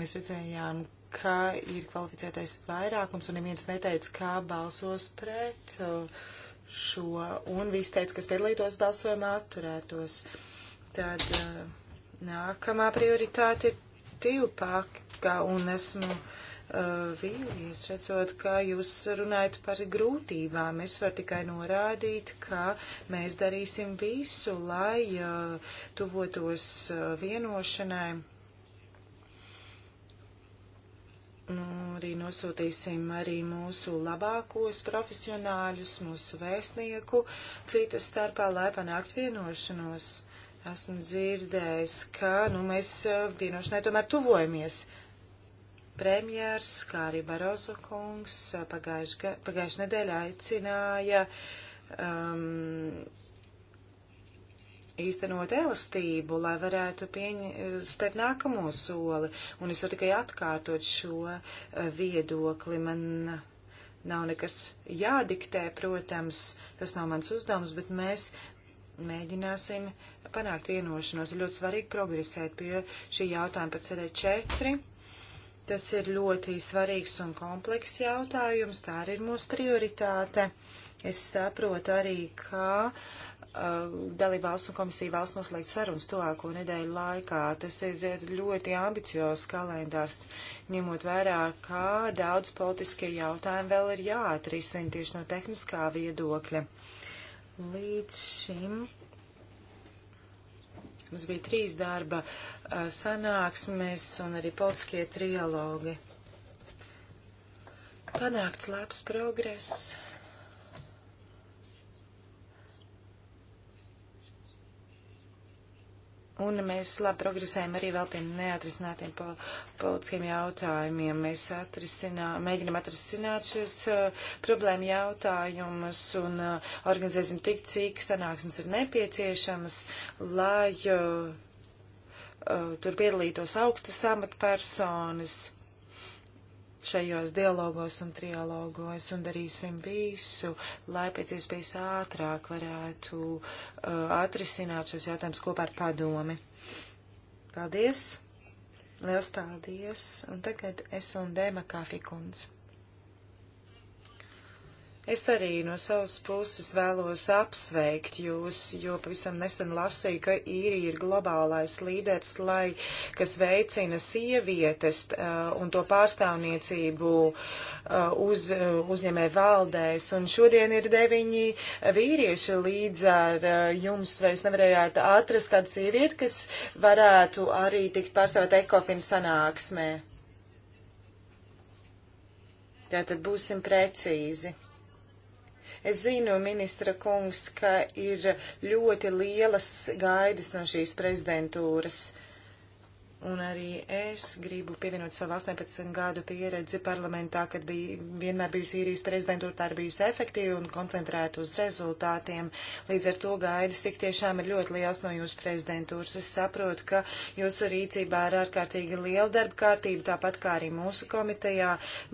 F: Mēs redzējām, ka ir kvalificētais vairākums, un neviens neteica, kā balsos pret uh, šo, un viss teica, kas piedalītos balsojumā, atturētos. Tad uh, nākamā prioritāte ir divu pakā, un esmu uh, vīlies, redzot, ka jūs runājat par grūtībām. Es varu tikai norādīt, ka mēs darīsim visu, lai tuvotos vienošanai Nu, arī nosūtīsim arī mūsu labākos profesionāļus, mūsu vēstnieku, citas starpā, lai panāktu vienošanos. Esmu dzirdējis, ka nu, mēs eh, vienošanai tomēr tuvojamies. Premjers, kā arī Barozo kungs, eh, pagājušajā nedēļā aicināja um, īstenot elastību, lai varētu spērt nākamo soli. Un es varu tikai atkārtot šo eh, viedokli. Man nav nekas jādiktē, protams, tas nav mans uzdevums, bet mēs mēģināsim panākt vienošanos. Ir ļoti svarīgi progresēt pie šī jautājuma pēc CD4. Tas ir ļoti svarīgs un komplekss jautājums, tā arī ir mūsu prioritāte. Es saprotu arī, ka uh, Eh, dalībvalsts un komisija valsts noslēgt sarunas tuvāko nedēļu laikā. Tas ir ļoti ambiciozs kalendārs, ņemot vērā, kā daudz politiskie jautājumi vēl ir jāatrisina tieši no tehniskā viedokļa. Līdz šim mums bija trīs darba eh, sanāksmes un arī politiskie trialogi. Panākts labs progress Un mēs labi progresējam arī vēl pie neatrisinātiem pol politiskiem jautājumiem. Mēs atrisinā, mēģinam atrisināt šos uh, problēmu jautājumus un uh, organizēsim tik, cik sanāksmes ir nepieciešamas, lai uh, uh, tur piedalītos augstas amatpersonas. Uh, šajos dialogos un trialogos un darīsim visu, lai pēc iespējas ātrāk varētu uh, atrisināt šos jautājumus kopā ar padomi. Paldies! Liels paldies! Un tagad es un Dēma Kāfikums. Es arī no savas puses vēlos apsveikt jūs, jo pavisam nesen lasīju, ka īrija ir globālais līderis, lai, kas veicina sievietes uh, un to pārstāvniecību uh, uz, uh, uzņēmē valdēs. Un šodien ir deviņi vīrieši līdz ar uh, jums, vai jūs nevarējāt atrast kādu sievieti, kas varētu arī tikt pārstāvēt ekofin sanāksmē. Tātad būsim precīzi. Es zinu, ministra kungs, ka ir ļoti lielas gaidas no šīs prezidentūras. Un arī es gribu pievienot savu 18 gadu pieredzi parlamentā, kad bija, vienmēr bijusi īrijas prezidentūra, tā ir bijusi efektīva un koncentrēta uz rezultātiem. Līdz ar to gaidas tik tiešām ir ļoti liels no jūsu prezidentūras. Es saprotu, ka jūsu rīcībā ir ārkārtīgi liela darba kārtība, tāpat kā arī mūsu komitejā,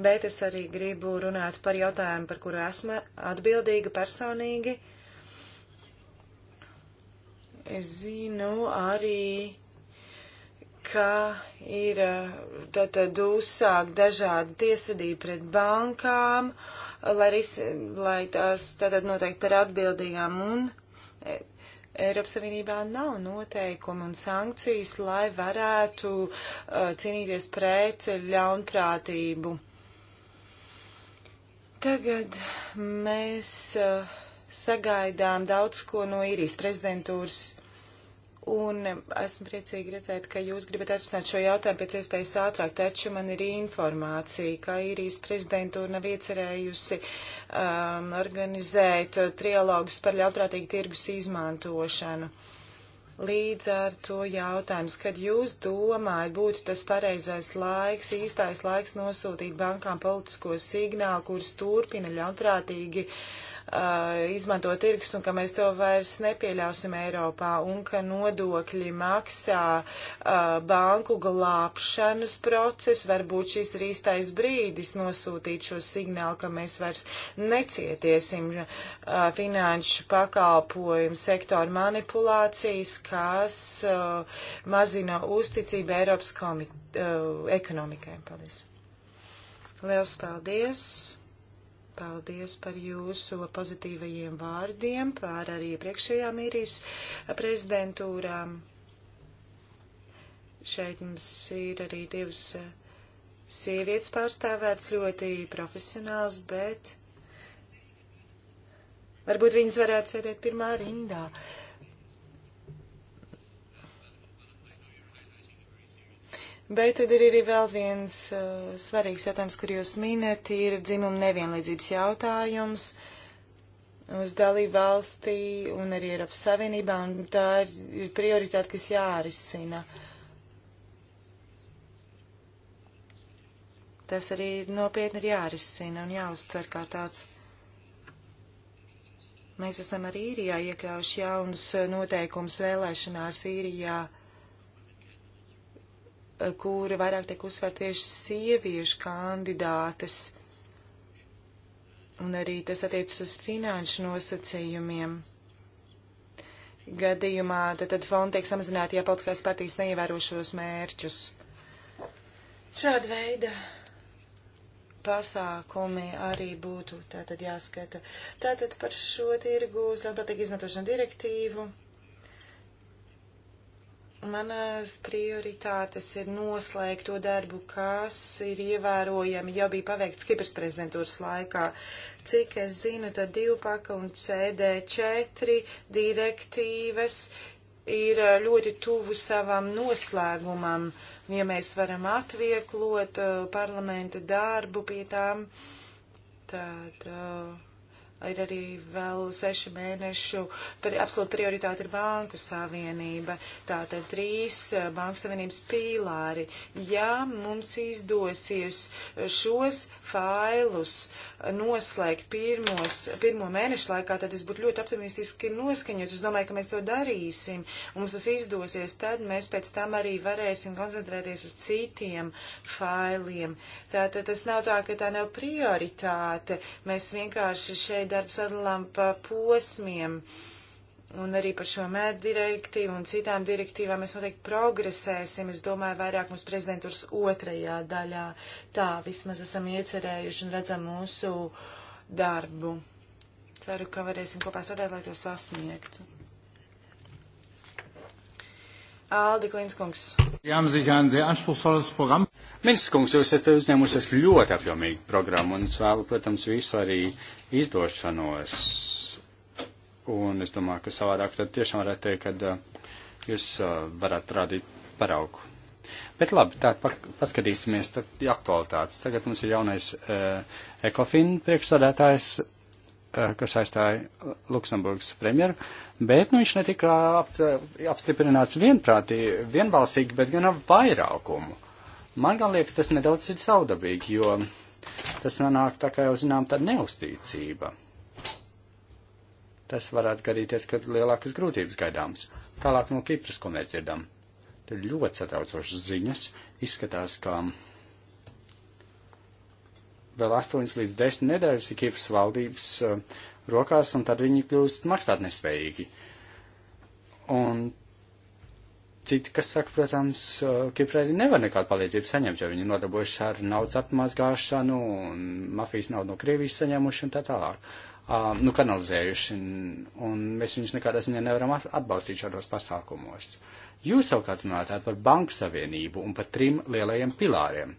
F: bet es arī gribu runāt par jautājumu, par kuru esmu atbildīga personīgi. Es zinu arī ka ir tātad eh, uzsākt dažādi tiesvedību pret bankām, lai, ris, lai tās tātad noteikti par atbildīgām un e, Eiropas Savienībā nav noteikumi un sankcijas, lai varētu uh, cīnīties pret ļaunprātību. Tagad mēs uh, sagaidām daudz ko no īrijas prezidentūras Un esmu priecīgi redzēt, ka jūs gribat atrisināt šo jautājumu pēc iespējas ātrāk, taču man ir informācija, ka īrijas prezidentūra nav iecerējusi um, organizēt uh, trialogus par ļautprātīgu tirgus izmantošanu. Līdz ar to jautājums, kad jūs domājat, būtu tas pareizais laiks, īstais laiks nosūtīt bankām politisko signālu, kurus turpina ļautprātīgi uh, Uh, izmanto tirgus un ka mēs to vairs nepieļausim Eiropā un ka nodokļi maksā uh, banku glābšanas procesu. Varbūt šis ir īstais brīdis nosūtīt šo signālu, ka mēs vairs necietiesim uh, finanšu pakalpojumu sektoru manipulācijas, kas mazina uzticību Eiropas komit ekonomikai. Paldies! Liels paldies! Paldies par jūsu pozitīvajiem vārdiem, par arī priekšējām īrijas prezidentūrām. Šeit mums ir arī divas eh, sievietes pārstāvētas ļoti profesionāls, bet varbūt viņas varētu sēdēt pirmā rindā. Uh, Bet tad ir arī vēl viens uh, svarīgs jautājums, kur jūs minēt, ir dzimuma nevienlīdzības jautājums uz dalību valstī un arī Eiropas Savienībā, un tā ir, ir prioritāte, kas jārisina. Tas arī nopietni ir jārisina un jāuztver kā tāds. Mēs esam arī īrijā iekļaujuši jaunus noteikumus vēlēšanās īrijā. Ja kura vairāk tiek uzsvērt tieši sieviešu kandidātes. Un arī tas attiecas uz finanšu nosacījumiem. Gadījumā tad, tad fonda tiek samazināta, ja politiskās partijas neievēro šos mērķus. Šāda veida pasākumi arī būtu tātad jāskata. Tātad par šo tirgu ļaunprātīgi izmantošanu direktīvu Manas prioritātes ir noslēgt to darbu, kas ir ievērojami jau bija paveikts Kipras prezidentūras laikā. Cik es zinu, tad divpaka un CD4 direktīvas ir ļoti tuvu savam noslēgumam. Ja mēs varam atvieglot uh, parlamenta darbu pie tām, tad. Uh, ir arī vēl seši mēnešu par absolūtu prioritāti ir Banku Savienība. Tātad trīs eh, Banku Savienības pīlāri. Ja mums izdosies eh, šos failus eh, noslēgt pirmos, pirmo mēnešu laikā, tad es būtu ļoti optimistiski noskaņots. Es domāju, ka mēs to darīsim. Mums tas izdosies, tad mēs pēc tam arī varēsim koncentrēties uz citiem failiem. Uh, Tātad tas nav tā, ka tā nav prioritāte. Mēs vienkārši šeit darbu sadalām pa posmiem. Un arī par šo mēdu direktīvu un citām direktīvām mēs noteikti progresēsim. Es domāju, vairāk mūsu prezidentūras otrajā daļā. Tā vismaz esam iecerējuši un redzam mūsu darbu. Ceru, ka varēsim kopā strādāt, lai to sasniegtu. Aldi Klinskungs.
B: Ministrs kungs, jūs esat uzņēmusies ļoti apjomīgu programmu un es vēlu, protams, visu arī izdošanos. Un es domāju, ka savādāk tad tiešām varētu teikt, ka uh, jūs uh, varētu rādīt paraugu. Bet labi, tā paskatīsimies tad aktualitātes. Tagad mums ir jaunais uh, Ekofin priekšsādātājs Eh, kas aizstāja Luksemburgas premjeru, bet nu, viņš netika apstiprināts vienprātī, vienbalsīgi, bet gan ar vairākumu. Man gan liekas, tas nedaudz ir saudabīgi, jo tas nonāk tā kā jau zinām tāda neusticība. Tas varētu gadīties, kad lielākas grūtības gaidāms. Tālāk no Kipras, ko mēs dzirdam. Tad ļoti satraucošas ziņas izskatās, ka. Kā vēl 8 līdz 10 nedēļas ir Kipras valdības uh, rokās, un tad viņi kļūst maksāt nespējīgi. Un citi, kas saka, protams, uh, eh, Kiprai nevar nekādu palīdzību saņemt, jo viņi nodarbojuši ar naudas apmazgāšanu, un mafijas naudu no Krievijas saņēmuši un tā tālāk. Uh, nu, kanalizējuši, un, un mēs viņus nekādā ziņā nevaram atbalstīt šādos pasākumos. Jūs savukārt runājāt par banku savienību un par trim lielajiem pilāriem.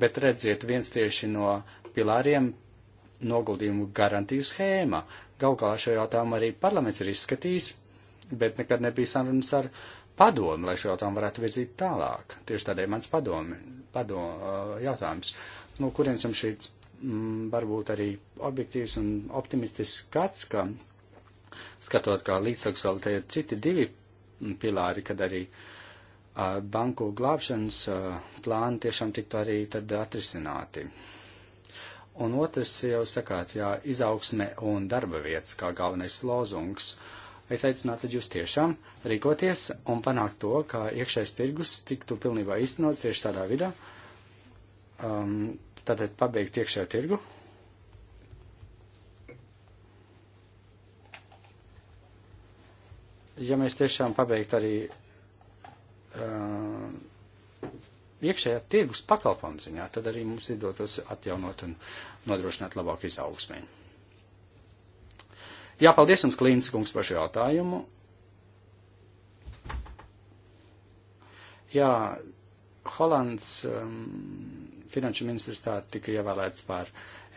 B: Bet redziet, viens tieši no pilāriem noguldījumu garantiju schēma. Gaugā šo jautājumu arī parlaments ir izskatījis, bet nekad nebija sarunas ar padomu, lai šo jautājumu varētu virzīt tālāk. Tieši tādēļ mans padomi, padom, uh, jautājums, no kurienes jums šīs m, mm, varbūt arī objektīvs un optimistisks skats, ka skatot, kā līdzsaksualitē ir citi divi pilāri, kad arī uh, banku glābšanas uh, plāni tiešām tiktu arī tad atrisināti. Un otrs jau sakāt, jā, izaugsme un darba vietas kā galvenais lozungs. Es aicinātu jūs tiešām rīkoties un panākt to, ka iekšējais tirgus tiktu pilnībā īstenots tieši tādā vidā. Um, tātad pabeigt iekšējo tirgu. Ja mēs tiešām pabeigtu arī uh, iekšējā tirgus pakalpojumu ziņā, tad arī mums izdotos atjaunot un nodrošināt labāku izaugsmē. Jā, paldies jums, Klīns kungs, par šo jautājumu. Jā, Holands um, finanšu ministrs tā tika ievēlēts par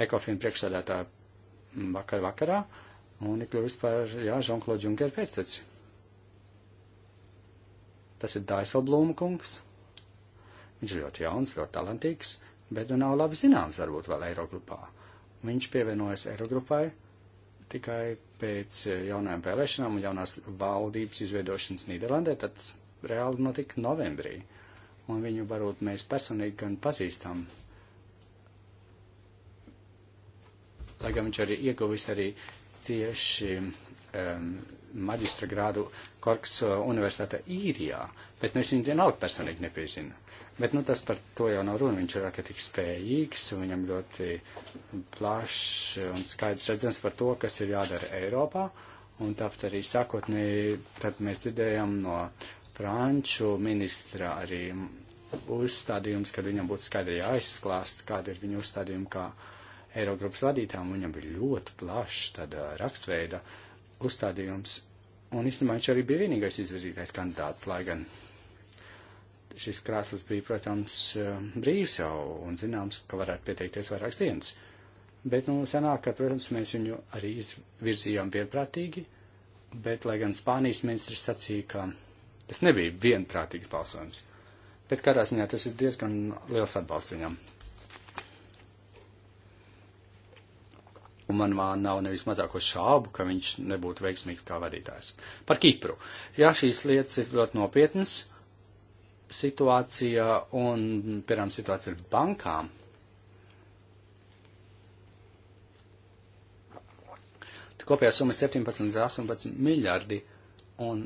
B: ECOFIN priekšsēdētāju mm, vakar vakarā un ir kļuvis par, jā, Jean-Claude Juncker pēcteci. Tas ir Daiselblūma kungs. Viņš ir ļoti jauns, ļoti talantīgs, bet nu nav labi zināms varbūt vēl Eirogrupā. Viņš pievienojas Eirogrupai tikai pēc eh, jaunajām vēlēšanām un jaunās valdības izveidošanas Nīderlandē, tad reāli notika novembrī. Un viņu varbūt mēs personīgi gan pazīstam. Lai gan viņš arī ieguvis arī tieši um, maģistra grādu Korks uh, universitāte īrijā, bet nu, es viņu vienalga personīgi nepiezinu. Bet nu, tas par to jau nav runa. Viņš ir ārkārtīgi spējīgs, viņam ļoti plašs un skaidrs redzams par to, kas ir jādara Eiropā. Un tāpat arī sākotnēji, tad mēs dzirdējām no franču ministra arī uzstādījums, kad viņam būtu skaidri jāizklāst, kāda ir viņa uzstādījuma kā Eirogrupas vadītājiem. Viņam bija ļoti plašs tāda uh, rakstveida uzstādījums Un īstenībā viņš arī bija vienīgais izvirzītais kandidāts, lai gan šis krāslis bija, protams, eh, brīvs jau un zināms, ka varētu pieteikties vairākas dienas. Bet, nu, sanāk, ka, protams, mēs viņu arī izvirzījām vienprātīgi, bet, lai gan Spānijas ministrs sacīja, ka tas nebija vienprātīgs balsojums. Bet kādā ziņā tas ir diezgan liels atbalsts viņam. Un man nav nevis mazāko šābu, ka viņš nebūtu veiksmīgs kā vadītājs. Par Kipru. Jā, šīs lietas ir ļoti nopietnas situācija un, piemēram, situācija ar bankām. Tad kopējā summa 17 līdz 18 miljardi un,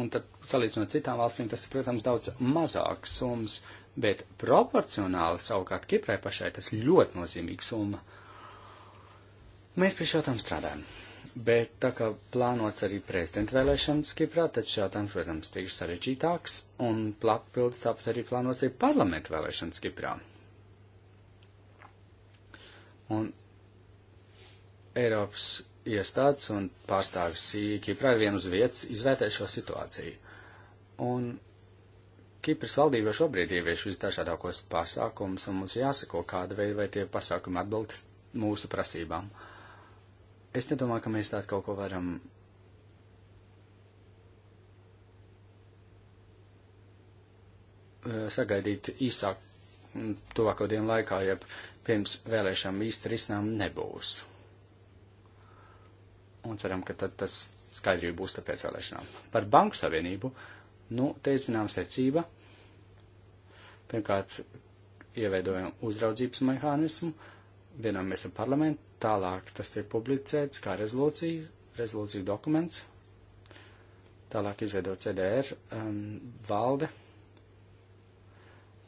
B: un tad salīdzinot citām valstīm, tas ir, protams, daudz mazāks summas, bet proporcionāli savukārt Kiprai pašai tas ļoti nozīmīgs summa. Uh, Mēs pie šā tam strādājam. Bet tā kā plānots arī prezidenta vēlēšanas Kiprā, tad šādams, protams, tiek sarežģītāks, un plakpildi tāpat arī plānos arī parlamenta vēlēšanas Kiprā. Un Eiropas iestādes un pārstāvis Kiprā ir vien uz vietas izvērtē šo situāciju. Un Kipras valdība šobrīd ievieš visdažādākos pasākumus, un mums jāsako, kāda veida vai tie pasākumi atbilst mūsu prasībām. Uh, Es nedomāju, ka mēs tādu kaut ko varam eh, sagaidīt īsāk mm, tuvāko dienu laikā, ja pirms vēlēšanām īsti risinājumu nebūs. Un ceram, ka tad tas skaidrība būs pēc vēlēšanām. Par banku savienību, nu, te ir zinām secība. Pirmkārt, ieveidojam uzraudzības mehānismu, vienojamies ar parlamentu, Tālāk tas tiek publicēts kā rezolūcija, rezolūcija dokuments. Tālāk izveido CDR um, valde.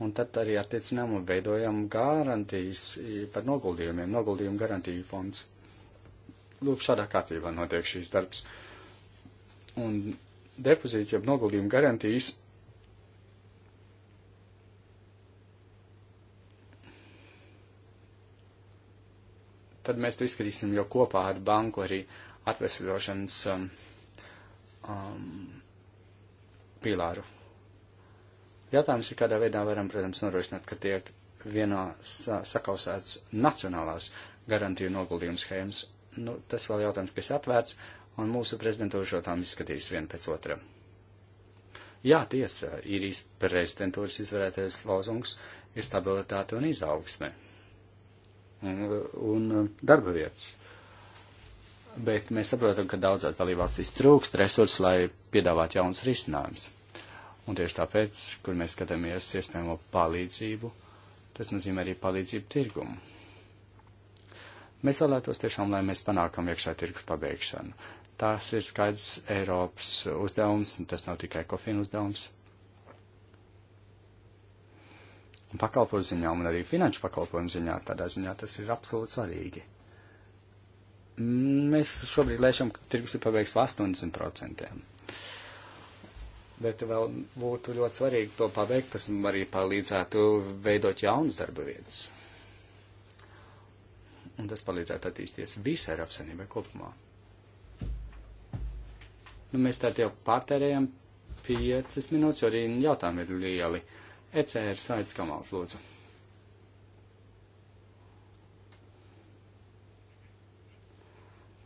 B: Un tad arī attiecinām un veidojam garantijas par noguldījumiem, noguldījumu garantiju fonds. Lūk, šādā kārtībā notiek šīs darbs. Un depozīti, jeb noguldījumu garantijas tad mēs to izskatīsim jau kopā ar banku arī atvesļošanas um, um, pīlāru. Jautājums ir, kādā veidā varam, protams, norošināt, ka tiek vienā sa sakausēts nacionālās garantiju noguldījuma schēmas. Nu, tas vēl jautājums, kas atvērts, un mūsu prezidentūra šo tām izskatīs vienu pēc otra. Jā, tiesa, īrijas prezidentūras izvarētais lozungs ir stabilitāte un izaugsme. Eh, un eh, darba vietas. Bet mēs saprotam, ka daudzās dalībvalstīs trūkst resursu, lai piedāvātu jaunas risinājumus. Un tieši tāpēc, kur mēs skatāmies iespējamo palīdzību, tas nozīmē arī palīdzību tirgumu. Mēs vēlētos tiešām, lai mēs panākam iekšā tirgus pabeigšanu. Tas ir skaidrs Eiropas uzdevums, un tas nav tikai kofīna uzdevums. pakalpojumu ziņā un arī finanšu pakalpojumu ziņā, tādā ziņā tas ir absolūti svarīgi. Mm, mēs šobrīd lēšam, ka tirgus ir pabeigts pa 80%. Bet vēl būtu ļoti svarīgi to pabeigt, tas arī palīdzētu veidot jaunas darba vietas. Un tas palīdzētu attīstīties visai Eiropas Savienībai kopumā. Nu, mēs tā jau pārtērējam 5 minūtes, jo arī jautājumi ir lieli. Uh, ECR saites kanāls, lūdzu.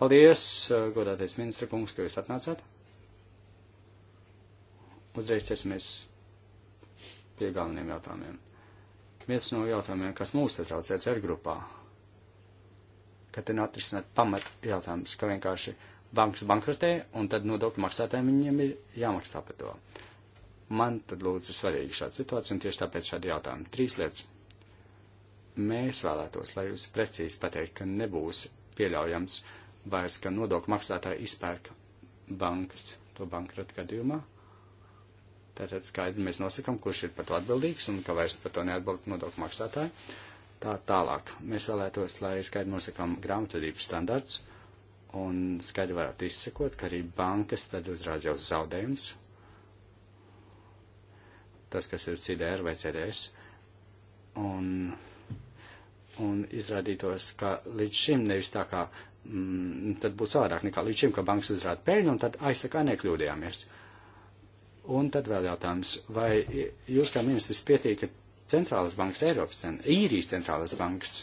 B: Paldies, uh, godātais ministra kungs, ka jūs atnācāt. Uzreiz ķersimies pie galveniem jautājumiem. Viens no jautājumiem, kas mūs satrauc ECR grupā, ka te nav atrisināt pamat jautājums, ka vienkārši bankas bankrotē un tad nodokļu maksātājiem viņiem ir jāmaksā par to. Uh, Man tad lūdzu svarīgi šāda situācija, un tieši tāpēc šādi jautājumi. Trīs lietas. Mēs vēlētos, lai jūs precīzi pateikt, ka nebūs pieļaujams vairs, ka nodokļu maksātāji izpērk bankas to bankrotu gadījumā. Tātad skaidri mēs nosakam, kurš ir par to atbildīgs un ka vairs par to neatbild nodokļu maksātāji. Tā tālāk. Mēs vēlētos, lai skaidri nosakām grāmatvedības standarts un skaidri varētu izsekot, ka arī bankas tad uzrādīja uz zaudējumus tas, kas ir CDR vai CDS, un, un izrādītos, ka līdz šim nevis tā kā, mm, tad būtu savādāk nekā līdz šim, ka bankas uzrāda peļņu, un tad aizsakā nekļūdījāmies. Un tad vēl jautājums, vai jūs kā ministrs pietīk, ka centrālas bankas Eiropas, īrijas centrālas bankas,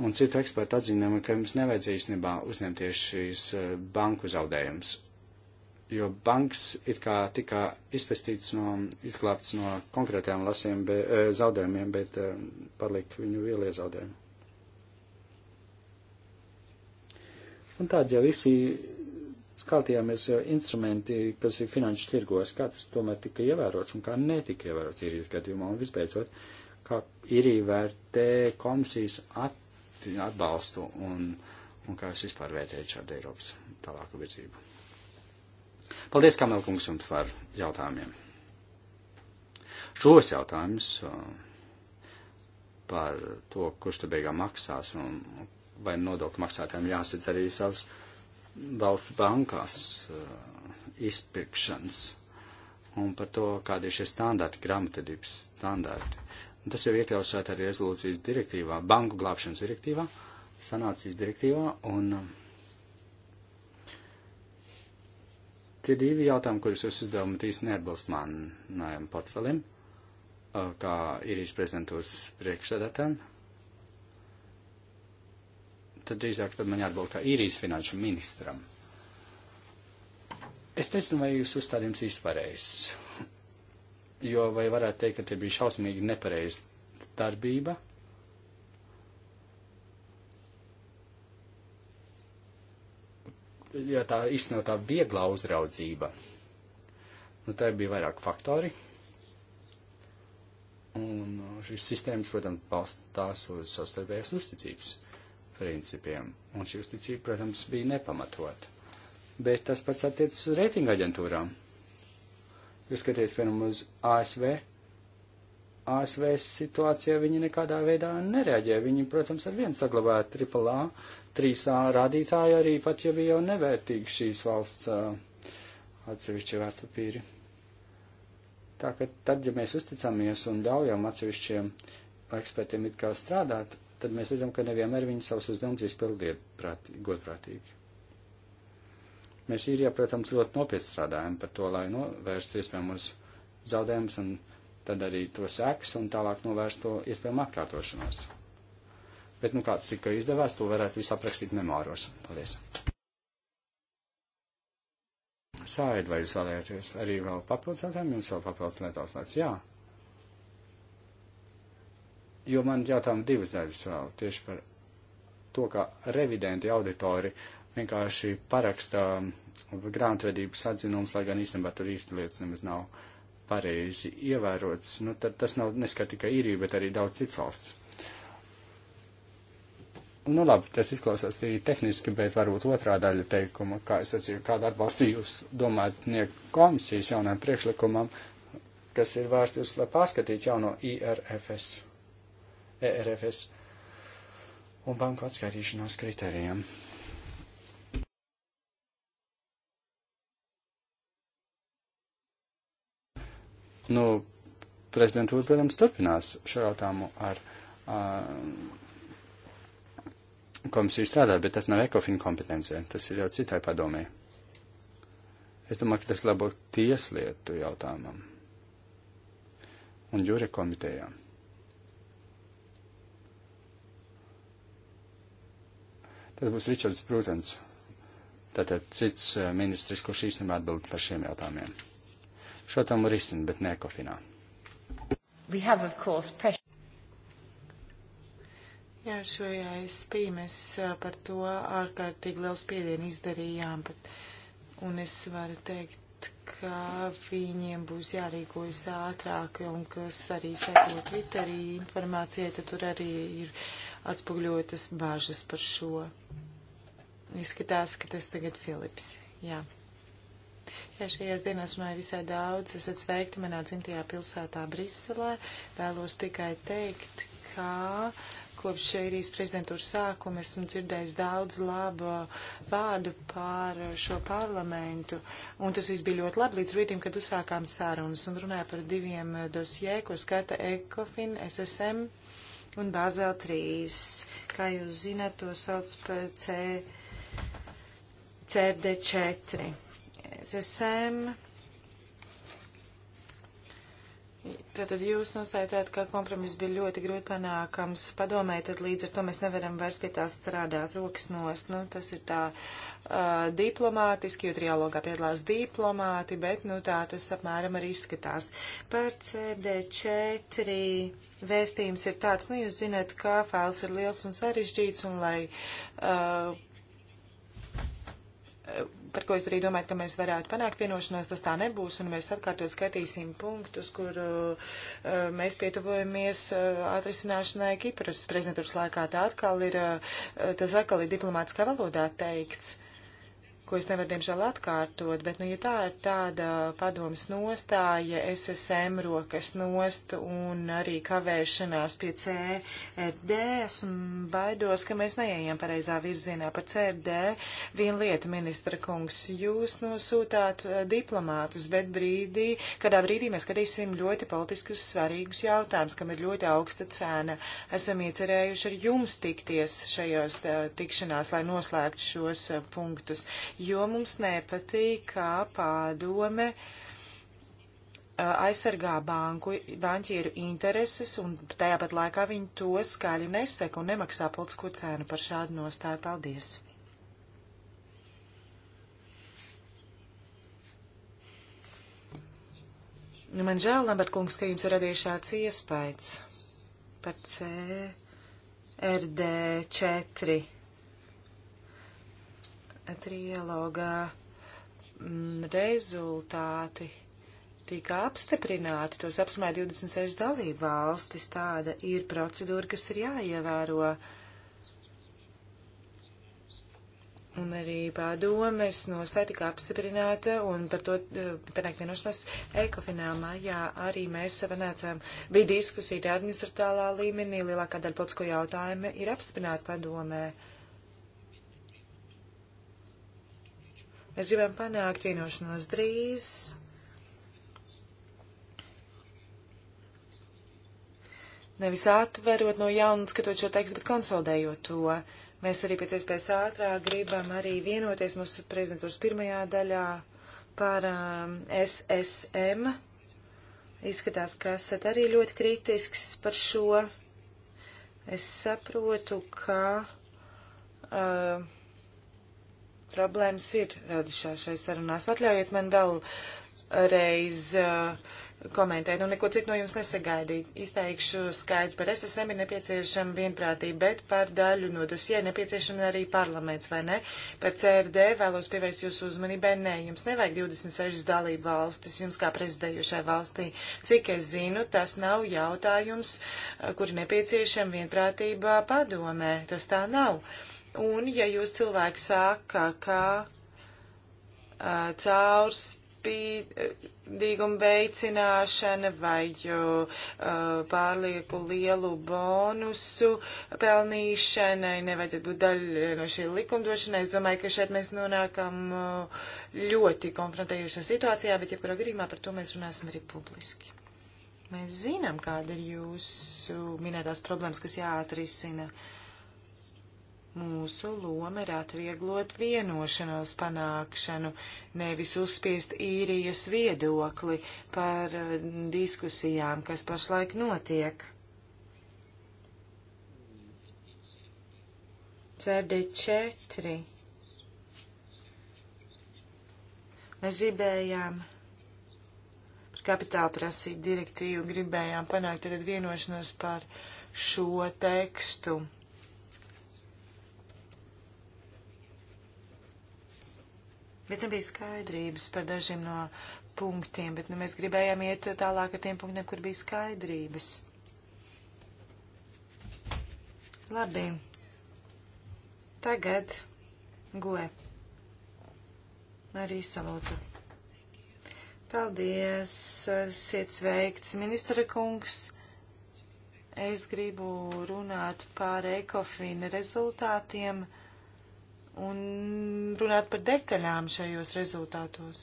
B: un citu ekspertu atzinām, ka jums nevajadzīs nebā uzņemties šīs eh, banku zaudējums jo banks it kā tika izpestīts no, izglābts no konkrētajām lasiem, be, e, zaudējumiem, bet e, palika viņu vielie zaudējumi. Un tādi jau visi skatījāmies e, instrumenti, kas ir finanšu tirgos, kā tas tomēr tika ievērots un kā netika ievērots īrijas gadījumā. Un visbeidzot, kā īrija vērtē komisijas at, atbalstu un, un kā es vispār vērtēju šādu Eiropas tālāku virzību. Paldies, Kamelkungs, jums par jautājumiem. Šos jautājumus eh, par to, kurš te beigā maksās un vai nodokļu maksātājiem jāsadz arī savas valsts bankās eh, izpirkšanas un par to, kādi ir šie standarti, grāmatvedības standarti. Un tas jau iekļausot arī rezolūcijas direktīvā, banku glābšanas direktīvā, sanācijas direktīvā un. Um, Tie divi jautājumi, kurus jūs uzdevumat īsti neatbilst manam portfelim, kā īrijas prezidentūras priekšsēdētājiem. Tad drīzāk tad man jāatbild kā īrijas finanšu ministram. Es nezinu, vai jūs uzstādījums īsti pareizs. Jo vai varētu teikt, ka te bija šausmīgi nepareiz darbība? jo tā īstenot tā vieglā uzraudzība. Nu, tā bija vairāk faktori. Un uh, šīs sistēmas, protams, balstās uz savstarpējās uzticības principiem. Un šī uzticība, protams, bija nepamatota. Bet tas pats attiecas uz reitinga aģentūrām. Jūs skatieties, piemēram, uz ASV ASV situācijā viņi nekādā veidā nereaģē. Viņi, protams, ar vienu saglabāja AAA, 3A rādītāju arī pat, ja bija jau nevērtīgi šīs valsts uh, atsevišķi vērtspapīri. Tā ka tad, ja mēs uzticamies un ļaujam atsevišķiem ekspertiem it kā strādāt, tad mēs redzam, ka nevienmēr viņi savus uzdevumus izpildīja godprātīgi. Mēs īrijā, protams, ļoti nopietni strādājam par to, lai novērstu iespējamus zaudējumus un tad arī to sekas un tālāk novērst to iespējamu atkārtošanos. Bet, nu, kāds tika izdevās, to varētu visu aprakstīt memāros. Paldies! Sāid, vai jūs vēlēties arī vēl papildus jautājumu? Jums vēl papildus nedaudz tāds, jā. Jo man jautājumu divas daļas vēl tieši par to, ka revidenti auditori vienkārši paraksta um, grāmatvedības atzinums, lai gan īstenībā tur īsti lietas nemaz nav. Uh, pareizi ievērots, nu, tad tas nav neskar tikai īriju, bet arī daudz citas valsts. Nu, labi, tas izklausās arī tehniski, bet varbūt otrā daļa teikuma, kā es sacīju, kādu atbalstu jūs domājat sniegt komisijas jaunajam priekšlikumam, kas ir vērsti uz, lai pārskatītu jauno IRFS, ERFS un banku atskaitīšanās kritērijiem. Nu, prezidentūra, protams, turpinās šo jautājumu ar uh, komisiju strādāt, bet tas nav ekofina kompetencija, tas ir jau citai padomē. Es domāju, ka tas labāk tieslietu jautājumam un jūra komitejām. Tas būs Ričards Prūtens, tātad cits ministrs, kurš īstenībā atbild par šiem jautājumiem. Šo tam risina, bet ne kofinā.
F: Have, course, Jā, ar šo ASP mēs par to ārkārtīgi lielu spiedienu izdarījām, bet, un es varu teikt, ka viņiem būs jārīkojas ātrāk, un kas arī seko Twitterī informācijai, tad tur arī ir atspoguļotas bāžas par šo. Izskatās, ka tas tagad Filips. Jā. Yeah. Jā, šajās dienās runāju visai daudz. Esat sveikti manā dzimtajā pilsētā Briselē. Vēlos tikai teikt, ka kopš šeirijas prezidentūras sākuma esmu dzirdējis daudz labo vārdu par šo parlamentu. Un tas viss bija ļoti labi līdz rītim, kad uzsākām sarunas un runāju par diviem dosjē, ko skata ECOFIN, SSM un Bāzel 3. Kā jūs zināt, to sauc par C, CRD 4 SSM. Tātad jūs nostājāt, ka kompromiss bija ļoti grūti panākams. Padomē, tad līdz ar to mēs nevaram vairs pie tā strādāt rokas nost. Nu, tas ir tā uh, diplomātiski, jo trialogā piedalās diplomāti, bet nu, tā tas apmēram arī izskatās. Par CD4 vēstījums ir tāds, nu jūs zināt, kā fails ir liels un sarežģīts un lai. Uh, par ko es arī domāju, ka mēs varētu panākt vienošanos, tas tā nebūs, un mēs atkārtot skatīsim punktus, kur uh, uh mēs pietuvojamies uh, atrisināšanai Kipras prezidentūras laikā. Tā atkal ir, uh, uh tas atkal ir diplomātiskā valodā teikts ko es nevaru, diemžēl, atkārtot, bet, nu, ja tā ir tāda padomas nostāja, SSM rokas nost un arī kavēšanās pie CRD, esmu baidos, ka mēs neejam pareizā virzienā par CRD. Viena lieta, ministra kungs, jūs nosūtāt eh, diplomātus, bet brīdī, kādā brīdī mēs skatīsim ļoti politiski svarīgus jautājumus, kam ir ļoti augsta cena. Esam iecerējuši ar jums tikties šajos eh, tikšanās, lai noslēgtu šos eh, punktus jo mums nepatīk, kā pādome aizsargā banku, banķieru intereses, un tajāpat laikā viņi to skaļi nesek un nemaksā politisko cēnu par šādu nostāju. Paldies! Nu, man žēl, Lambert kungs, ka jums ir radies šāds iespējas par CRD 4 trialogā mm, rezultāti tika apstiprināti, tos apsmēja 26 dalību valstis. Tāda ir procedūra, kas ir jāievēro. Un arī padomes nostāja tika apstiprināta, un par to eh, panākt vienošanās ekofinā maijā arī mēs savanācām. Bija diskusija administratālā līmenī, lielākā daļa politisko jautājumu ir apstiprināta padomē. Uh, Mēs gribam panākt vienošanos drīz. Nevis atverot no jauna skatot šo tekstu, bet konsolidējot to. Mēs arī pēc iespējas ātrāk gribam arī vienoties mūsu prezidentūras pirmajā daļā par um, SSM. Izskatās, ka esat arī ļoti kritisks par šo. Es saprotu, ka. Uh, problēmas ir radušās šai sarunās. Atļaujiet man vēl reiz uh, komentēt, un neko citu no jums nesagaidīt. Izteikšu skaidri par SSM ir nepieciešama vienprātība, bet par daļu no dosie nepieciešama arī parlaments, vai ne? Par CRD vēlos pievērst jūsu uzmanībai. Nē, jums nevajag 26 dalību valstis, jums kā prezidējušai valstī. Cik es zinu, tas nav jautājums, uh, kur nepieciešama vienprātība padomē. Tas tā nav. Uh, Un, ja jūs cilvēki saka, ka uh, caurs spīdīguma veicināšana vai uh, pārlieku lielu bonusu pelnīšanai. Nevajadzētu būt daļa no šī likumdošanai. Es domāju, ka šeit mēs nonākam uh, ļoti konfrontējušā situācijā, bet jebkurā gadījumā par to mēs runāsim arī publiski. Mēs zinām, kāda ir jūsu minētās problēmas, kas jāatrisina. Uh, Mūsu loma ir atvieglot vienošanos panākšanu, nevis uzspiest īrijas viedokli par eh, diskusijām, kas pašlaik notiek. Cerdi četri. Mēs gribējām par kapitāla prasību direktīvu, gribējām panākt tad vienošanos par šo tekstu bet nebija skaidrības par dažiem no punktiem, bet nu, mēs gribējām iet tālāk ar tiem punktiem, kur bija skaidrības. Labi. Tagad goe. Arī salūdzu. Paldies, esiet sveikts, ministra kungs. Es gribu runāt par ekofīna rezultātiem un runāt par detaļām šajos rezultātos.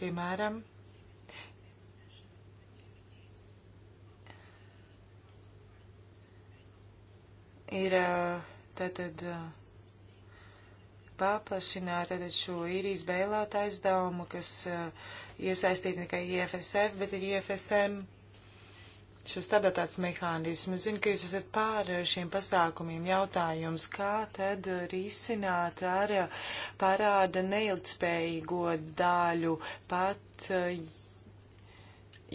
F: Piemēram, ir tātad paplašināt tātad šo īrijas bailāta aizdevumu, kas iesaistīti ne tikai IFSF, bet ir IFSM šo stabilitātes mehānismu. Es zinu, ka jūs esat pār šiem pasākumiem jautājums, kā tad risināt ar parāda neilgtspējīgo daļu pat.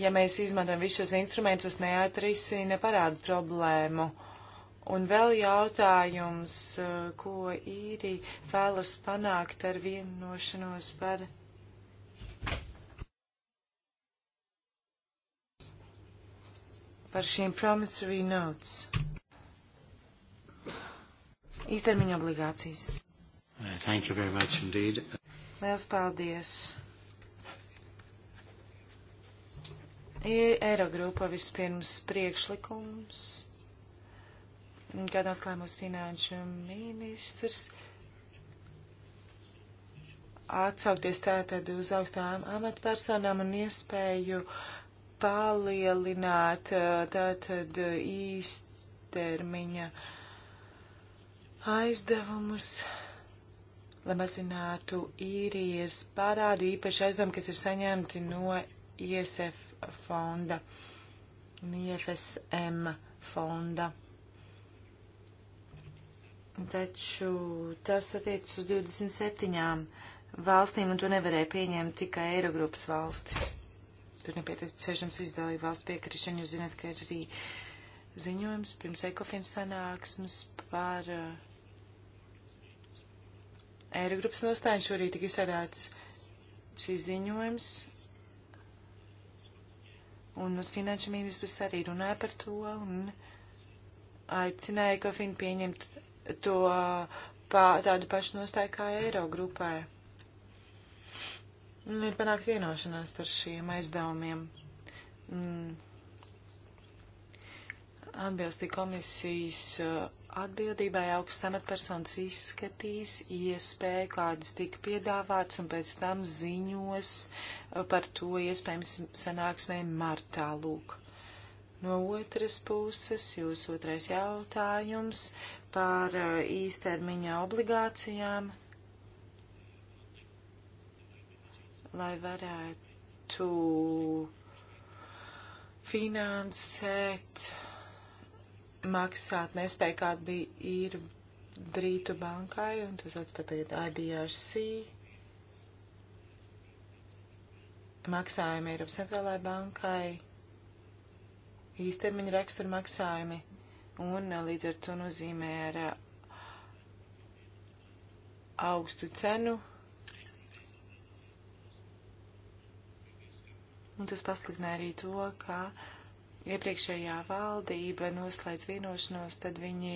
F: Ja mēs izmantojam visus šos instrumentus, tas neatrisina parādu problēmu. Un vēl jautājums, ko īri vēlas panākt ar vienošanos par par šīm promissory notes. Īstermiņa obligācijas.
D: Uh, thank you very much indeed.
F: Liels paldies. Eirogrupa vispirms priekšlikums, kad atklājumos finanšu ministrs atsaukties tātad uz augstām amatpersonām un iespēju uh, palielināt tātad īstermiņa aizdevumus, lai mazinātu īrijas parādu īpaši aizdevumu, kas ir saņemti no ISF fonda, IFSM fonda. Taču tas attiec uz 27 valstīm, un to nevarēja pieņemt tikai Eirogrupas valstis. 156 izdalīja valsts piekrišanu. Jūs zināt, ka ir arī ziņojums pirms ekofins sanāksmes par uh, eh, Eirogrupas nostāju. Šorīt tika izsarāts šis ziņojums. Un uz finanšu ministrs arī runāja par to un aicināja ekofinu pieņemt to pā, tādu pašu nostāju kā Eirogrupai. Nu, ir panākt vienošanās par šiem aizdevumiem. Mm. Atbilstī komisijas uh, atbildībai augsts amatpersonas izskatīs iespēju, kādas tika piedāvāts, un pēc tam ziņos uh, par to iespējams sanāksmē martā lūk. No otras puses, jūs otrais jautājums par uh, īstermiņa obligācijām lai varētu finansēt, maksāt nespēju, kāda bija ir Brītu bankai, un tas atspatiet IBRC. Maksājumi Eiropas centrālajai bankai, īstermiņa rakstura maksājumi, un līdz ar to nozīmē ar uh, augstu cenu un tas pasliktināja arī to, ka iepriekšējā valdība noslēdz vienošanos, tad viņi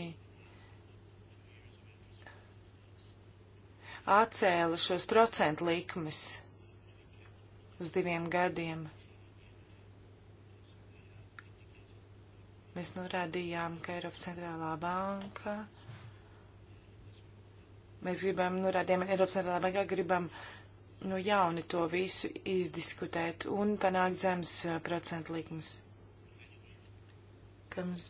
F: atcēla šos procentu likmes uz diviem gadiem. Mēs norādījām, ka Eiropas centrālā banka, mēs gribam, norādījām, Eiropas centrālā banka gribam uh, no nu, jauna to visu izdiskutēt un panākt zemes eh, procentu likmes. Kad mums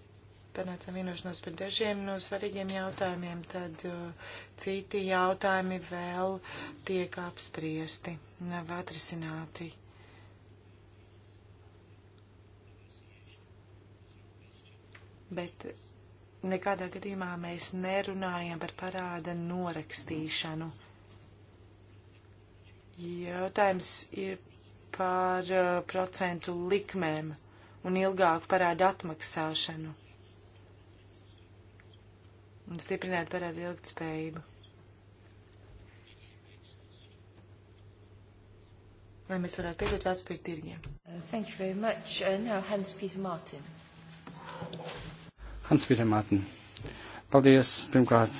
F: panācām vienošanos par dažiem no svarīgiem jautājumiem, tad uh, citi jautājumi vēl tiek apspriesti, nav atrisināti. Bet nekādā gadījumā mēs nerunājam par parāda norakstīšanu. Mm. Jautājums ir par uh, procentu likmēm un ilgāku parādu atmaksāšanu un stiprināt parādu ilgtspējību.
A: Lai mēs varētu piedot atspērt tirgiem. Uh, thank you very much. Uh, now Hans Peter Martin.
B: Hans Peter Martin. Paldies pirmkārt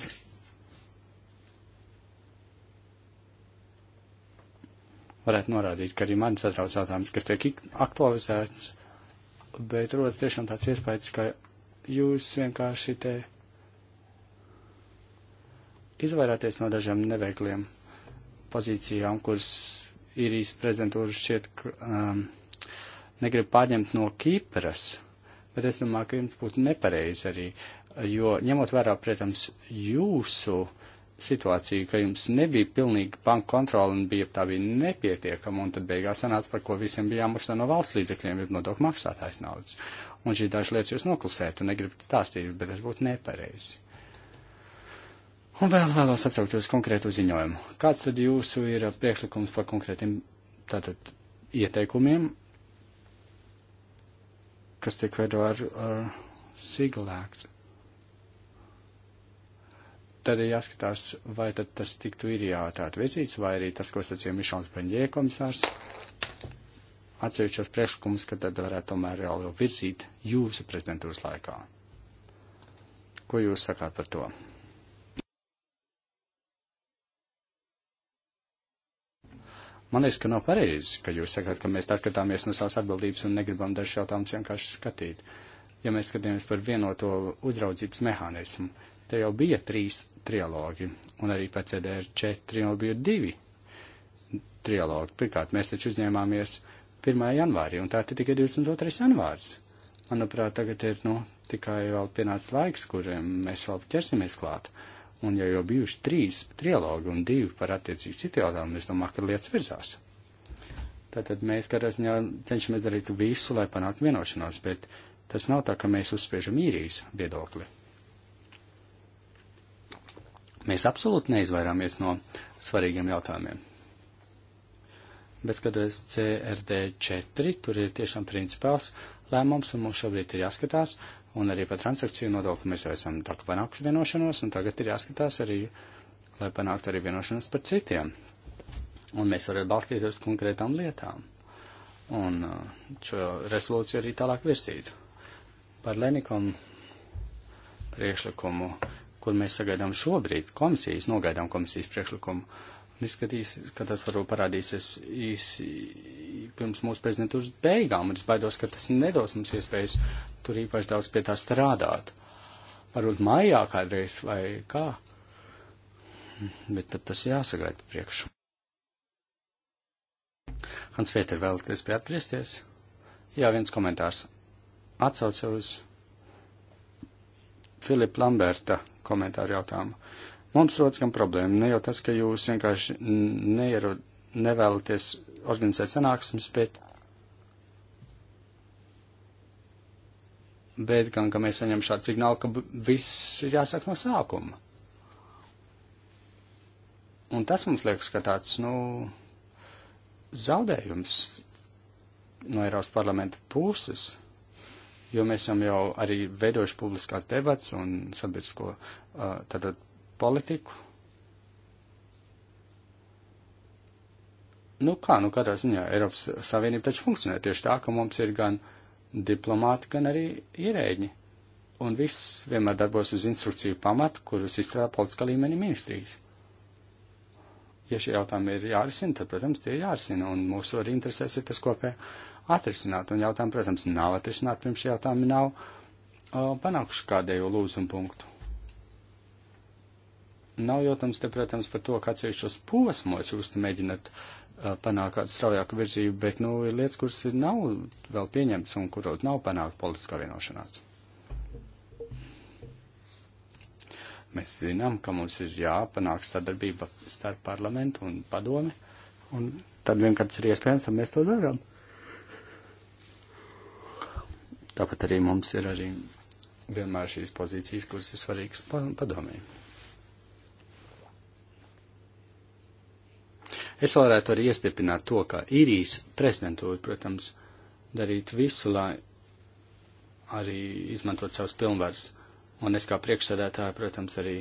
B: varētu norādīt, ka arī man satrauc jautājums, kas tiek aktualizēts, bet rodas tiešām tāds iespējas, ka jūs vienkārši te izvairāties no dažām neveikliem pozīcijām, kuras īrijas prezidentūra šķiet um, negrib pārņemt no Kīpras, bet es domāju, ka jums būtu nepareizi arī, jo ņemot vērā, protams, jūsu uh, situāciju, ka jums nebija pilnīgi banka kontrola un bija tā bija nepietiekama, un tad beigās sanāca, par ko visiem bija jāmaksā no valsts līdzekļiem, ir nodokļu maksātājs naudas. Un šī dažas lietas jūs noklusēt un negribat stāstīt, bet tas būtu nepareizi. Un vēl vēlos atsaukties konkrētu ziņojumu. Kāds tad jūsu ir priekšlikums par konkrētiem tātad ieteikumiem, kas tiek veido ar, ar siglēktu? tad ir jāskatās, vai tad tas tiktu ir jātāt virzīts, vai arī tas, ko sacīja Mišons Baņģie komisārs, atsevišķos priekšlikumus, ka tad varētu tomēr jau virzīt jūsu prezidentūras laikā. Ko jūs sakāt par to? Man liekas, ka nav pareizi, ka jūs sakāt, ka mēs atkatāmies no savas atbildības un negribam dažus jautājumus vienkārši skatīt. Ja mēs skatāmies par vienoto uzraudzības mehānismu, te jau bija trīs trialogi, un arī PCDR 4 jau bija divi trialogi. Pirmkārt, mēs taču uzņēmāmies 1. janvārī, un tā ir tikai 22. janvārs. Manuprāt, tagad ir, nu, tikai vēl pienācis laiks, kuriem mēs vēl ķersimies klāt. Un ja jau bijuši trīs trialogi un divi par attiecīgi citu jautājumu, es domāju, ka lietas virzās. Tātad mēs, kad es jau cenšamies darīt visu, lai panāktu vienošanos, bet tas nav tā, ka mēs uzspiežam īrijas viedokli. Mēs absolūti neizvairāmies no svarīgiem jautājumiem. Bet skatoties CRD4, tur ir tiešām principāls lēmums, un mums šobrīd ir jāskatās, un arī par transakciju nodokli mēs jau esam tā kā panākuši vienošanos, un tagad ir jāskatās arī, lai panāktu arī vienošanos par citiem. Un mēs varam balstīties uz konkrētām lietām. Un uh, šo rezolūciju arī tālāk virsīt. Par Lenikom priekšlikumu kur mēs sagaidām šobrīd komisijas, nogaidām komisijas priekšlikumu. Un izskatīs, ka tas varbūt parādīsies īsi pirms mūsu prezidentūras beigām, un es baidos, ka tas nedos mums iespējas tur īpaši daudz pie tā strādāt. Varbūt mājā kādreiz vai kā. Bet tad tas jāsagaida priekšu. Hans Pēter vēl, kas pie atgriezties? Jā, viens komentārs. Atsauce uz Filipa Lamberta komentāru jautājumu. Mums rodas gan problēma, ne jau tas, ka jūs vienkārši neiero, nevēlaties organizēt sanāksmes, bet, bet gan, ka mēs saņem šādu signālu, ka viss ir jāsāk no sākuma. Un tas mums liekas, ka tāds, nu, zaudējums no Eiropas parlamenta puses jo mēs esam jau arī veidojuši publiskās debats un sabiedrisko tātad politiku. Nu kā, nu kādā ziņā Eiropas Savienība taču funkcionē tieši tā, ka mums ir gan diplomāti, gan arī ierēģi. Un viss vienmēr darbos uz instrukciju pamatu, kurus izstrādā politiskā līmenī ministrijas ja šie jautājumi ir jārisina, tad, protams, tie ir jārisina, un mūsu arī interesēs ir tas kopējais atrisināt. Un jautājumu, protams, nav atrisināt, pirms šie jautājumi nav uh, panākuši kādējo lūzumu punktu. Nav jautājums te, protams, par to, ka atsevišķos posmos jūs mēģināt uh, panākt kādu straujāku virzību, bet, nu, ir lietas, kuras nav vēl pieņemtas un kurot nav panākt politiskā vienošanās. Mēs zinām, ka mums ir jāpanāk sadarbība starp parlamentu un padomi, un tad vienkārši ir iespējams, ka mēs to darām. Tāpat arī mums ir arī vienmēr šīs pozīcijas, kuras ir svarīgas padomē. Es varētu arī iestiprināt to, ka īrijas prezidentūra, protams, darīt visu, lai arī izmantot savus pilnvars, un es kā priekšsēdētāja, protams, arī,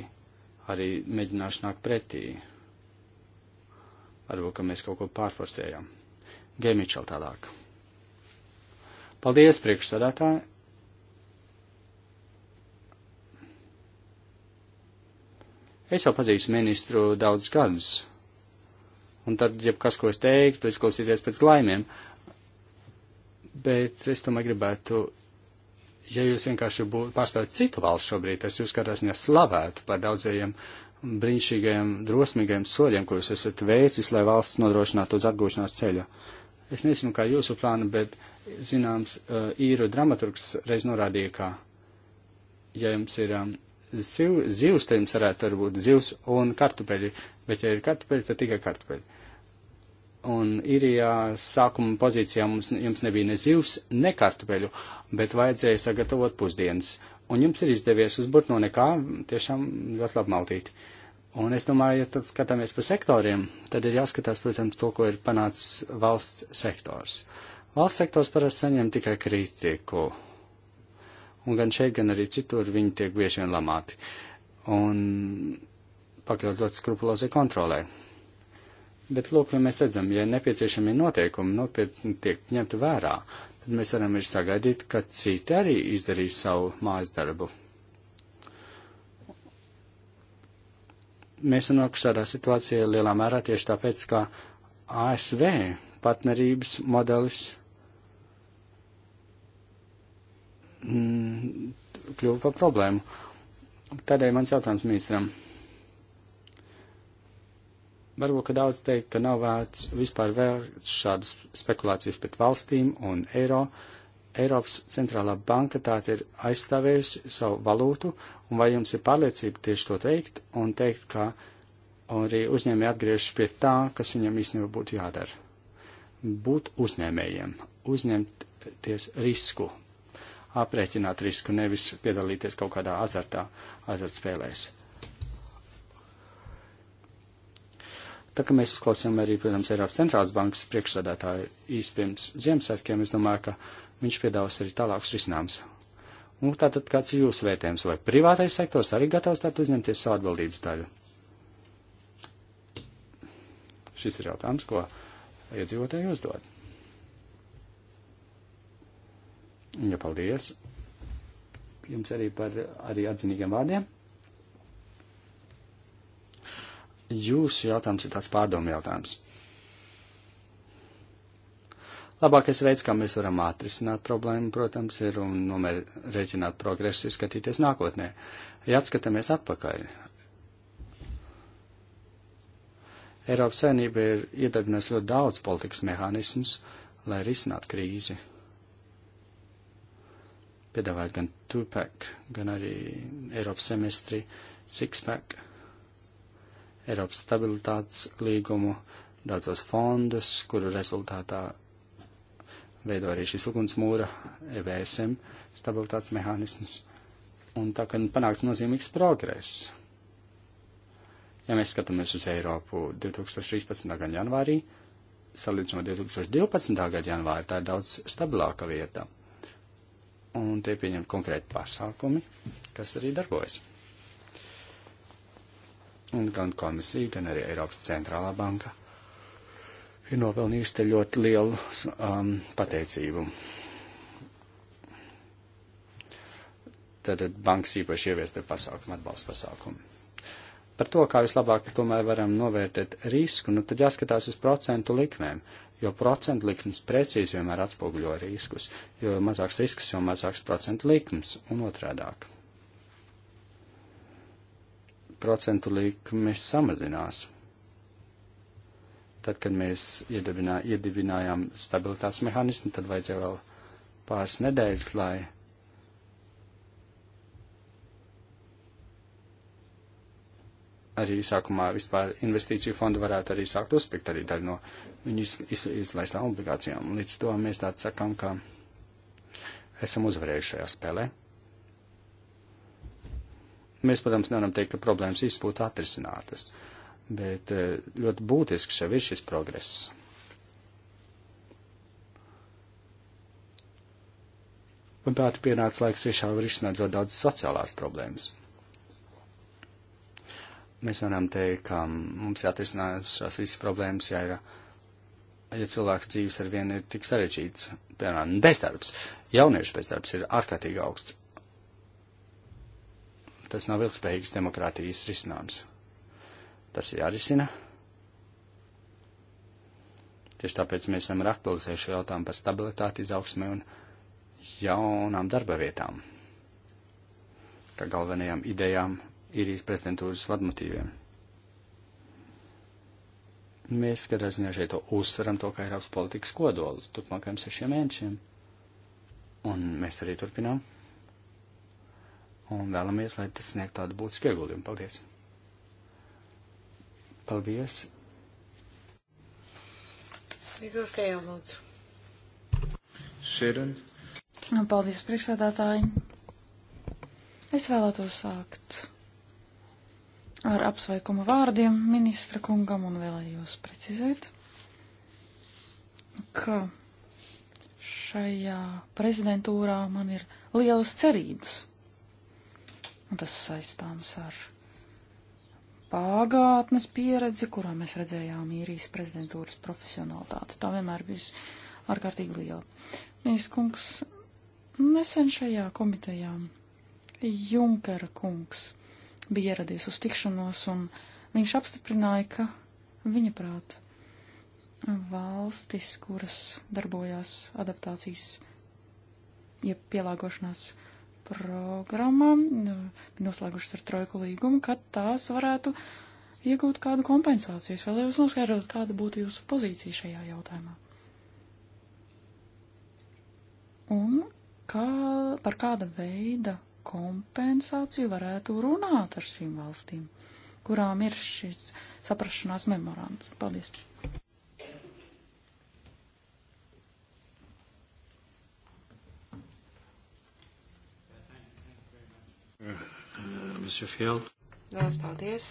B: arī mēģināšu nākt pretī. Varbūt, ka mēs kaut ko pārforsējam. Gemičel tālāk. Paldies, priekšsādātāji! Es jau pazīstu ministru daudz gadus, un tad, ja kas, ko es teiktu, izklausīties pēc laimiem, bet es tomēr gribētu ja jūs vienkārši būtu pārstāvot citu valstu šobrīd, es jūs kādās viņas slavētu par daudzajiem brīnišķīgajiem, drosmīgajiem soļiem, kurus esat veicis, lai valsts nodrošinātu uz atgūšanās ceļu. Es nezinu, kā jūsu plāna, bet Zināms, eh, īru dramaturgs reiz norādīja, ka, ja jums ir eh, ziv, zivs, tad jums varētu būt zivs un kartupeļi, bet ja ir kartupeļi, tad tikai kartupeļi. Un īrijā sākuma pozīcijā mums, jums nebija ne zivs, ne kartupeļu, bet vajadzēja sagatavot pusdienas. Un jums ir izdevies uzburt no nekā tiešām ļoti labi maltīt. Un es domāju, ja tad skatāmies pa sektoriem, tad ir jāskatās, protams, to, ko ir panācis valsts sektors. Uh, Valsts sektors parasti saņem tikai kritiku. Un gan šeit, gan arī citur viņi tiek bieži vien lamāti. Un pakļaut ļoti skrupulozai kontrolē. Bet, lūk, ja mēs redzam, ja nepieciešami noteikumi nopietni tiek ņemti vērā, tad mēs varam ir sagaidīt, ka citi arī izdarīs savu mājas darbu. Mēs nonākuši tādā situācijā lielā mērā tieši tāpēc, ka ASV partnerības modelis mm, kļuva par problēmu. Tādēļ mans jautājums ministram. Varbūt, ka daudz teikt, ka nav vērts vispār vēl šādas spekulācijas pret valstīm un eiro. Eiropas centrālā banka tā ir aizstāvējusi savu valūtu, un vai jums ir pārliecība tieši to teikt un teikt, ka arī uzņēmēji atgriežas pie tā, kas viņam īstenībā būtu jādara? Būt uzņēmējiem, uzņemties risku aprēķināt risku, nevis piedalīties kaut kādā azartā, azartspēlēs. Tā kā mēs uzklausījām arī, protams, Eiropas centrālās bankas priekšsādātāju īspirms Ziemassvētkiem, es domāju, ka viņš piedāvās arī tālākus risinājumus. Un tātad kāds ir jūsu vērtējums, vai privātais sektors arī gatavs tātad uzņemties savu atbildības daļu? Šis ir jautājums, ko iedzīvotāji uzdod. Ja paldies jums arī par arī atzinīgiem vārdiem. Jūsu jautājums ir tāds pārdomu jautājums. Labākais veids, kā mēs varam atrisināt problēmu, protams, ir un nomēr rēķināt progresu, izskatīties nākotnē. Ja atskatāmies atpakaļ, Eiropas saimnība ir iedarbinājusi ļoti daudz politikas mehānismus, lai risinātu krīzi piedāvāt gan two-pack, gan arī Eiropas semestri, six-pack, Eiropas stabilitātes līgumu, daudzos fondus, kuru rezultātā veido arī šis ugunsmūra, EVSM, stabilitātes mehānisms. Un tā, ka panāks nozīmīgs progress. Ja mēs skatāmies uz Eiropu 2013. gada janvārī, salīdzinot 2012. gada janvāri, tā ir daudz stabilāka vieta un tiek pieņemti konkrēti pasākumi, kas arī darbojas. Un gan komisija, gan arī Eiropas centrālā banka ir nopelnījusi te ļoti lielu um, pateicību. Tad bankas īpaši ieviesta pasākumu, atbalsta pasākumu. Par to, kā vislabāk tomēr varam novērtēt risku, nu tad jāskatās uz procentu likmēm jo procentu likmes precīzi vienmēr atspoguļo riskus, jo mazāks risks, jo mazāks procentu likmes un otrādāk. Procentu likmes samazinās. Tad, kad mēs iedibinā, iedibinājām stabilitātes mehānismu, tad vajadzēja vēl pāris nedēļas, lai arī sākumā vispār investīciju fonda varētu arī sākt uzspikt arī daļu no viņu iz, iz, izlaistām obligācijām. Līdz to mēs tādu sakām, ka esam uzvarējuši šajā spēlē. Mēs, protams, nevaram teikt, ka problēmas viss būtu atrisinātas, bet e, ļoti būtiski šeit ir šis progress. Un tā ir pienācis laiks tiešām risināt ļoti daudz sociālās problēmas. Mēs varam teikt, ka mums jāatrisinās šās visas problēmas, ja ir ja cilvēku dzīves ar vienu ir tik sarežģīts, piemēram, bezdarbs, jauniešu bezdarbs ir ārkārtīgi augsts. Tas nav ilgspējīgs demokrātijas risinājums. Tas ir jārisina. Tieši tāpēc mēs esam aktualizējuši jautājumu par stabilitāti, izaugsmi un jaunām darba vietām, kā galvenajām idejām īrijas prezidentūras vadmotīviem. Mēs, kad ar ziņā šeit to uzsveram, to kā Eiropas politikas kodolu turpmākajiem sešiem mēnešiem. Un mēs arī turpinām. Un vēlamies, lai tas sniegt tādu būtisku ieguldījumu. Paldies! Paldies!
F: Igor Kajal, lūdzu.
B: Šeren.
C: Nu, paldies, priekšsēdētāji. Es vēlētos sākt ar apsveikuma vārdiem ministra kungam un vēlējos precizēt, ka šajā prezidentūrā man ir lielas cerības. Un tas saistāms ar pagātnes pieredzi, kurā mēs redzējām īrijas prezidentūras profesionalitāti. Tā vienmēr bijusi ārkārtīgi liela. Ministrs kungs, nesen šajā komitejā Junkera kungs bija ieradies uz tikšanos, un viņš apstiprināja, ka viņa prāt valstis, kuras darbojās adaptācijas, ja pielāgošanās programmām, noslēgušas ar trojku līgumu, ka tās varētu iegūt kādu kompensāciju. Es vēlējos noskaidrot, kāda būtu jūsu pozīcija šajā jautājumā. Un kā, par kāda veida kompensāciju varētu runāt ar šīm valstīm, kurām ir šis saprašanās memorands. Paldies!
B: Monsieur Field.
F: Lielas paldies.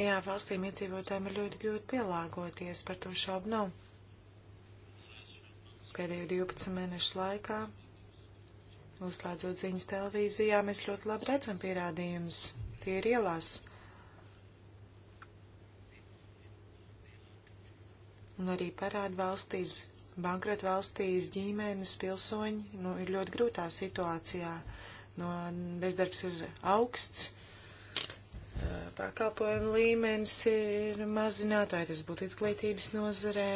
F: Jā, valstīm iedzīvotājiem ir ļoti grūti pielāgoties, par to šaubu nav. Pēdējo 12 mēnešu laikā, uzslēdzot ziņas televīzijā, mēs ļoti labi redzam pierādījumus. Tie ir ielās. Un arī parādu valstīs, bankrotu valstīs ģimenes pilsoņi nu, ir ļoti grūtā situācijā. No bezdarbs ir augsts, pakalpojumu līmenis ir mazināts, vai tas būtu izglītības nozarē,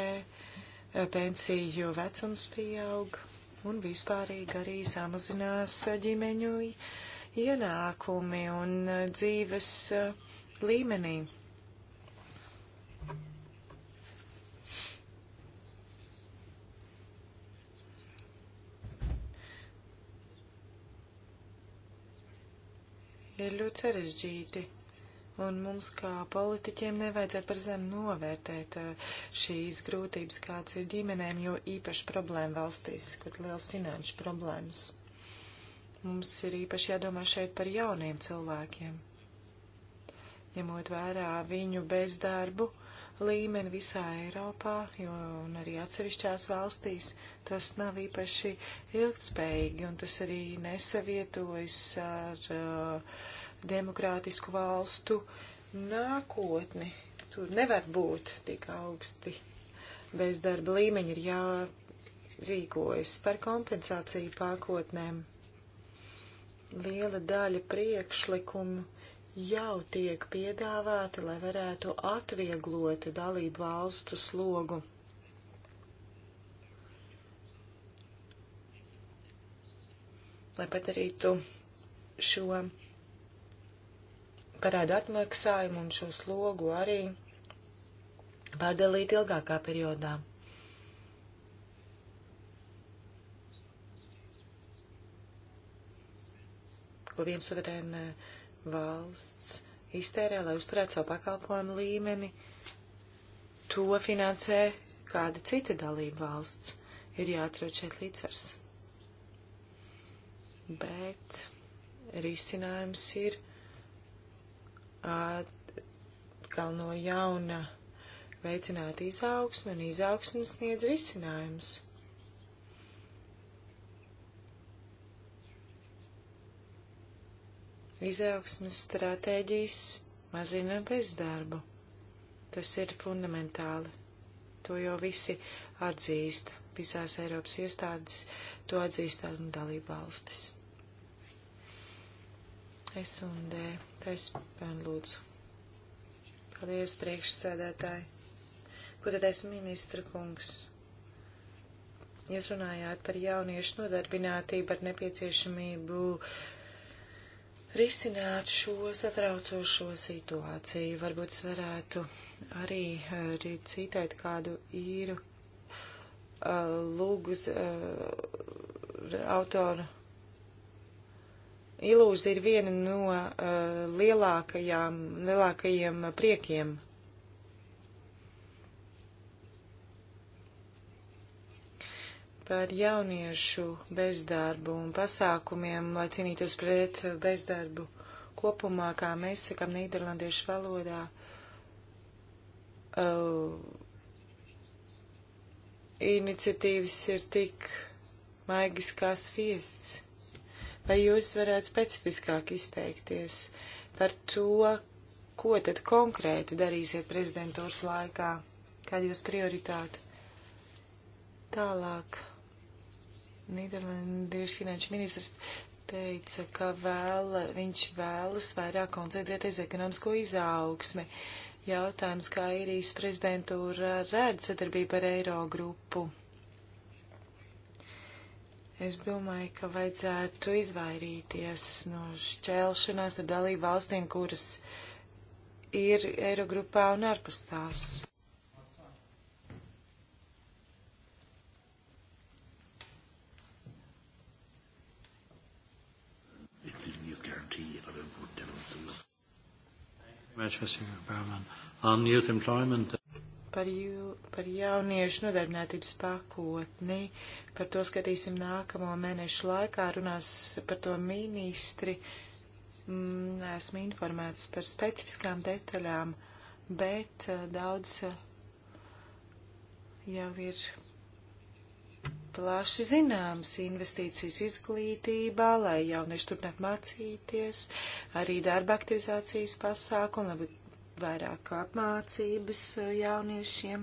F: Eh, pensiju vecums pieaug un vispārīgi arī samazinās eh, ģimeņu ienākumi un eh, dzīves līmenī. Ir ļoti sarežģīti un mums kā politiķiem nevajadzētu par zem novērtēt eh, šīs grūtības, kāds ir ģimenēm, jo īpaši problēma valstīs, kur liels finanšu problēmas. Mums ir īpaši jādomā šeit par jauniem cilvēkiem, ņemot vērā viņu bezdarbu līmeni visā Eiropā, jo un arī atsevišķās valstīs tas nav īpaši ilgtspējīgi, un tas arī nesavietojas ar uh, demokrātisku valstu nākotni. Tur nevar būt tik augsti bezdarba līmeņi, ir jārīkojas par kompensāciju pakotnēm. Liela daļa priekšlikumu jau tiek piedāvāti, lai varētu atvieglot dalību valstu slogu. Lai padarītu šo parādu atmaksājumu un šo slogu arī pārdalīt ilgākā periodā. Ko viens suverēna eh, valsts iztērē, lai uzturētu savu pakalpojumu līmeni, to finansē kāda cita dalība valsts. Ir jāatrod šeit līdzsvars. Bet risinājums ir atkal no jauna veicināt izaugsmu un izaugsmu sniedz risinājums. Izaugsmas stratēģijas mazina bezdarbu. Tas ir fundamentāli. To jau visi atzīst. Visās Eiropas iestādes to atzīst un dalība valstis. S un D Taispēn lūdzu. Paldies, priekšsēdētāji. Godātais ministra kungs. Jūs runājāt par jauniešu nodarbinātību ar nepieciešamību risināt šo satraucošo situāciju. Varbūt es varētu arī, arī citēt kādu īru uh, lūgus uh, autoru Ilūzija ir viena no uh, lielākajām, lielākajiem priekiem. Par jauniešu bezdarbu un pasākumiem, lai cīnītos pret bezdarbu kopumā, kā mēs sakam nīderlandiešu valodā, uh, iniciatīvas ir tik maigas kā sviests. Vai jūs varētu specifiskāk izteikties par to, ko tad konkrēti darīsiet prezidentūras laikā? Kāda jūs prioritāte? Tālāk. Nīderlandiešu finanšu ministrs teica, ka vēl, viņš vēlas vairāk koncentrēties ekonomisko izaugsmi. Jautājums, kā īrijas prezidentūra redz sadarbību ar Eiro grupu? Es domāju, ka vajadzētu izvairīties no šķēlšanās ar dalību valstīm, kuras ir Eirogrupā un ārpus tās.
B: Much, Mr. Berman. On youth employment
F: par, jū, par jauniešu nodarbinātības pakotni. Par to skatīsim nākamo mēnešu laikā, runās par to ministri. Mm, esmu informēts par specifiskām detaļām, bet eh, daudz eh, jau ir plaši zināms investīcijas izglītībā, lai jaunieši turpināt mācīties, arī darba aktivizācijas pasākumi, lai vairāk apmācības jauniešiem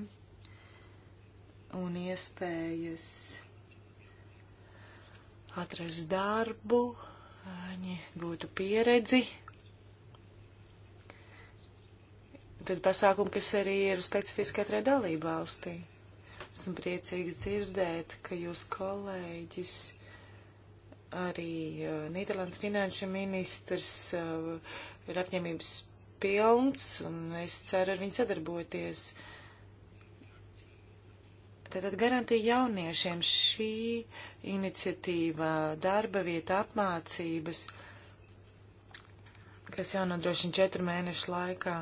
F: un iespējas atrast darbu, viņi gūtu pieredzi. Tad pasākumi, kas arī ir specifiski katrai dalību valstī. Esmu priecīgs dzirdēt, ka jūs kolēģis arī uh, Nīderlandes finanšu ministrs uh, ir apņēmības pilns, un es ceru ar viņu sadarboties. Tātad garantija jauniešiem šī iniciatīva, darba vieta apmācības, kas jānodrošina četru mēnešu laikā.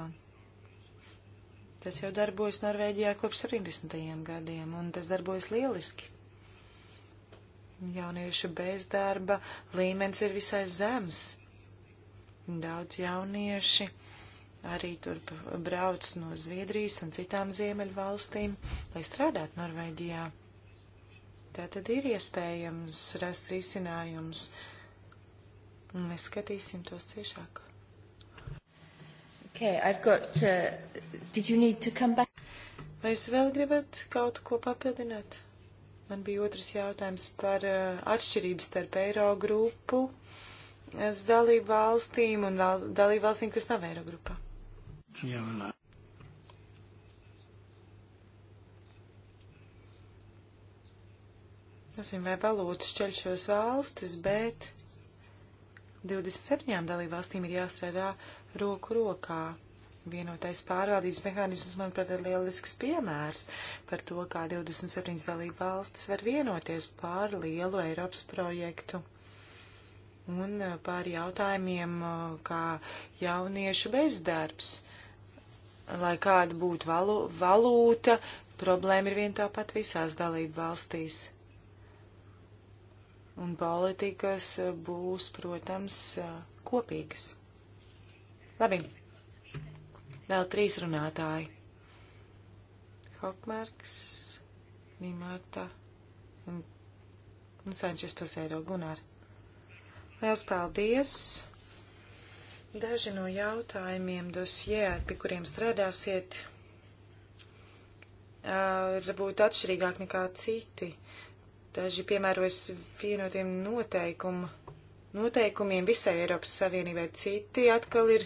F: Tas jau darbojas Norvēģijā kopš 70. gadiem, un tas darbojas lieliski. Jauniešu bezdarba līmenis ir visai zems. Daudz jaunieši arī tur brauc no Zviedrijas un citām ziemeļu valstīm, lai strādātu Norvēģijā. Tā tad ir iespējams rast risinājums. Mēs skatīsim tos ciešāk. Okay, I've got, uh, did you need to come back? Vai jūs vēl gribat kaut ko papildināt? Man bija otrs jautājums par uh, atšķirību starp eiro grupu dalību valstīm un val dalību valstīm, kas nav eiro grupā. Diavolo. Nezinu, vai valūtas ceļ šos valstis, bet 27 dalībvalstīm ir jāstrādā roku rokā. Vienotais pārvaldības mehānisms, manuprāt, ir lielisks piemērs par to, kā 27 dalība valstis var vienoties pār lielu Eiropas projektu un pār jautājumiem, kā jauniešu bezdarbs lai kāda būtu valu, valūta, problēma ir viena tā pat visās dalību valstīs. Un politikas būs, protams, kopīgas. Labi. Vēl trīs runātāji. Hokmārks, Nīmārta un, un Sančes Pasēro Gunār. Liels paldies! Daži no jautājumiem dosjē, pie kuriem strādāsiet, ir būt atšķirīgāk nekā citi. Daži piemērojas vienotiem noteikumu, noteikumiem visai Eiropas Savienībai. Citi atkal ir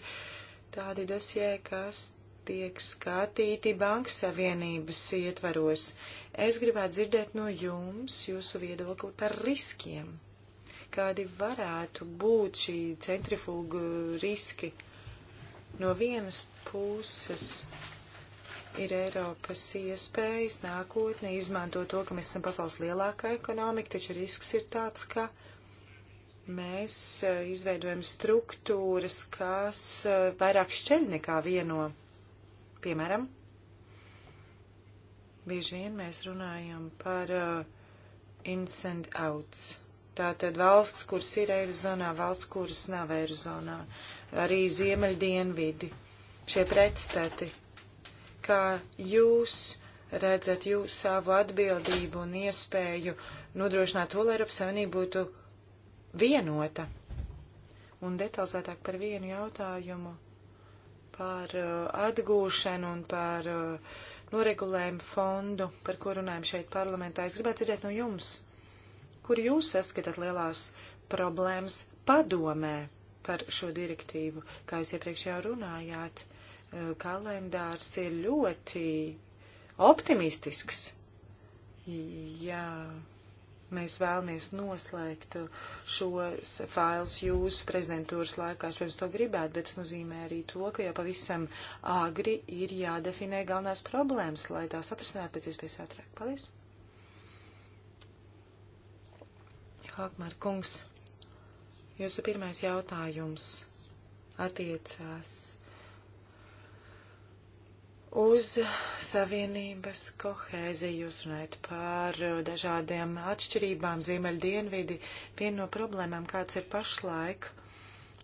F: tādi dosjē, kas tiek skatīti Banka Savienības ietvaros. Es gribētu dzirdēt no jums jūsu viedokli par riskiem kādi varētu būt šī centrifugu riski. No vienas puses ir Eiropas iespējas nākotnē izmantot to, ka mēs esam pasaules lielākā ekonomika, taču risks ir tāds, ka mēs e, izveidojam struktūras, kas e, vairāk šķeļ nekā vieno. Piemēram, bieži vien mēs runājam par uh, ins and outs. Tātad valsts, kuras ir eirozonā, valsts, kuras nav eirozonā, arī ziemeļdienvidi, šie pretstati, kā jūs redzat jūs savu atbildību un iespēju nodrošināt to, lai Eiropas Savienība būtu vienota. Un detalizētāk par vienu jautājumu par uh, atgūšanu un par uh, noregulējumu fondu, par ko runājam šeit parlamentā. Es gribētu dzirdēt no jums, kur jūs saskatāt lielās problēmas padomē par šo direktīvu, kā jūs iepriekš jau runājāt. E, kalendārs ir ļoti optimistisks. Jā, mēs vēlamies noslēgt šos failus jūsu prezidentūras laikā. Es, protams, to gribētu, bet tas nozīmē arī to, ka jau pavisam agri ir jādefinē galvenās problēmas, lai tās atrastinātu pēc iespējas ātrāk. Paldies! Hokmār kungs, jūsu pirmais jautājums attiecās uz savienības kohēziju. Jūs runājat par dažādiem atšķirībām ziemeļu dienvidi. Viena no problēmām, kāds ir pašlaik,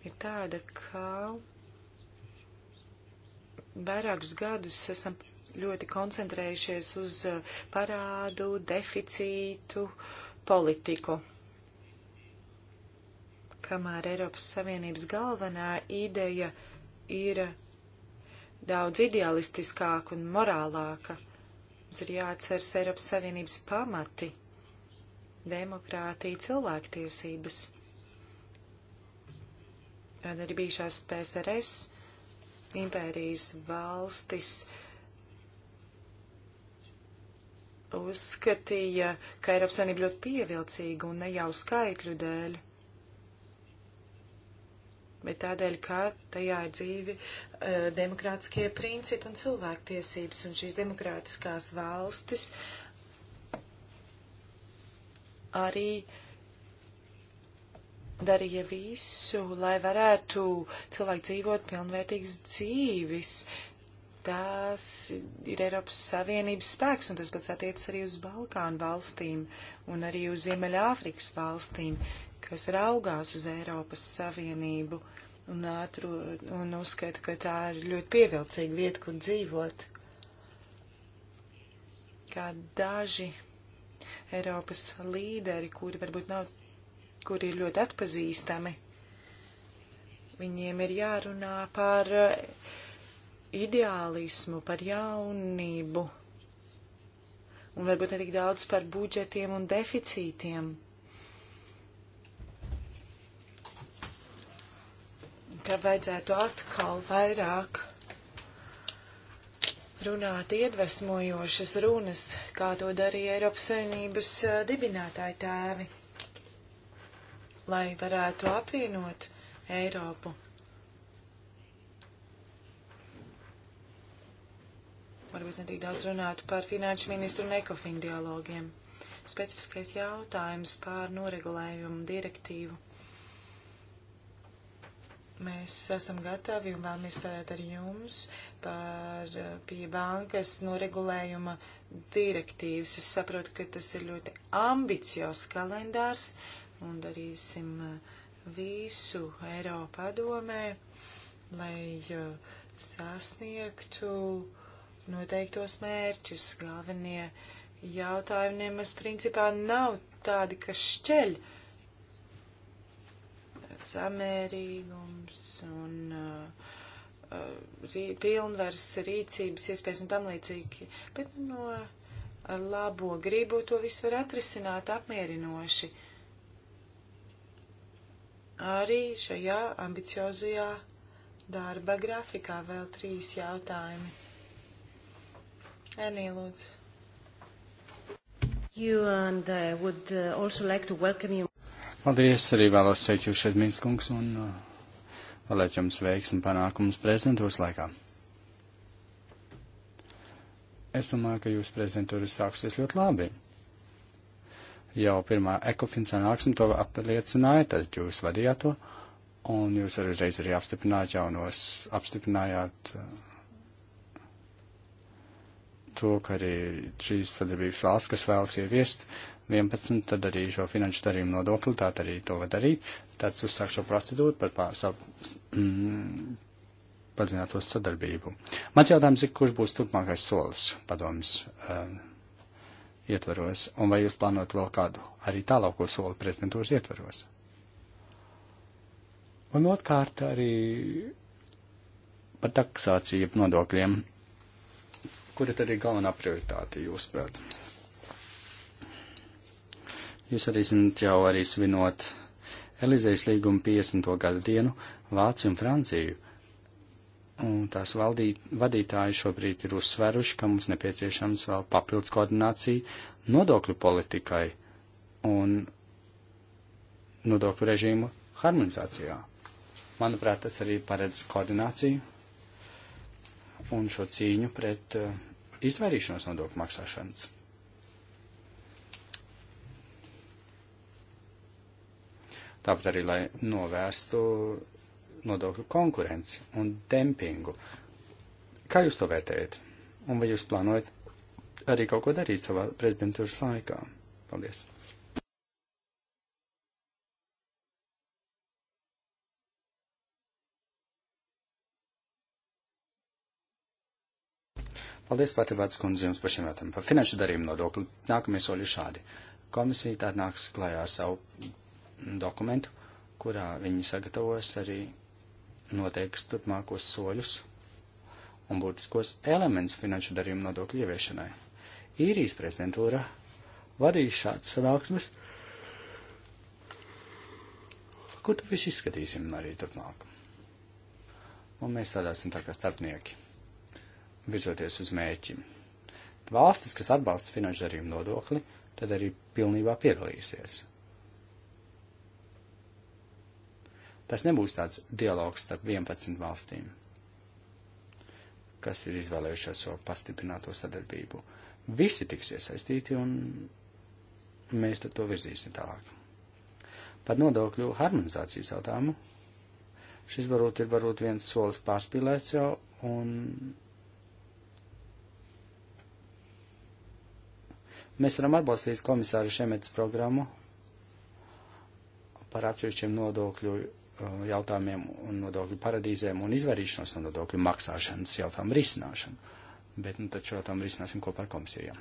F: ir tāda, ka vairākus gadus esam ļoti koncentrējušies uz parādu, deficītu, politiku kamēr Eiropas Savienības galvenā ideja ir daudz idealistiskāka un morālāka. Mums ir jāatceras Eiropas Savienības pamati - demokrātija, cilvēktiesības. Tad arī bijušās PSRS impērijas valstis uzskatīja, ka Eiropas Savienība ļoti pievilcīga un ne jau skaitļu dēļ bet tādēļ, ka tajā ir dzīvi uh, demokrātiskie principi un cilvēktiesības, un šīs demokrātiskās valstis arī darīja visu, lai varētu cilvēki dzīvot pilnvērtīgas dzīves. Tas ir Eiropas Savienības spēks, un tas pats attiecas arī uz Balkānu valstīm un arī uz Ziemeļāfrikas valstīm. Uh, kas raugās uz Eiropas Savienību un, atru, un uzskata, ka tā ir ļoti pievilcīga vieta, kur dzīvot. Kā daži Eiropas līderi, kuri varbūt nav, kuri ir ļoti atpazīstami, viņiem ir jārunā par eh, ideālismu, par jaunību, un varbūt ne tik daudz par budžetiem un deficītiem. ka vajadzētu atkal vairāk runāt iedvesmojošas runas, kā to darīja Eiropas Savienības dibinātāji tēvi, lai varētu apvienot Eiropu. Varbūt netik daudz runātu par finanšu ministru un ekofinu dialogiem. Specifiskais jautājums pār noregulējumu direktīvu Mēs esam gatavi un vēlamies strādāt ar jums par, eh, pie bankas noregulējuma direktīvas. Es saprotu, ka tas ir ļoti ambiciozs kalendārs un darīsim eh, visu Eiropa domē, lai eh, sasniegtu noteiktos mērķus. Galvenie jautājumi nemaz principā nav tādi, kas šķeļ samērīgumu un uh, uh pilnvars, rīcības iespējas un tam līdzīgi. Bet nu, no uh, labo gribu to visu var atrisināt apmierinoši. Arī šajā ambiciozajā darba grafikā vēl trīs jautājumi. Anī, lūdzu. You and I would uh, also like to welcome you.
B: Paldies, arī vēlos sveikt jūs šeit, Mīnskungs, un uh, lai jums veiksmi panākums prezidentūras laikā. Es domāju, ka jūsu prezidentūra sāksies ļoti labi. Jau pirmā ekofin sanāksme to apliecināja, tad jūs vadījāt to, un jūs arī reiz arī apstiprinājāt jaunos, apstiprinājāt uh, to, ka arī šīs sadarbības valsts, kas vēlas ieviest, uh, 11, tad arī šo finanšu darījumu nodokli, tā arī to var darīt. Tad uzsāk šo procedūru par pār, savu mm, padzinātos sadarbību. Mans jautājums ir, kurš būs turpmākais solis padomas um, eh, ietvaros, un vai jūs plānot vēl kādu arī tālāko soli prezidentūras ietvaros? Un otrkārt arī par taksāciju nodokļiem. Kura tad ir galvenā prioritāte jūsuprāt? Jūs arī zināt, jau arī svinot Elizejas līguma 50. gadu dienu Vāciju un Franciju. Un tās valdīt, vadītāji šobrīd ir uzsveruši, ka mums nepieciešams vēl papildus koordinācija nodokļu politikai un nodokļu režīmu harmonizācijā. Manuprāt, tas arī paredz koordināciju un šo cīņu pret uh, izvairīšanos nodokļu maksāšanas. tāpat arī, lai novērstu nodokļu konkurenci un dempingu. Kā jūs to vērtējat? Un vai jūs plānojat arī kaut ko darīt savā prezidentūras laikā? Paldies! Paldies, Patrivāts kundze, jums par šiem jautājumiem. Par finanšu darījumu nodokli nākamie soļi šādi. Komisija tā nāks klajā ar savu dokumentu, kurā viņi sagatavos arī noteiks turpmākos soļus un būtiskos elements finanšu darījumu nodokļu ieviešanai. Īrijas prezidentūra vadīs šādas sanāksmes, kur tu visu izskatīsim arī turpmāk. Un mēs strādāsim tā kā starpnieki, virzoties uz mērķi. Valstis, kas atbalsta finanšu darījumu nodokli, tad arī pilnībā piedalīsies Tas nebūs tāds dialogs starp 11 valstīm, kas ir izvēlējušās šo pastiprināto sadarbību. Visi tiks iesaistīti un mēs tad to virzīsim tālāk. Par nodokļu harmonizācijas jautājumu. Šis varbūt ir varbūt viens solis pārspīlēts jau un Mēs varam atbalstīt komisāru Šemets programmu par atsevišķiem nodokļu Um, jautājumiem un nodokļu paradīzēm un izvairīšanos no nodokļu maksāšanas jautājumu risināšanu. Bet nu, taču jautājumu risināsim kopā ar komisijām.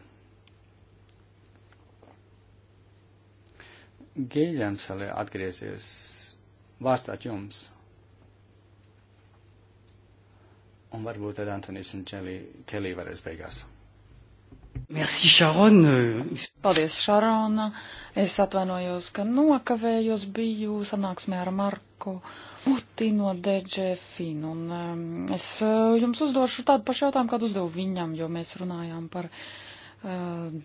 B: Gēļams arī atgriezies vārstāt jums. Un varbūt tad Antonijs un Kelly varēs beigās.
C: Merci, Šarona. Paldies, Šarona. Es atvainojos, ka nokavējos biju sanāksmē ar Marku. Marko Uti no DG Fin. Un um, es eh, jums uzdošu tādu pašu jautājumu, kādu uzdevu viņam, jo mēs runājām par uh,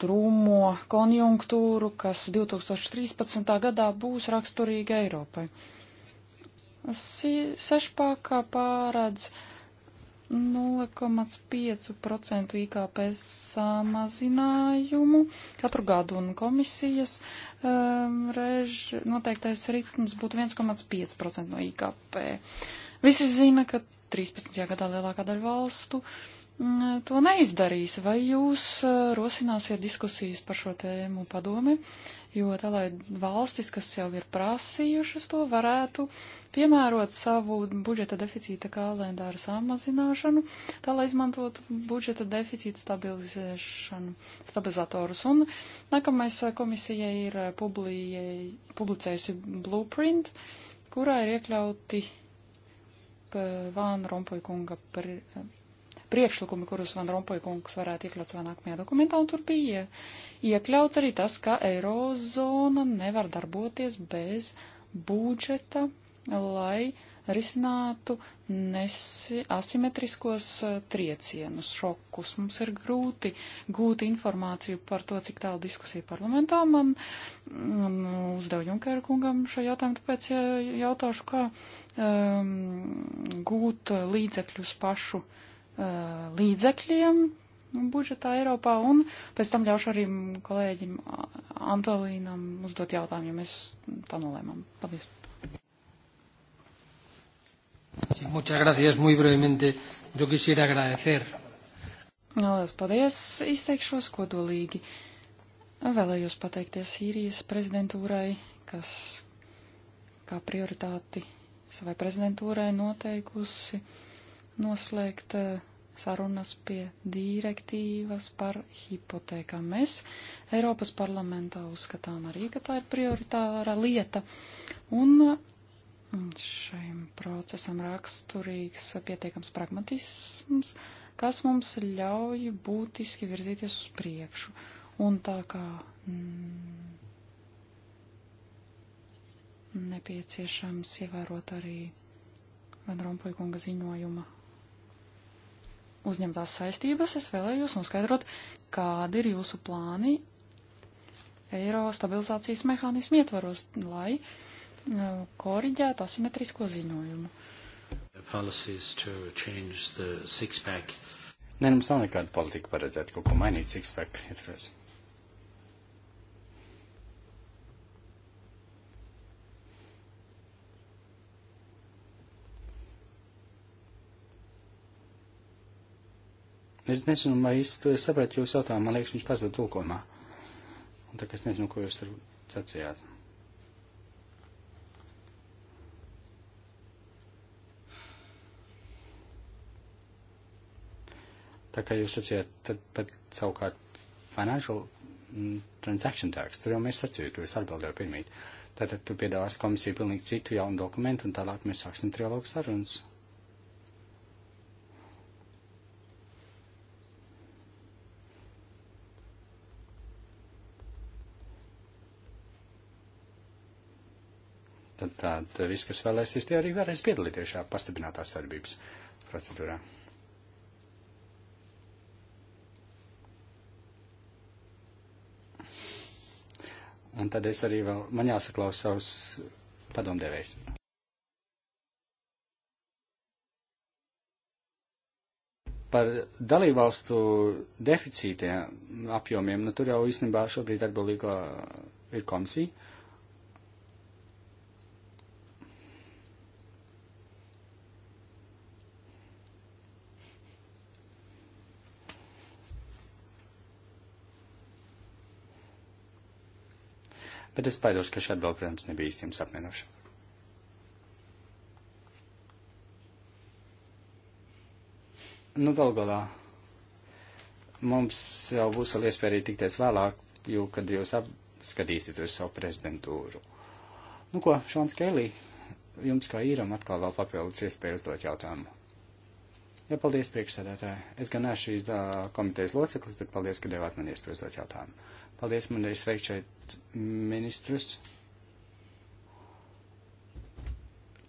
C: drūmo konjunktūru, kas 2013. gadā būs raksturīga Eiropai. Sešpākā pārādz. Uh, 0,5% IKP samazinājumu katru gadu, un komisijas um, rež, noteiktais ritms būtu 1,5% no IKP. Visi zina, ka 13. gadā lielākā daļa valstu uh, Mm, to neizdarīs. Vai jūs uh, rosināsiet diskusijas par šo tēmu padomi, jo tā lai valstis, kas jau ir prasījušas to, varētu piemērot savu budžeta deficīta kalendāru samazināšanu, tā lai izmantotu budžeta deficīta stabilizēšanu, stabilizatorus. Un nākamais uh, komisija ir uh, publie, publicējusi blueprint, kurā ir iekļauti Vāna Rompuja kunga par priekšlikumi, kurus Van Rompuy kungs varētu iekļaut savā nākamajā dokumentā, un tur bija iekļauts arī tas, ka eirozona nevar darboties bez budžeta, lai risinātu nesi, asimetriskos eh, triecienus, šokus. Mums ir grūti gūt informāciju par to, cik tālu diskusija parlamentā man, man uzdev Junkeru kungam šo jautājumu, tāpēc jautāšu, kā um, gūt līdzekļus pašu uh, Uh, līdzekļiem budžetā Eiropā, un pēc tam ļaušu arī kolēģim uh, Antolīnam uzdot jautājumu, ja mēs tā nolēmām. Paldies.
B: Sí, muchas gracias, muy brevemente. Yo quisiera agradecer.
C: Lielas paldies, izteikšos kodolīgi. Vēlējos pateikties Sīrijas prezidentūrai, kas kā prioritāti savai prezidentūrai noteikusi noslēgt eh, sarunas pie direktīvas par hipotekām. Mēs Eiropas parlamentā uzskatām arī, ka tā ir prioritāra lieta. Un mm, šim procesam raksturīgs pietiekams pragmatisms, kas mums ļauj būtiski virzīties uz priekšu. Un tā kā mm, nepieciešams ievērot arī Van Rompuy kunga ziņojuma uzņemtās saistības, es vēlējos noskaidrot, kādi ir jūsu plāni eiro stabilizācijas mehānismu ietvaros, lai uh, koriģētu asimetrisko ziņojumu.
B: Nē, mums nav nekāda politika paredzēt kaut ko mainīt six-pack ietvaros. Es nezinu, vai es sapratu jūsu jautājumu, man liekas, viņš pazuda tulkojumā. Un tā kā es nezinu, ko jūs tur sacījāt. Tā kā jūs sacījāt, tad, tad savukārt financial mm, transaction tax, tur jau mēs sacījām, tur es atbildēju pirmīt. Tātad tu piedāvās komisiju pilnīgi citu jaunu dokumentu, un tālāk mēs sāksim trialogu sarunas. tad viss, kas vēlēsies, tie arī varēs piedalīties šajā pastiprinātās darbības procedūrā. Un tad es arī vēl, man jāsaklaus savus padomdevējs. Par dalībvalstu deficītiem apjomiem, nu tur jau īstenībā šobrīd atbildīga ir komisija. bet es baidos, ka šī atbilde, protams, nebija īsti jums apmienoša. Nu, gal galā mums jau būs vēl iespēja arī tikties vēlāk, jo, kad jūs apskatīsiet uz savu prezidentūru. Nu, ko, Šons Kēlī, jums kā īram atkal vēl papildus iespēja uzdot jautājumu. Jā, ja, paldies, priekšsēdētāji. Es gan neesmu šīs dā, komitejas loceklis, bet paldies, ka devāt man iespēju uzdot jautājumu. Paldies, man arī sveikt šeit ministrus.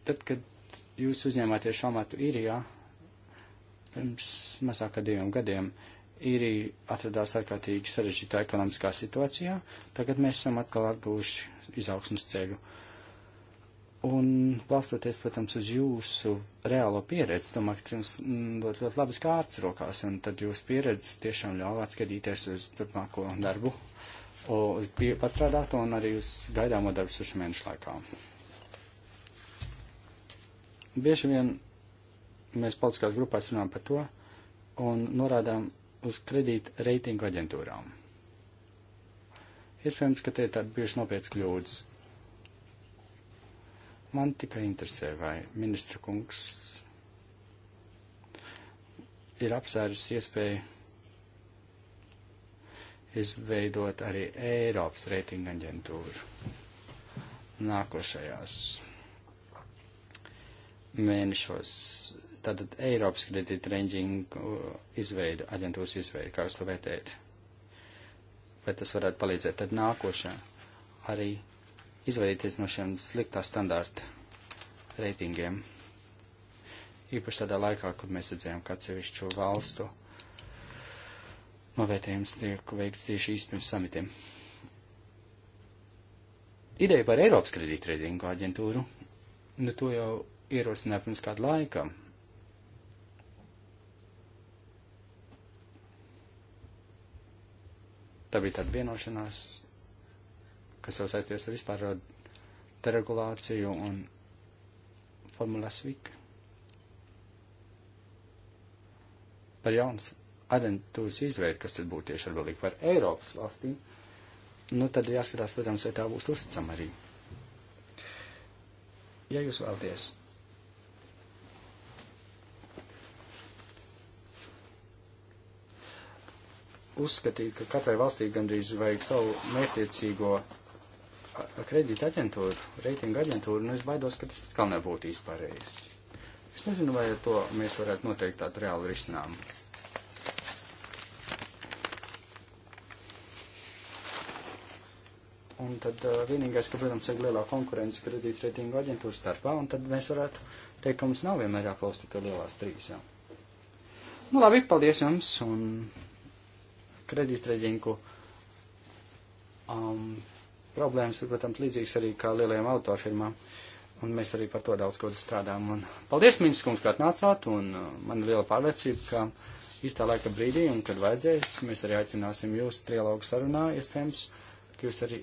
B: Tad, kad jūs uzņēmāties šo amatu īrijā, pirms mazāk kā diviem gadiem, īrija atradās ārkārtīgi sarežģītā ekonomiskā situācijā, tagad mēs esam atkal atguvuši izaugsmas ceļu. Uh, Un balstoties, protams, uz jūsu reālo pieredzi, domāju, ka jums mm, ļoti, ļoti labas kārtas rokās, un tad jūsu pieredze tiešām ļauj atskatīties uz turpmāko darbu, uz pastrādāto un arī uz gaidāmo darbu sešu mēnešu laikā. Bieži vien mēs politiskās grupās runājam par to un norādām uz kredīta reitingu aģentūrām. Iespējams, ka te ir tāda bieži nopietnas kļūdas Man tikai interesē, vai ministra kungs ir apsvērs iespēju izveidot arī Eiropas reitinga aģentūru nākošajās mēnešos. Tātad Eiropas kredīta reņģinga izveida, aģentūras izveida, kā jūs to vērtējat? Vai tas varētu palīdzēt tad nākošajā arī izvairīties no šiem sliktā standārta reitingiem. Īpaši tādā laikā, kad mēs redzējām, ka atsevišķu valstu novērtējums tiek veikts tieši īstenības samitiem. Ideja par Eiropas kredītreitingu aģentūru, nu to jau ierosināja pirms kādu laiku, Tā bija tāda vienošanās, kas jau saistīts ar vispār uh, deregulāciju un formulas vika. Par jauns aģentūras izveidu, kas tad būtu tieši atbildīgi par Eiropas valstīm, nu tad jāskatās, protams, vai tā būs uzticama arī. Ja jūs vēlaties uzskatīt, ka katrai valstī gandrīz vajag savu mērķiecīgo kredīta aģentūru, reitinga aģentūru, nu es baidos, ka tas atkal nebūtu īsti pareizs. Es nezinu, vai to mēs varētu noteikt tādu reālu risinājumu. Un tad uh, vienīgais, ka, protams, ir lielā konkurence kredīta reitingu aģentūru starpā, un tad mēs varētu teikt, ka mums nav vienmēr jāklausa tikai lielās trīs. Jā. Nu, labi, paldies jums un kredītreģinku. Um, problēmas ir, protams, līdzīgas arī kā lielajām autofirmām. Un mēs arī par to daudz ko strādājam. Un paldies, Miņas kungs, ka atnācāt, un uh, man ir liela pārliecība, ka īstā laika brīdī, un kad vajadzēs, mēs arī aicināsim jūs trialogu sarunā, iespējams, ka jūs arī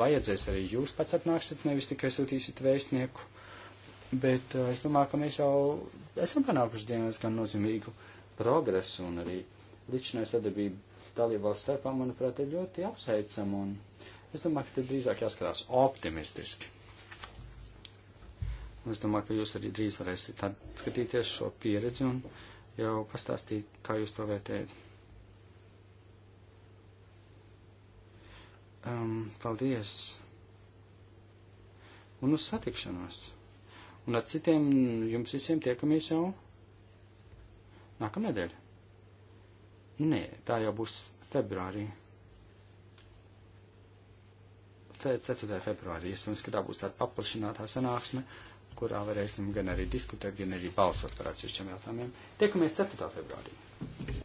B: vajadzēs arī jūs pats atnāksiet, nevis tikai sūtīsiet vēstnieku. Bet uh, es domāju, ka mēs jau esam panākuši dienas gan nozīmīgu progresu un arī līdzinājā sadarbība dalībvalsts starpā, manuprāt, ir ļoti apsveicama, un es domāju, ka te drīzāk jāskatās optimistiski. Un es domāju, ka jūs arī drīz varēsiet atskatīties šo pieredzi un jau pastāstīt, kā jūs to vērtējat. Um, paldies! Un uz satikšanos! Un ar citiem jums visiem tiekamies jau nākamnedēļ! Nē, tā jau būs februārī. Fe, 4. februārī, iespējams, ka tā būs tāda paplašinātā sanāksme, kurā varēsim gan arī diskutēt, gan arī balsot par atsevišķiem jautājumiem. Tiekamies 4. februārī.